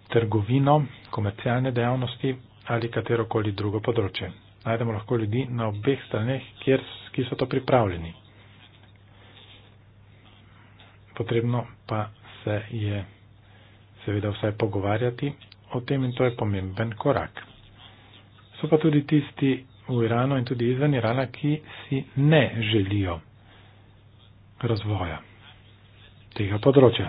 Speaker 3: trgovino, komercialne dejavnosti ali katerokoli drugo področje. Najdemo lahko ljudi na obeh straneh, kjer, ki so to pripravljeni. Potrebno pa se je seveda vsaj pogovarjati o tem in to je pomemben korak. So pa tudi tisti v Iranu in tudi izven Irana, ki si ne želijo razvoja tega področja.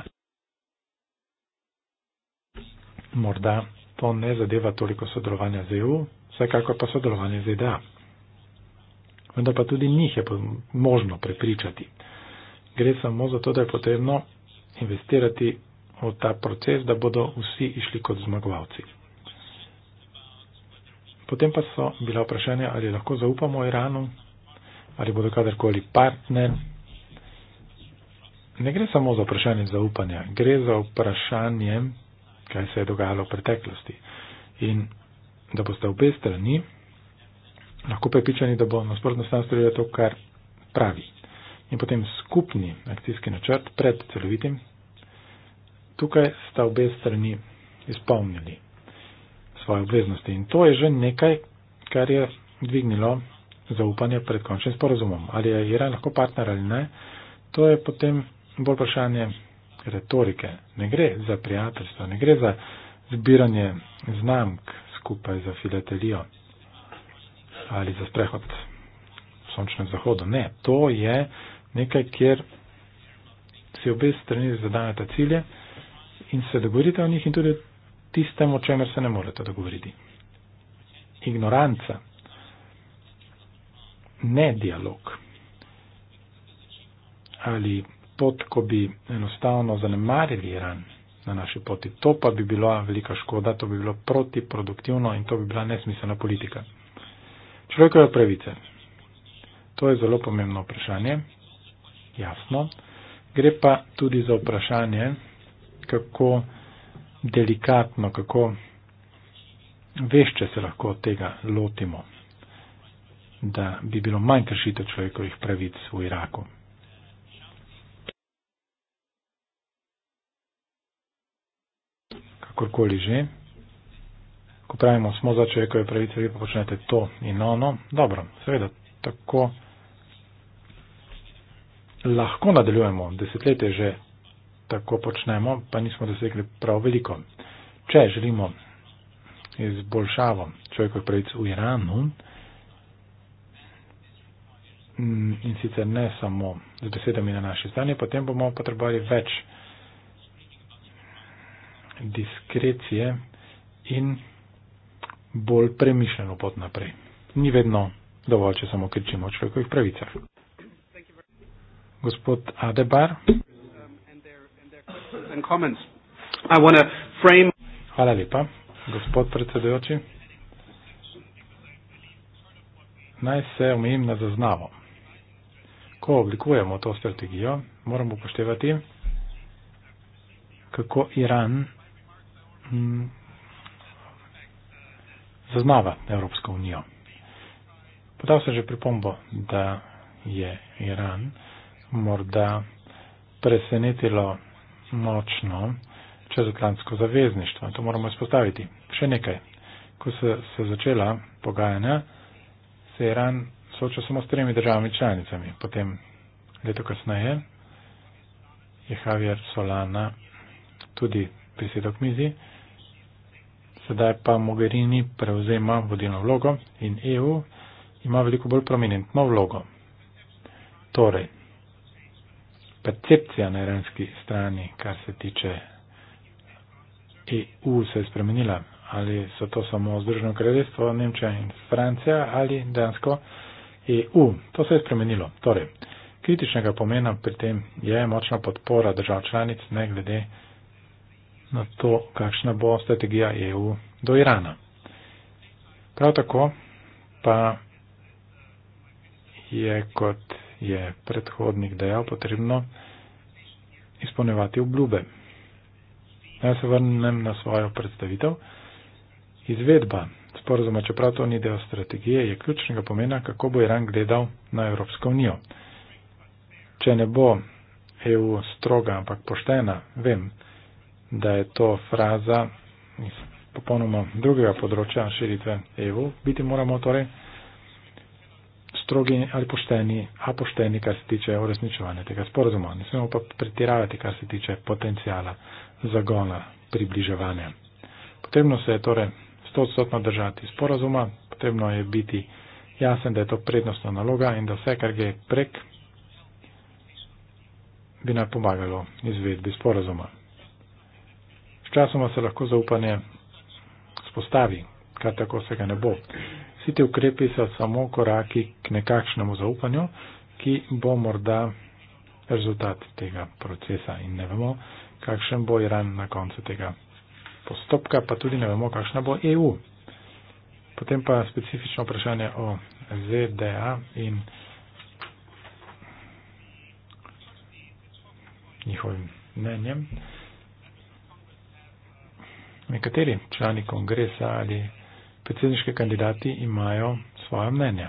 Speaker 3: Morda to ne zadeva toliko sodelovanja z EU, vsekakor pa sodelovanje z EDA. Vendar pa tudi njih je možno prepričati. Gre samo za to, da je potrebno investirati v ta proces, da bodo vsi išli kot zmagovalci. Potem pa so bila vprašanja, ali lahko zaupamo Iranu, ali bodo kadarkoli partner. Ne gre samo za vprašanje zaupanja, gre za vprašanje, kaj se je dogajalo v preteklosti. In da boste obe strani lahko prepričani, da bo nasprotna stran storila to, kar pravi. In potem skupni akcijski načrt pred celovitim tukaj sta obe strani izpolnili svoje obveznosti in to je že nekaj, kar je dvignilo zaupanje pred končnim sporozumom. Ali je Iran lahko partner ali ne, to je potem bolj vprašanje retorike. Ne gre za prijateljstvo, ne gre za zbiranje znamk skupaj za filatelijo ali za sprehod v sončnem zahodu. Ne, to je nekaj, kjer si obe strani zadanjata cilje in se dogovorite o njih in tudi tistem, o čemer se ne morete dogovoriti. Ignoranca. Ne dialog. Ali pot, ko bi enostavno zanemarili ran na naši poti. To pa bi bila velika škoda, to bi bilo protiproduktivno in to bi bila nesmiselna politika. Človekove pravice. To je zelo pomembno vprašanje. Jasno. Gre pa tudi za vprašanje, kako delikatno, kako vešče se lahko od tega lotimo, da bi bilo manj kršitev človekovih pravic v Iraku. Kakorkoli že, ko pravimo, smo za človekove pravice, vi pa počnete to in ono, dobro, seveda, tako lahko nadaljujemo, desetletje že tako počnemo, pa nismo dosegli prav veliko. Če želimo izboljšavo človekovih pravic v Iranu, mm, in sicer ne samo z besedami na naši strani, potem bomo potrebovali več diskrecije in bolj premišljeno pot naprej. Ni vedno dovolj, če samo kričimo o človekovih pravicah. Gospod Adebar. Hvala lepa, gospod predsedujoči. Naj se omejim na zaznavo. Ko oblikujemo to strategijo, moramo upoštevati, kako Iran m, mm, zaznava Evropsko unijo. Podal sem že pripombo, da je Iran morda presenetilo močno čezatlantsko zavezništvo. To moramo izpostaviti. Še nekaj. Ko so se začela pogajanja, se je Iran soočal samo s tremi državami članicami. Potem leto kasneje je Javier Solana tudi prisedel k mizi. Sedaj pa Mogherini prevzema vodilno vlogo in EU ima veliko bolj prominentno vlogo. Torej, percepcija na iranski strani, kar se tiče EU, se je spremenila. Ali so to samo Združeno kraljestvo, Nemčija in Francija ali dejansko EU. To se je spremenilo. Torej, kritičnega pomena pri tem je močna podpora držav članic, ne glede na to, kakšna bo strategija EU do Irana. Prav tako pa je kot je predhodnik dejal, potrebno izpolnevati obljube. Naj se vrnem na svojo predstavitev. Izvedba sporozuma, čeprav to ni del strategije, je ključnega pomena, kako bo Iran gledal na Evropsko unijo. Če ne bo EU stroga, ampak poštena, vem, da je to fraza iz popolnoma drugega področja širitve EU, biti moramo torej strogi ali pošteni, a pošteni, kar se tiče uresničevanja tega sporozuma. Ne smemo pa pretiravati, kar se tiče potencijala zagona približevanja. Potrebno se je torej stotstotno držati sporozuma, potrebno je biti jasen, da je to prednostna naloga in da vse, kar gre prek, bi naj pomagalo izvedbi sporozuma. Sčasoma se lahko zaupanje spostavi, kar tako se ga ne bo. Vsi ti ukrepi so samo koraki k nekakšnemu zaupanju, ki bo morda rezultat tega procesa in ne vemo, kakšen bo Iran na koncu tega postopka, pa tudi ne vemo, kakšna bo EU. Potem pa specifično vprašanje o ZDA in njihovim mnenjem. Nekateri člani kongresa ali predsedniški kandidati imajo svoje mnenje.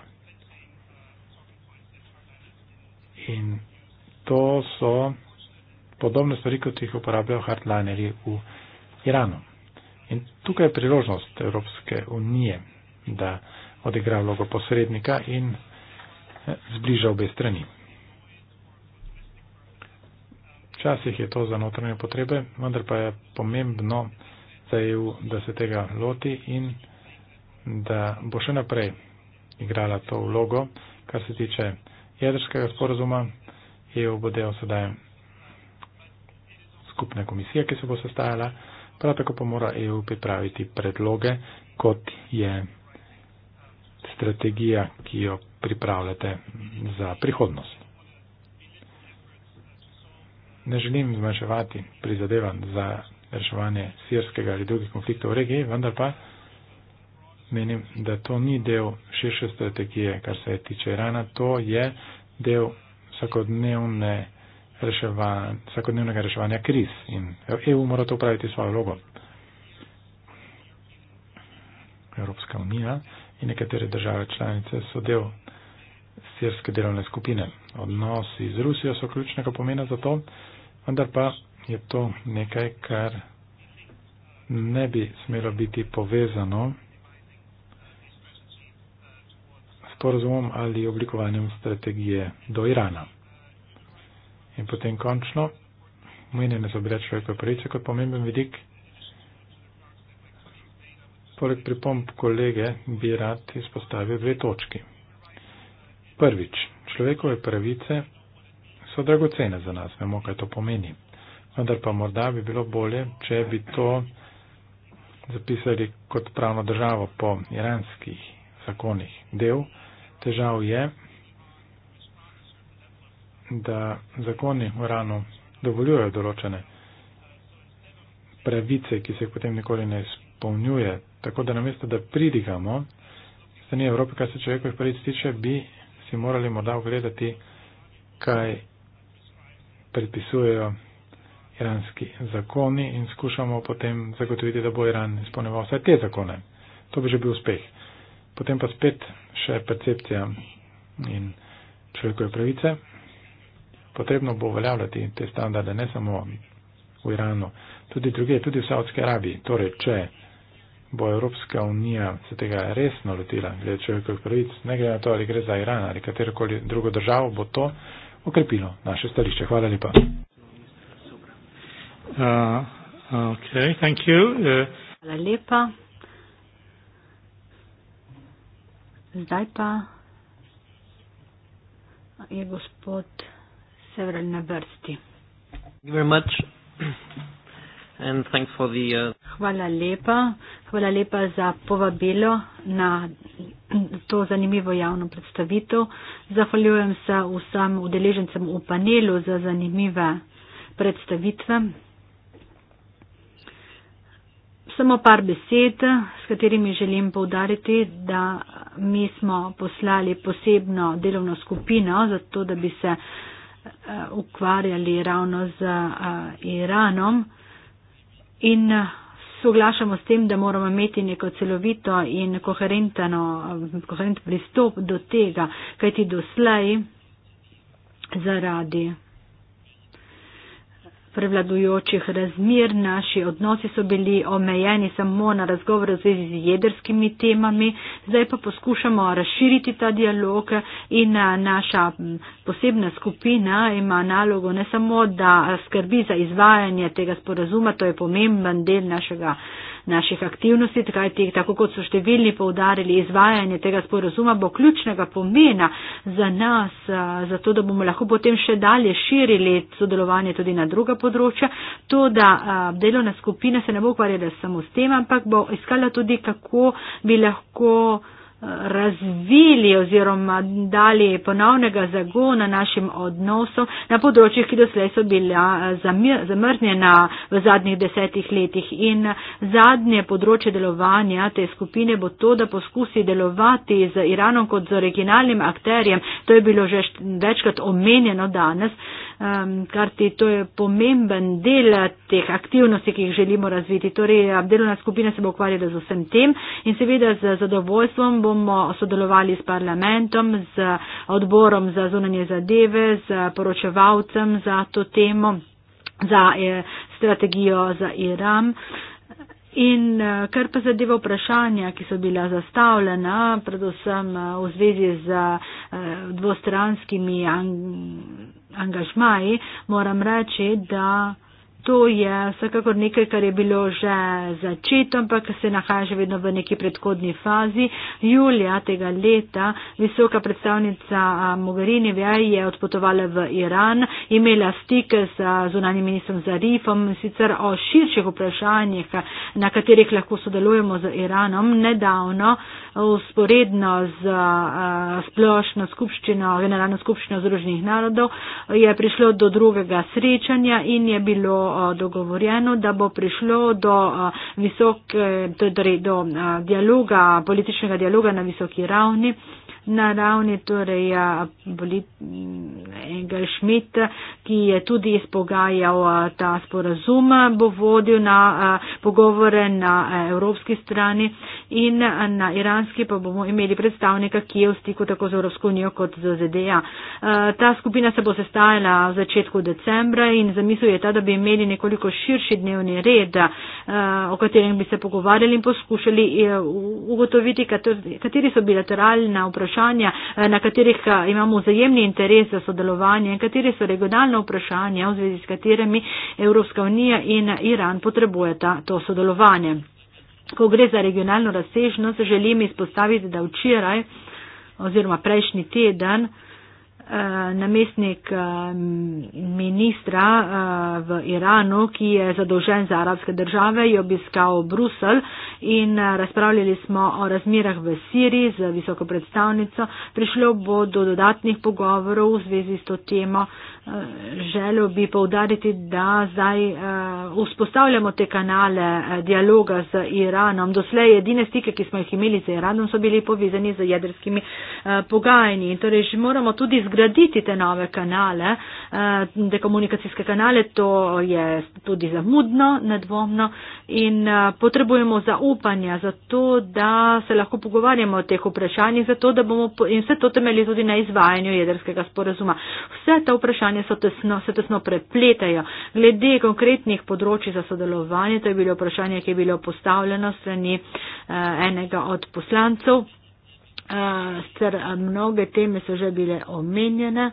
Speaker 3: In to so podobne stvari, kot jih uporabljajo hardlinerji v Iranu. In tukaj je priložnost Evropske unije, da odigra vlogo posrednika in eh, zbliža obe strani. Včasih je to za notranje potrebe, vendar pa je pomembno za EU, da se tega loti in da bo še naprej igrala to vlogo, kar se tiče jedrskega sporazuma. EU bo del sedaj skupne komisije, ki se bo sestajala. Prav tako pa mora EU pripraviti predloge, kot je strategija, ki jo pripravljate za prihodnost. Ne želim zmanjševati prizadevanj za reševanje sirskega ali drugih konfliktov v regiji, vendar pa menim, da to ni del širše strategije, kar se tiče Irana, to je del vsakodnevne reševanja, vsakodnevnega reševanja kriz in EU mora to upraviti svojo vlogo. Evropska unija in nekatere države članice so del sirske delovne skupine. Odnosi z Rusijo so ključnega pomena za to, vendar pa je to nekaj, kar ne bi smelo biti povezano. sporozumom ali oblikovanjem strategije do Irana. In potem končno, omenjene so bile človekove pravice kot pomemben vidik. Poleg pripomb kolege bi rad izpostavil dve točki. Prvič, človekove pravice so dragocene za nas, vemo, kaj to pomeni. Vendar pa morda bi bilo bolje, če bi to zapisali kot pravno državo po iranskih zakonih. Del težav je, da zakoni v rano dovoljujejo določene pravice, ki se jih potem nikoli ne izpolnjuje. Tako da namesto, da pridigamo, strani Evrope, kar se človekovih pravic tiče, bi si morali morda ogledati, kaj predpisujejo iranski zakoni in skušamo potem zagotoviti, da bo Iran izpolnjeval vse te zakone. To bi že bil uspeh. Potem pa spet še percepcija in človekove pravice. Potrebno bo uveljavljati te standarde ne samo v Iranu, tudi druge, tudi v Saudski Arabiji. Torej, če bo Evropska unija se tega resno lotila glede človekovih pravic, ne glede na to, ali gre za Iran ali katerokoli drugo državo, bo to okrepilo naše stališče. Hvala lepa. Uh, okay, thank you. Uh,
Speaker 4: Hvala lepa. Zdaj pa je gospod Severn na vrsti. Uh, Hvala lepa. Hvala lepa za povabilo na to zanimivo javno predstavitev. Zahvaljujem se vsem udeležencem v panelu za zanimive predstavitve samo par besed, s katerimi želim povdariti, da mi smo poslali posebno delovno skupino, zato da bi se eh, ukvarjali ravno z eh, Iranom in eh, soglašamo s tem, da moramo imeti neko celovito in koherentno pristop do tega, kajti doslej zaradi prevladujočih razmir, naši odnosi so bili omejeni samo na razgovor v zvezi z jedrskimi temami, zdaj pa poskušamo razširiti ta dialog in naša posebna skupina ima nalogo ne samo, da skrbi za izvajanje tega sporazuma, to je pomemben del našega naših aktivnosti, kajti tako kot so številni poudarili, izvajanje tega sporozuma bo ključnega pomena za nas, zato da bomo lahko potem še dalje širili sodelovanje tudi na druga področja. To, da delovna skupina se ne bo ukvarjala samo s tem, ampak bo iskala tudi, kako bi lahko razvili oziroma dali ponovnega zagona našim odnosom na področjih, ki doslej so bila eh, zamrznjena v zadnjih desetih letih. In zadnje področje delovanja te skupine bo to, da poskusi delovati z Iranom kot z originalnim akterjem, to je bilo že večkrat omenjeno danes um, ehm, karti to je pomemben del eh, teh aktivnosti, ki jih želimo razviti. Torej, delovna skupina se bo ukvarjala z vsem tem in seveda z zadovoljstvom bomo sodelovali s parlamentom, z odborom za zunanje zadeve, z poročevalcem za to temo, za eh, strategijo za Iran. In eh, kar pa zadeva vprašanja, ki so bila zastavljena, predvsem eh, v zvezi z dvostranskimi angažmaji, moram reči, da To je vsekakor nekaj, kar je bilo že začeto, ampak se nahaja še vedno v neki predhodni fazi. Julija tega leta visoka predstavnica Mogherini je odpotovala v Iran, imela stike z zunanjim ministrom Zarifom in sicer o širših vprašanjih, na katerih lahko sodelujemo z Iranom. Nedavno, usporedno z splošno skupščino, generalno skupščino Združenih narodov, je prišlo do drugega srečanja in je bilo Eh, dogovorjeno, da bo prišlo do, eh, visok, torej do eh, dialoga, političnega dialoga na visoki ravni. Na ravni torej Engel Schmidt, ki je tudi izpogajal ta sporazum, bo vodil na pogovore na evropski strani in na iranski pa bomo imeli predstavnika, ki je v stiku tako z Evropsko unijo kot z ZDA. Eh, ta skupina se bo sestajala v začetku decembra in zamisel je ta, da bi imeli nekoliko širši dnevni red, eh, o katerem bi se pogovarjali in poskušali eh, ugotoviti, kateri so bilateralna vprašanja, na katerih imamo vzajemni interes za sodelovanje in kateri so regionalna vprašanja, v zvezi s katerimi Evropska unija in Iran potrebujeta to sodelovanje. Ko gre za regionalno razsežnost, želim izpostaviti, da včeraj oziroma prejšnji teden eh, namestnik eh, ministra eh, v Iranu, ki je zadolžen za arabske države, je obiskal Brusel in razpravljali smo o razmerah v Siriji z visoko predstavnico. Prišlo bo do dodatnih pogovorov v zvezi s to temo želel bi povdariti, da zdaj uh, vzpostavljamo te kanale uh, dialoga z Iranom. Doslej edine stike, ki smo jih imeli z Iranom, so bili povezani z jedrskimi uh, pogajanji. Torej, že moramo tudi zgraditi te nove kanale. Uh, Eh, dekomunikacijske kanale, to je tudi zamudno, nedvomno in eh, potrebujemo zaupanja za to, da se lahko pogovarjamo o teh vprašanjih, zato da bomo in vse to temeli tudi na izvajanju jedrskega sporazuma. Vse ta vprašanja tesno, se tesno prepletajo. Glede konkretnih področji za sodelovanje, to je bilo vprašanje, ki je bilo postavljeno strani eh, enega od poslancev. Uh, ter mnoge teme so že bile omenjene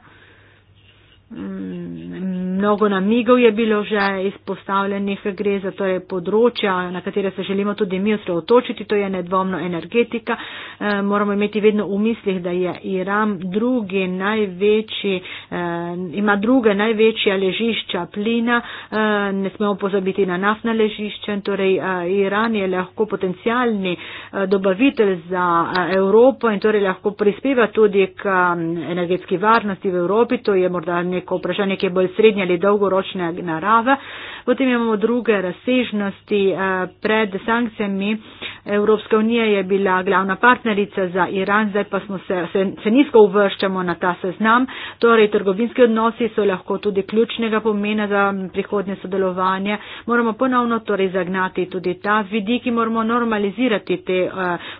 Speaker 4: mnogo namigov je bilo že izpostavljenih, gre za torej področja, na katere se želimo tudi mi osredotočiti, to je nedvomno energetika. Eh, moramo imeti vedno v mislih, da je Iran drugi največji, eh, ima druge največja ležišča plina, eh, ne smemo pozabiti na naftna ležišča, torej Iran je lahko potencijalni dobavitelj za Evropo in torej lahko prispeva tudi k energetski varnosti v Evropi, to je morda nekaj neko vprašanje, ki je bolj srednje ali dolgoročne narave. Potem imamo druge razsežnosti. Eh, pred sankcijami Evropska unija je bila glavna partnerica za Iran, zdaj pa smo se, se, se nizko uvrščamo na ta seznam. Torej, trgovinski odnosi so lahko tudi ključnega pomena za prihodnje sodelovanje. Moramo ponovno torej zagnati tudi ta vidik in moramo normalizirati te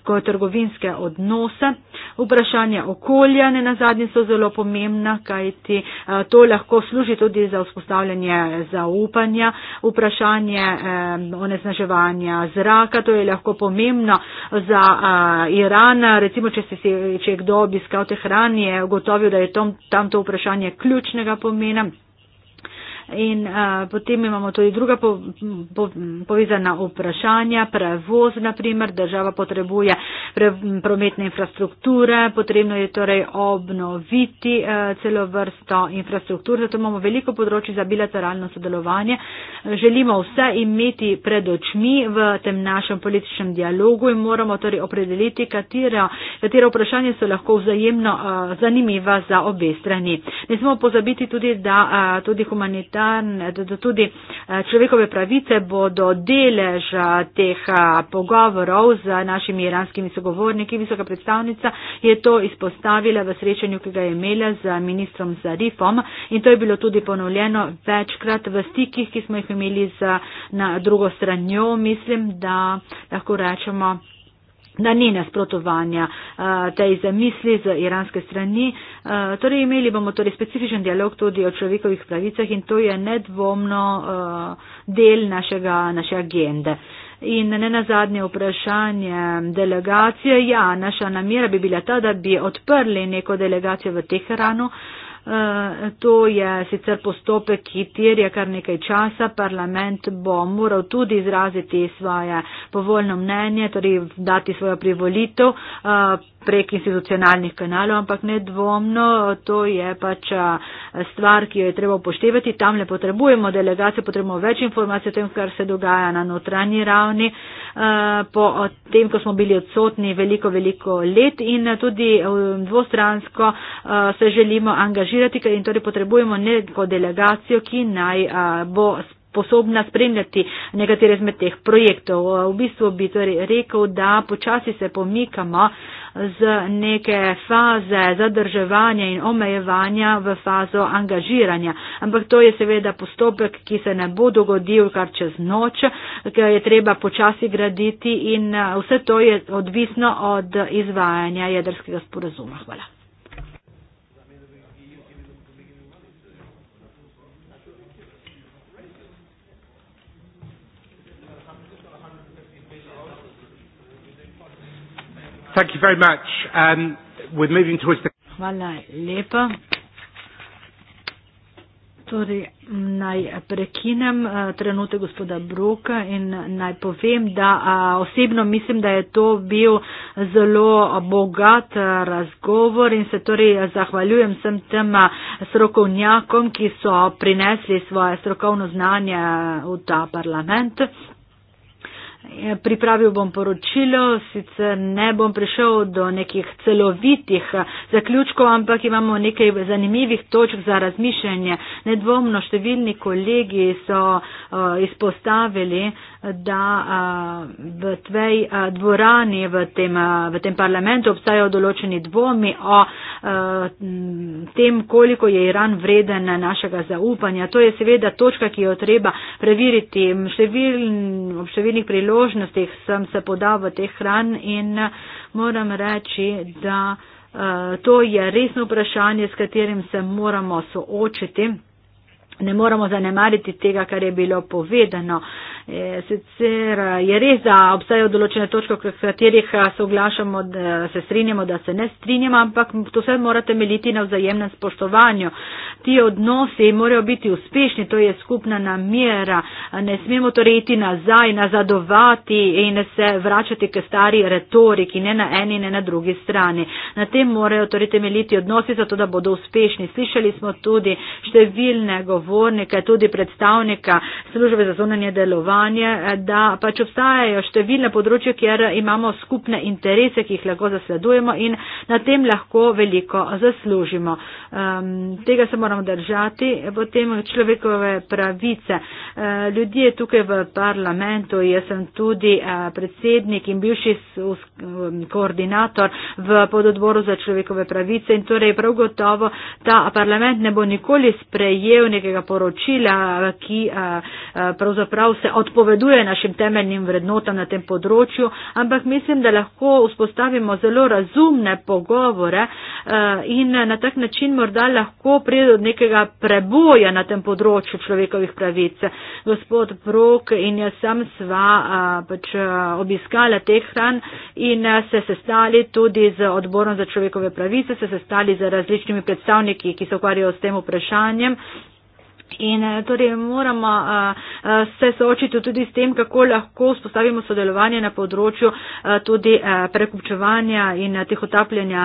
Speaker 4: uh, trgovinske odnose. Vprašanja okolja ne nazadnje so zelo pomembna, kajti eh, to lahko služi tudi za vzpostavljanje zaupanja. Vprašanje eh, onesnaževanja zraka, to je lahko pomembno za eh, Iran. Recimo, če, si, če kdo obiskal Tehran, je ugotovil, da je tam to vprašanje ključnega pomena in uh, potem imamo tudi druga po, po, povezana vprašanja, prevoz naprimer, država potrebuje pre, prometne infrastrukture, potrebno je torej obnoviti uh, celo vrsto infrastruktur, zato imamo veliko področji za bilateralno sodelovanje. Želimo vse imeti pred očmi v tem našem političnem dialogu in moramo torej opredeliti, katero, katero vprašanje so lahko vzajemno uh, zanimiva za obe strani. Ne smemo pozabiti tudi, da uh, tudi humanitarno dan, da, da tudi eh, človekove pravice bodo delež teh eh, pogovorov z našimi iranskimi sogovorniki. Visoka predstavnica je to izpostavila v srečanju, ki ga je imela z ministrom Zarifom in to je bilo tudi ponovljeno večkrat v stikih, ki smo jih imeli z, na drugo stranjo. Mislim, da lahko rečemo, na ni nasprotovanja eh, tej zamisli z iranske strani. Eh, torej imeli bomo torej specifičen dialog tudi o človekovih pravicah in to je nedvomno eh, del našega, naše agende. In ne na zadnje vprašanje delegacije, ja, naša namera bi bila ta, da bi odprli neko delegacijo v Teheranu. Eh, to je sicer postopek, ki terja kar nekaj časa. Parlament bo moral tudi izraziti svoje povoljno mnenje, torej dati svojo privolitev eh, prek institucionalnih kanalov, ampak nedvomno to je pač eh, stvar, ki jo je treba upoštevati. Tam ne potrebujemo delegacije, potrebujemo več informacij o tem, kar se dogaja na notranji ravni. Uh, Eh, po tem, ko smo bili odsotni veliko, veliko let in eh, tudi eh, dvostransko se želimo angažirati in torej potrebujemo neko delegacijo, ki naj bo spremljala sposobna spremljati nekatere izmed teh projektov. V bistvu bi torej rekel, da počasi se pomikamo z neke faze zadrževanja in omejevanja v fazo angažiranja. Ampak to je seveda postopek, ki se ne bo dogodil kar čez noč, ki je treba počasi graditi in eh, vse to je odvisno od izvajanja jedrskega sporazuma. Hvala.
Speaker 3: Thank you very much.
Speaker 2: Um, we're moving towards the. Hvala
Speaker 4: lepa. Torej, naj prekinem uh, trenutek gospoda Broka in naj povem, da uh, osebno mislim, da je to bil zelo bogat uh, razgovor in se torej zahvaljujem vsem tem strokovnjakom, ki so prinesli svoje strokovno znanje v ta parlament. Eh, pripravil bom poročilo, sicer ne bom prišel do nekih celovitih eh, zaključkov, ampak imamo nekaj zanimivih točk za razmišljanje. Nedvomno številni kolegi so uh, izpostavili uh, da v tvej dvorani v tem, v tem parlamentu obstajajo določeni dvomi o tem, koliko je Iran vreden našega zaupanja. To je seveda točka, ki jo treba preveriti. Ob številnih priložnostih sem se podal v teh hran in moram reči, da to je resno vprašanje, s katerim se moramo soočiti ne moremo zanemariti tega, kar je bilo povedano. E, sicer e, je res, da obstajajo določene točke, v katerih e, se oglašamo, da se strinjamo, da se ne strinjamo, ampak to vse mora temeljiti na vzajemnem spoštovanju. Ti odnosi morajo biti uspešni, to je skupna namera. Ne smemo torej iti nazaj, nazadovati in se vračati k stari retoriki, ne na eni, ne na drugi strani. Na tem morajo torej temeljiti odnosi, zato da bodo uspešni. Slišali smo tudi številne govore zagovornike, tudi predstavnika službe za zunanje delovanje, eh, da pač obstajajo številne področje, kjer imamo skupne interese, ki jih lahko zasledujemo in na tem lahko veliko zaslužimo. Um, tega se moramo držati, potem človekove pravice. Uh, ljudje tukaj v parlamentu, jaz sem tudi uh, predsednik in bivši sus, um, koordinator v pododboru za človekove pravice in torej prav gotovo ta parlament ne bo nikoli sprejel nekega našega poročila, ki pravzaprav se odpoveduje našim temeljnim vrednotam na tem področju, ampak mislim, da lahko vzpostavimo zelo razumne pogovore in na tak način morda lahko pride do nekega preboja na tem področju človekovih pravic. Gospod Prok in jaz sam sva pač obiskala teh hran in se sestali tudi z odborom za človekove pravice, se sestali z različnimi predstavniki, ki se ukvarjajo s tem vprašanjem. In eh, torej moramo eh, eh, se soočiti tudi s tem, kako lahko spostavimo sodelovanje na področju tudi prekupčevanja in teh otapljanja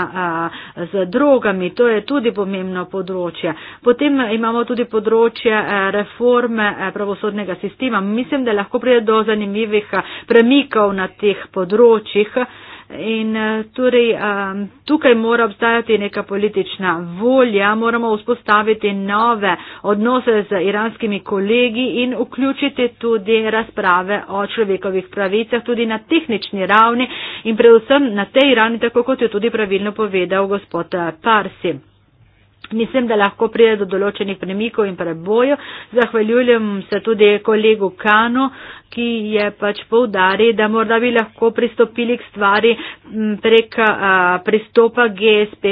Speaker 4: z drogami. To je tudi pomembno področje. Potem imamo tudi področje reforme pravosodnega sistema. Mislim, da lahko pride do zanimivih premikov na teh področjih. In eh, torej ehm, tukaj mora obstajati neka politična volja, moramo vzpostaviti nove odnose z iranskimi kolegi in vključiti tudi razprave o človekovih pravicah, tudi na tehnični ravni in predvsem na tej ravni, tako kot je tudi pravilno povedal gospod eh, Parsi. Mislim, da lahko pride do določenih premikov in preboju. Zahvaljujem se tudi kolegu Kano, ki je pač povdari, da morda bi lahko pristopili k stvari prek a, pristopa GSP.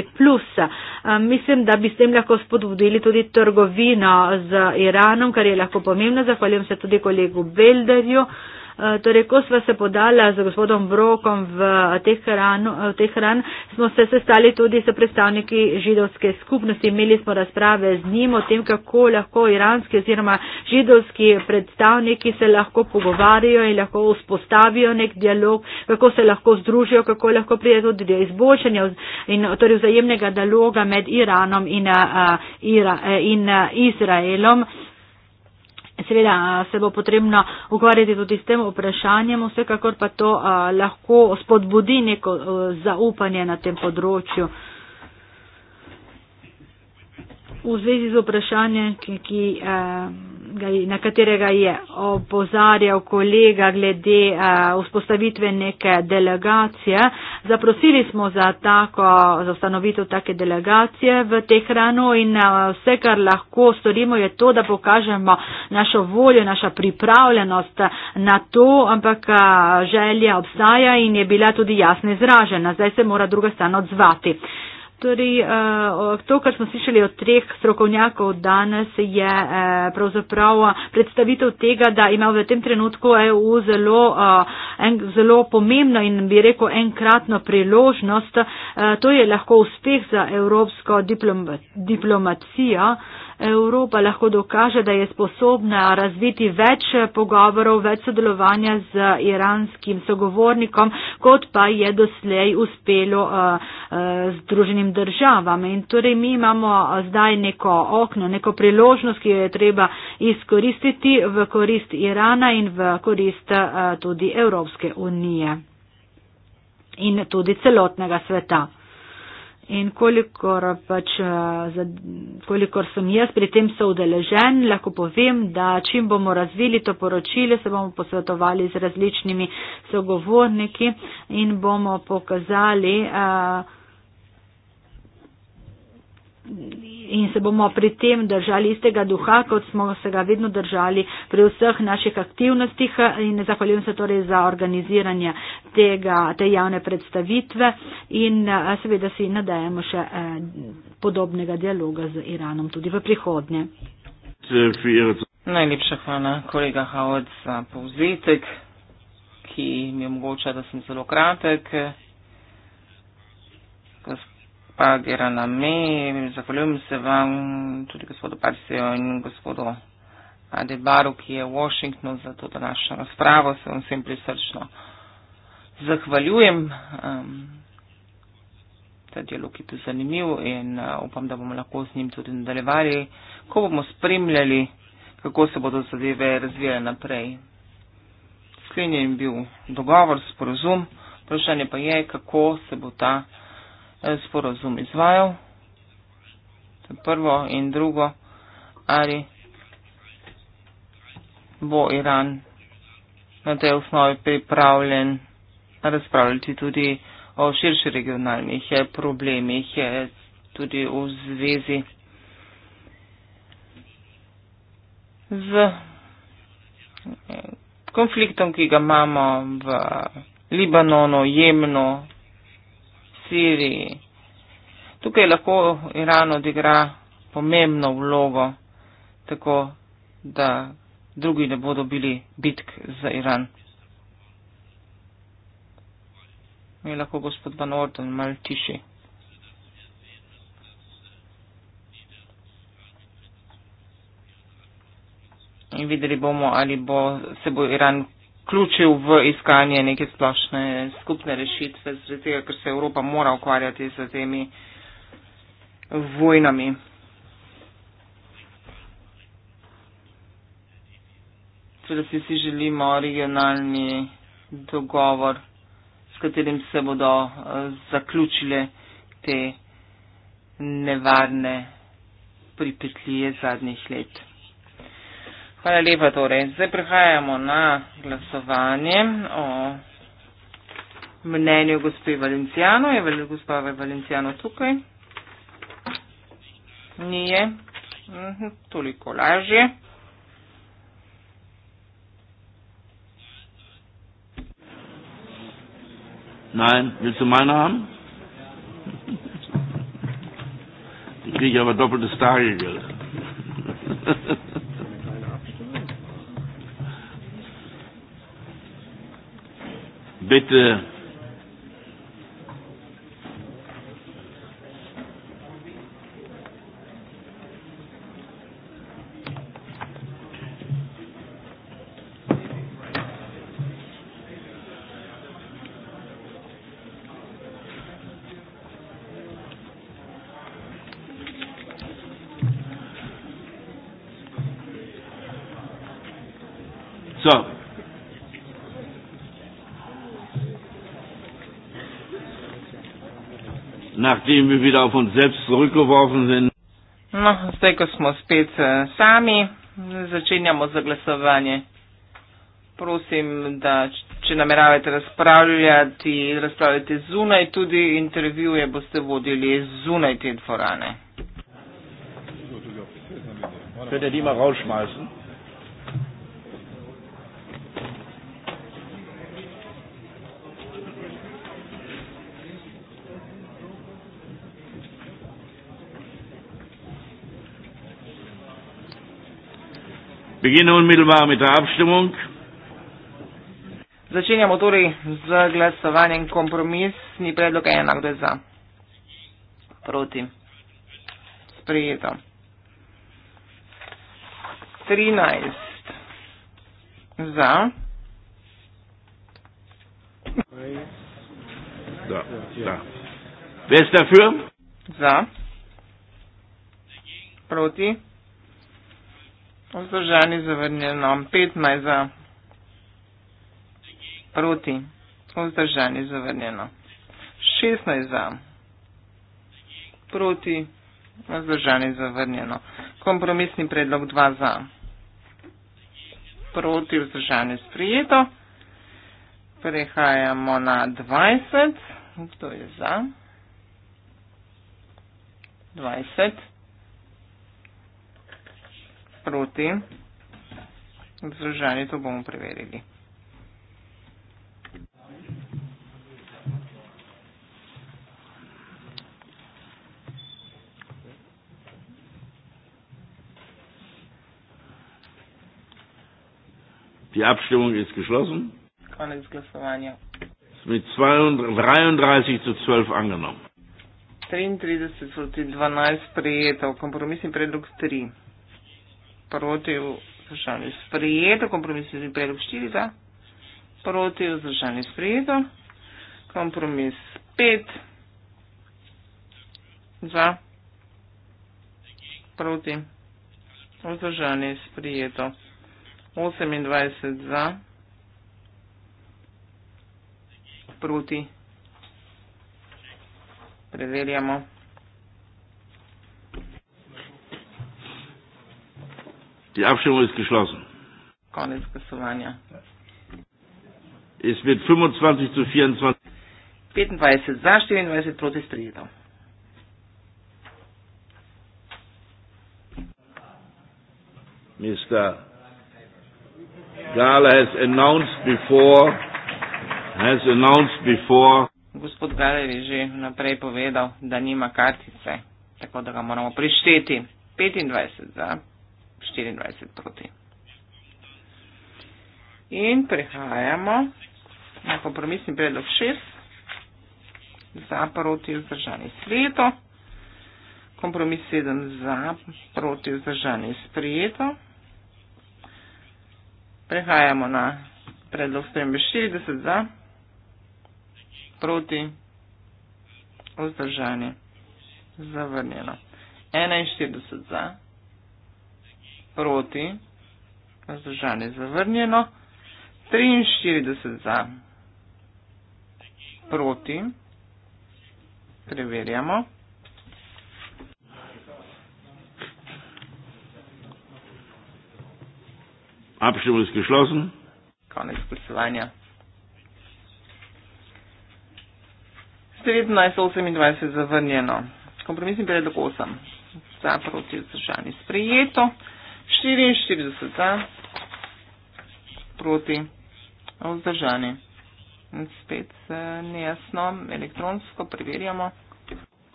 Speaker 4: A, mislim, da bi s tem lahko spodbudili tudi trgovino z Iranom, kar je lahko pomembno. Zahvaljujem se tudi kolegu Belderju. Eh, torej, ko sva se podala z gospodom Brokom v eh, Tehran, v eh, Tehran smo se sestali tudi s predstavniki židovske skupnosti. Imeli smo razprave z njim o tem, kako lahko iranski oziroma židovski predstavniki se lahko pogovarjajo in lahko vzpostavijo nek dialog, kako se lahko združijo, kako lahko prije tudi do izboljšanja in torej vzajemnega dialoga med Iranom in, a, Ira, in a, Izraelom. Seveda se bo potrebno ukvarjati tudi s tem vprašanjem, vsekakor pa to lahko spodbudi neko zaupanje na tem področju v zvezi z vprašanjem, ki, ki, eh, na katerega je opozarjal kolega glede eh, vzpostavitve neke delegacije. Zaprosili smo za, tako, za ustanovitev take delegacije v Tehranu in eh, vse, kar lahko storimo, je to, da pokažemo našo voljo, naša pripravljenost na to, ampak želja obstaja in je bila tudi jasno izražena. Zdaj se mora druga stran odzvati. Torej, eh, to, kar smo slišali od treh strokovnjakov danes, je eh, pravzaprav eh, predstavitev tega, da ima v tem trenutku EU zelo, en, zelo pomembno in bi rekel enkratno priložnost. To je lahko uspeh za evropsko diplom, diplomacijo. Evropa lahko dokaže, da je sposobna razviti več pogovorov, več sodelovanja z iranskim sogovornikom, kot pa je doslej uspelo. Uh, Eh, združenim državam. In torej mi imamo eh, zdaj neko okno, neko priložnost, ki jo je treba izkoristiti v korist Irana in v korist eh, tudi Evropske unije in tudi celotnega sveta. In kolikor, pač, kolikor sem jaz pri tem soudeležen, lahko povem, da čim bomo razvili to poročilo, se bomo posvetovali z različnimi sogovorniki in bomo pokazali. Uh, in se bomo pri tem držali istega duha, kot smo se ga vedno držali pri vseh naših aktivnostih in zahvaljujem se torej za organiziranje tega, te javne predstavitve in seveda si nadajemo še podobnega dialoga z Iranom tudi v prihodnje.
Speaker 1: Najlepša hvala, kolega Havod, za povzetek, ki mi omogoča, da sem zelo kratek. Pagera na me, zahvaljujem se vam, tudi gospodu Parisejo in gospodu Adebaru, ki je v Washingtonu za to današnjo razpravo, se vam vsem prisrčno zahvaljujem. Um, ta dialog je tudi zanimiv in uh, upam, da bomo lahko z njim tudi nadaljevali, ko bomo spremljali, kako se bodo zadeve razvijale naprej. Sklenjen je bil dogovor, sporozum, vprašanje pa je, kako se bo ta. Eh, sporozum izvajal, to je prvo in drugo, ali bo Iran na tej osnovi pripravljen razpravljati tudi o širši regionalnih eh, problemih, eh, tudi v zvezi z konfliktom, ki ga imamo v Libanonu, Jemnu, Siriji. Tukaj lahko Iran odigra pomembno vlogo, tako da drugi ne bodo bili bitk za Iran. Mi lahko gospod Van Orden mal tiši. In videli bomo, ali bo, se bo Iran vključil v iskanje neke splošne skupne rešitve, zaradi tega, ker se Evropa mora ukvarjati z temi vojnami. Seveda si vsi želimo regionalni dogovor, s katerim se bodo eh, zaključile te nevarne pripetlije zadnjih let. Hvala lepa torej. Zdaj prehajamo na glasovanje o mnenju gospe Valencijano. Je gospa Valencijano tukaj? Nije. Mhm, toliko lažje.
Speaker 5: Nein, willst du meine haben? Die kriege ich aber doppeltes Tagegeld. bitte nachdem wir wieder auf uns selbst zurückgeworfen sind.
Speaker 1: No, zdaj, ko smo spet eh, sami, začenjamo zaglasovanje. Prosim, da če nameravate razpravljati, razpravljate zunaj, tudi intervjuje boste vodili zunaj te dvorane. Könnt ihr die mal rausschmeißen?
Speaker 5: beginne unmittelbar mit der Abstimmung.
Speaker 1: Začenjamo torej z glasovanjem kompromisni predlog je enak, da je za. Proti. Sprejeto. 13. Za.
Speaker 2: Da, da.
Speaker 5: Wer ist dafür?
Speaker 1: Za. Proti. Vzdržani zavrnjeno. 15 za proti. Vzdržani zavrnjeno. 16 za proti. Vzdržani zavrnjeno. Kompromisni predlog 2 za proti. Vzdržani sprijeto. Prehajamo na 20. Kdo je za? 20 proti. Zdržani, to bomo preverili.
Speaker 5: Die Abstimmung ist geschlossen.
Speaker 1: Konec glasovanja.
Speaker 5: Mit 32 zu 12 angenommen.
Speaker 1: 33 zu 12 prijeto, kompromisni predlog 3 proti vzdržani sprejeto, kompromisni predlog 4 za, proti vzdržani sprejeto, kompromis 5 za, proti vzdržani sprejeto, 28 za, proti. Preverjamo.
Speaker 5: Die Abstimmung ist geschlossen.
Speaker 1: Konnis Kusumania.
Speaker 5: Es wird 25 zu 24.
Speaker 1: Bitten weiße Zastimmen, weiße Protestrieren. Mr.
Speaker 5: Gala has announced before, has announced before.
Speaker 1: Gospod Gala je že naprej povedal, da nima kartice, tako da ga moramo prišteti. 25 za. 24 proti. In prehajamo na kompromisni predlog 6 za proti vzdržani sveto, kompromis 7 za proti vzdržani sprejeto. Prehajamo na predlog spremembe 40 za proti vzdržani zavrnjeno. 41 za proti, vzdržanje zavrnjeno, 43 za, proti, preverjamo.
Speaker 5: Abštevolski šlozen.
Speaker 1: Konec glasovanja. 1928 zavrnjeno. Kompromisni predlog 8. Za proti vzdržanje sprejeto. 44 za, proti vzdržani. In spet se eh, nejasno, elektronsko preverjamo.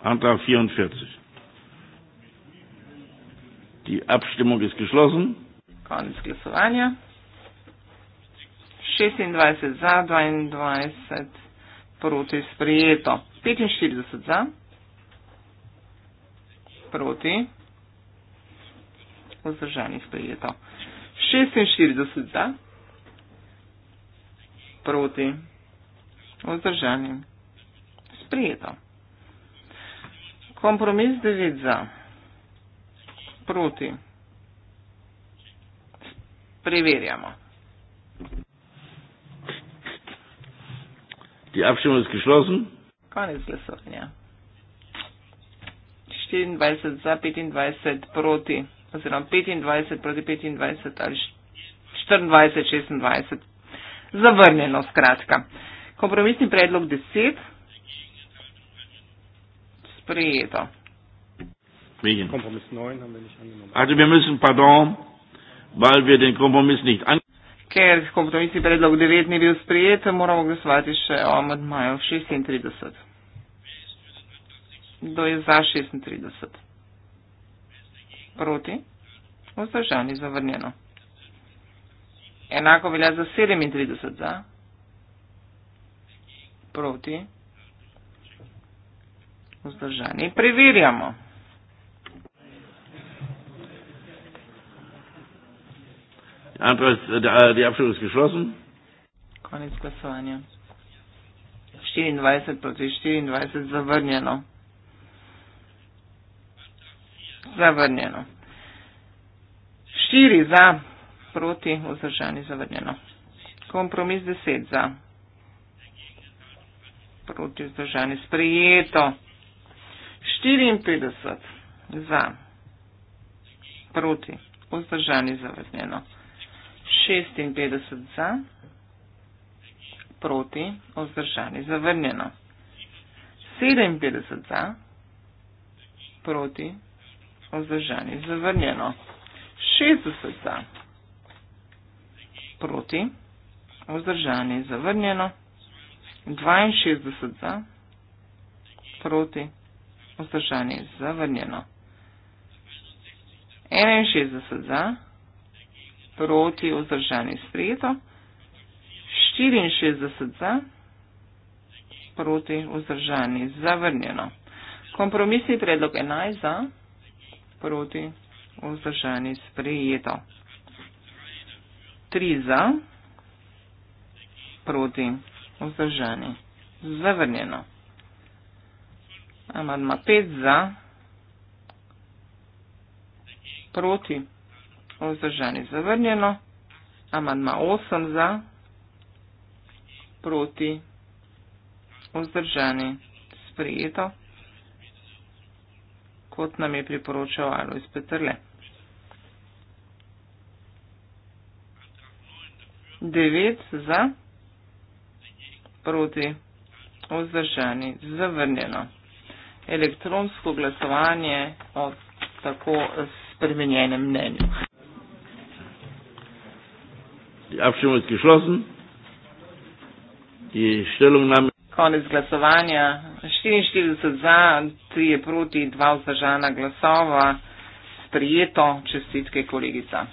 Speaker 5: Antrag 44. Die Abstimmung ist geschlossen.
Speaker 1: Konec glasovanja. 26 za, 22 proti sprejeto. 45 za, proti vzdržani sprejeto. 46 za, proti, vzdržani sprejeto. Kompromis 9 za, proti, preverjamo.
Speaker 5: Die Abstimmung ist geschlossen.
Speaker 1: Konec glasovanja. 24 za 25 proti oziroma 25 proti 25 ali 24, 26. Zavrnjeno, skratka. Kompromisni predlog 10. Sprejeto.
Speaker 5: Wegen.
Speaker 2: Kompromiss
Speaker 1: 9 haben wir nicht
Speaker 5: angenommen. Also wir müssen, pardon, weil wir den Kompromiss nicht angenommen
Speaker 1: Ker kompromisni predlog 9 ni bil sprejet, moramo glasovati še o amadmaju 36. Kdo je za 36? proti, vzdržani zavrnjeno. Enako velja za 37 za, proti, vzdržani. Preverjamo.
Speaker 5: Äh, äh,
Speaker 1: Konec glasovanja. 24 proti 24 zavrnjeno zavrnjeno. Štiri za, proti, vzdržani, zavrnjeno. Kompromis deset za, proti, vzdržani, sprijeto. 54 za, proti, vzdržani, zavrnjeno. 56 za, proti, vzdržani, zavrnjeno. 57 za, proti, vzdržani. Zavrnjeno. 60 za. Proti. Vzdržani. Zavrnjeno. 62 za. Proti. Vzdržani. Zavrnjeno. 61 za. Proti. Vzdržani. Sprejeto. 64 za. Proti. Vzdržani. Zavrnjeno. Kompromisni predlog 11 za proti vzdržani sprejeto. 3 za, proti vzdržani zavrnjeno. Amadma 5 za, proti vzdržani zavrnjeno. Amadma 8 za, proti vzdržani sprejeto kot nam je priporočal Alois Petrle. 9 za, proti, vzdržani, zavrnjeno. Elektronsko glasovanje o tako spremenjenem mnenju.
Speaker 5: Abschirmung geschlossen. Die Stellungnahme
Speaker 1: konec glasovanja. 44 za, 3 proti, 2 vzdržana glasova. Sprijeto, čestitke kolegica.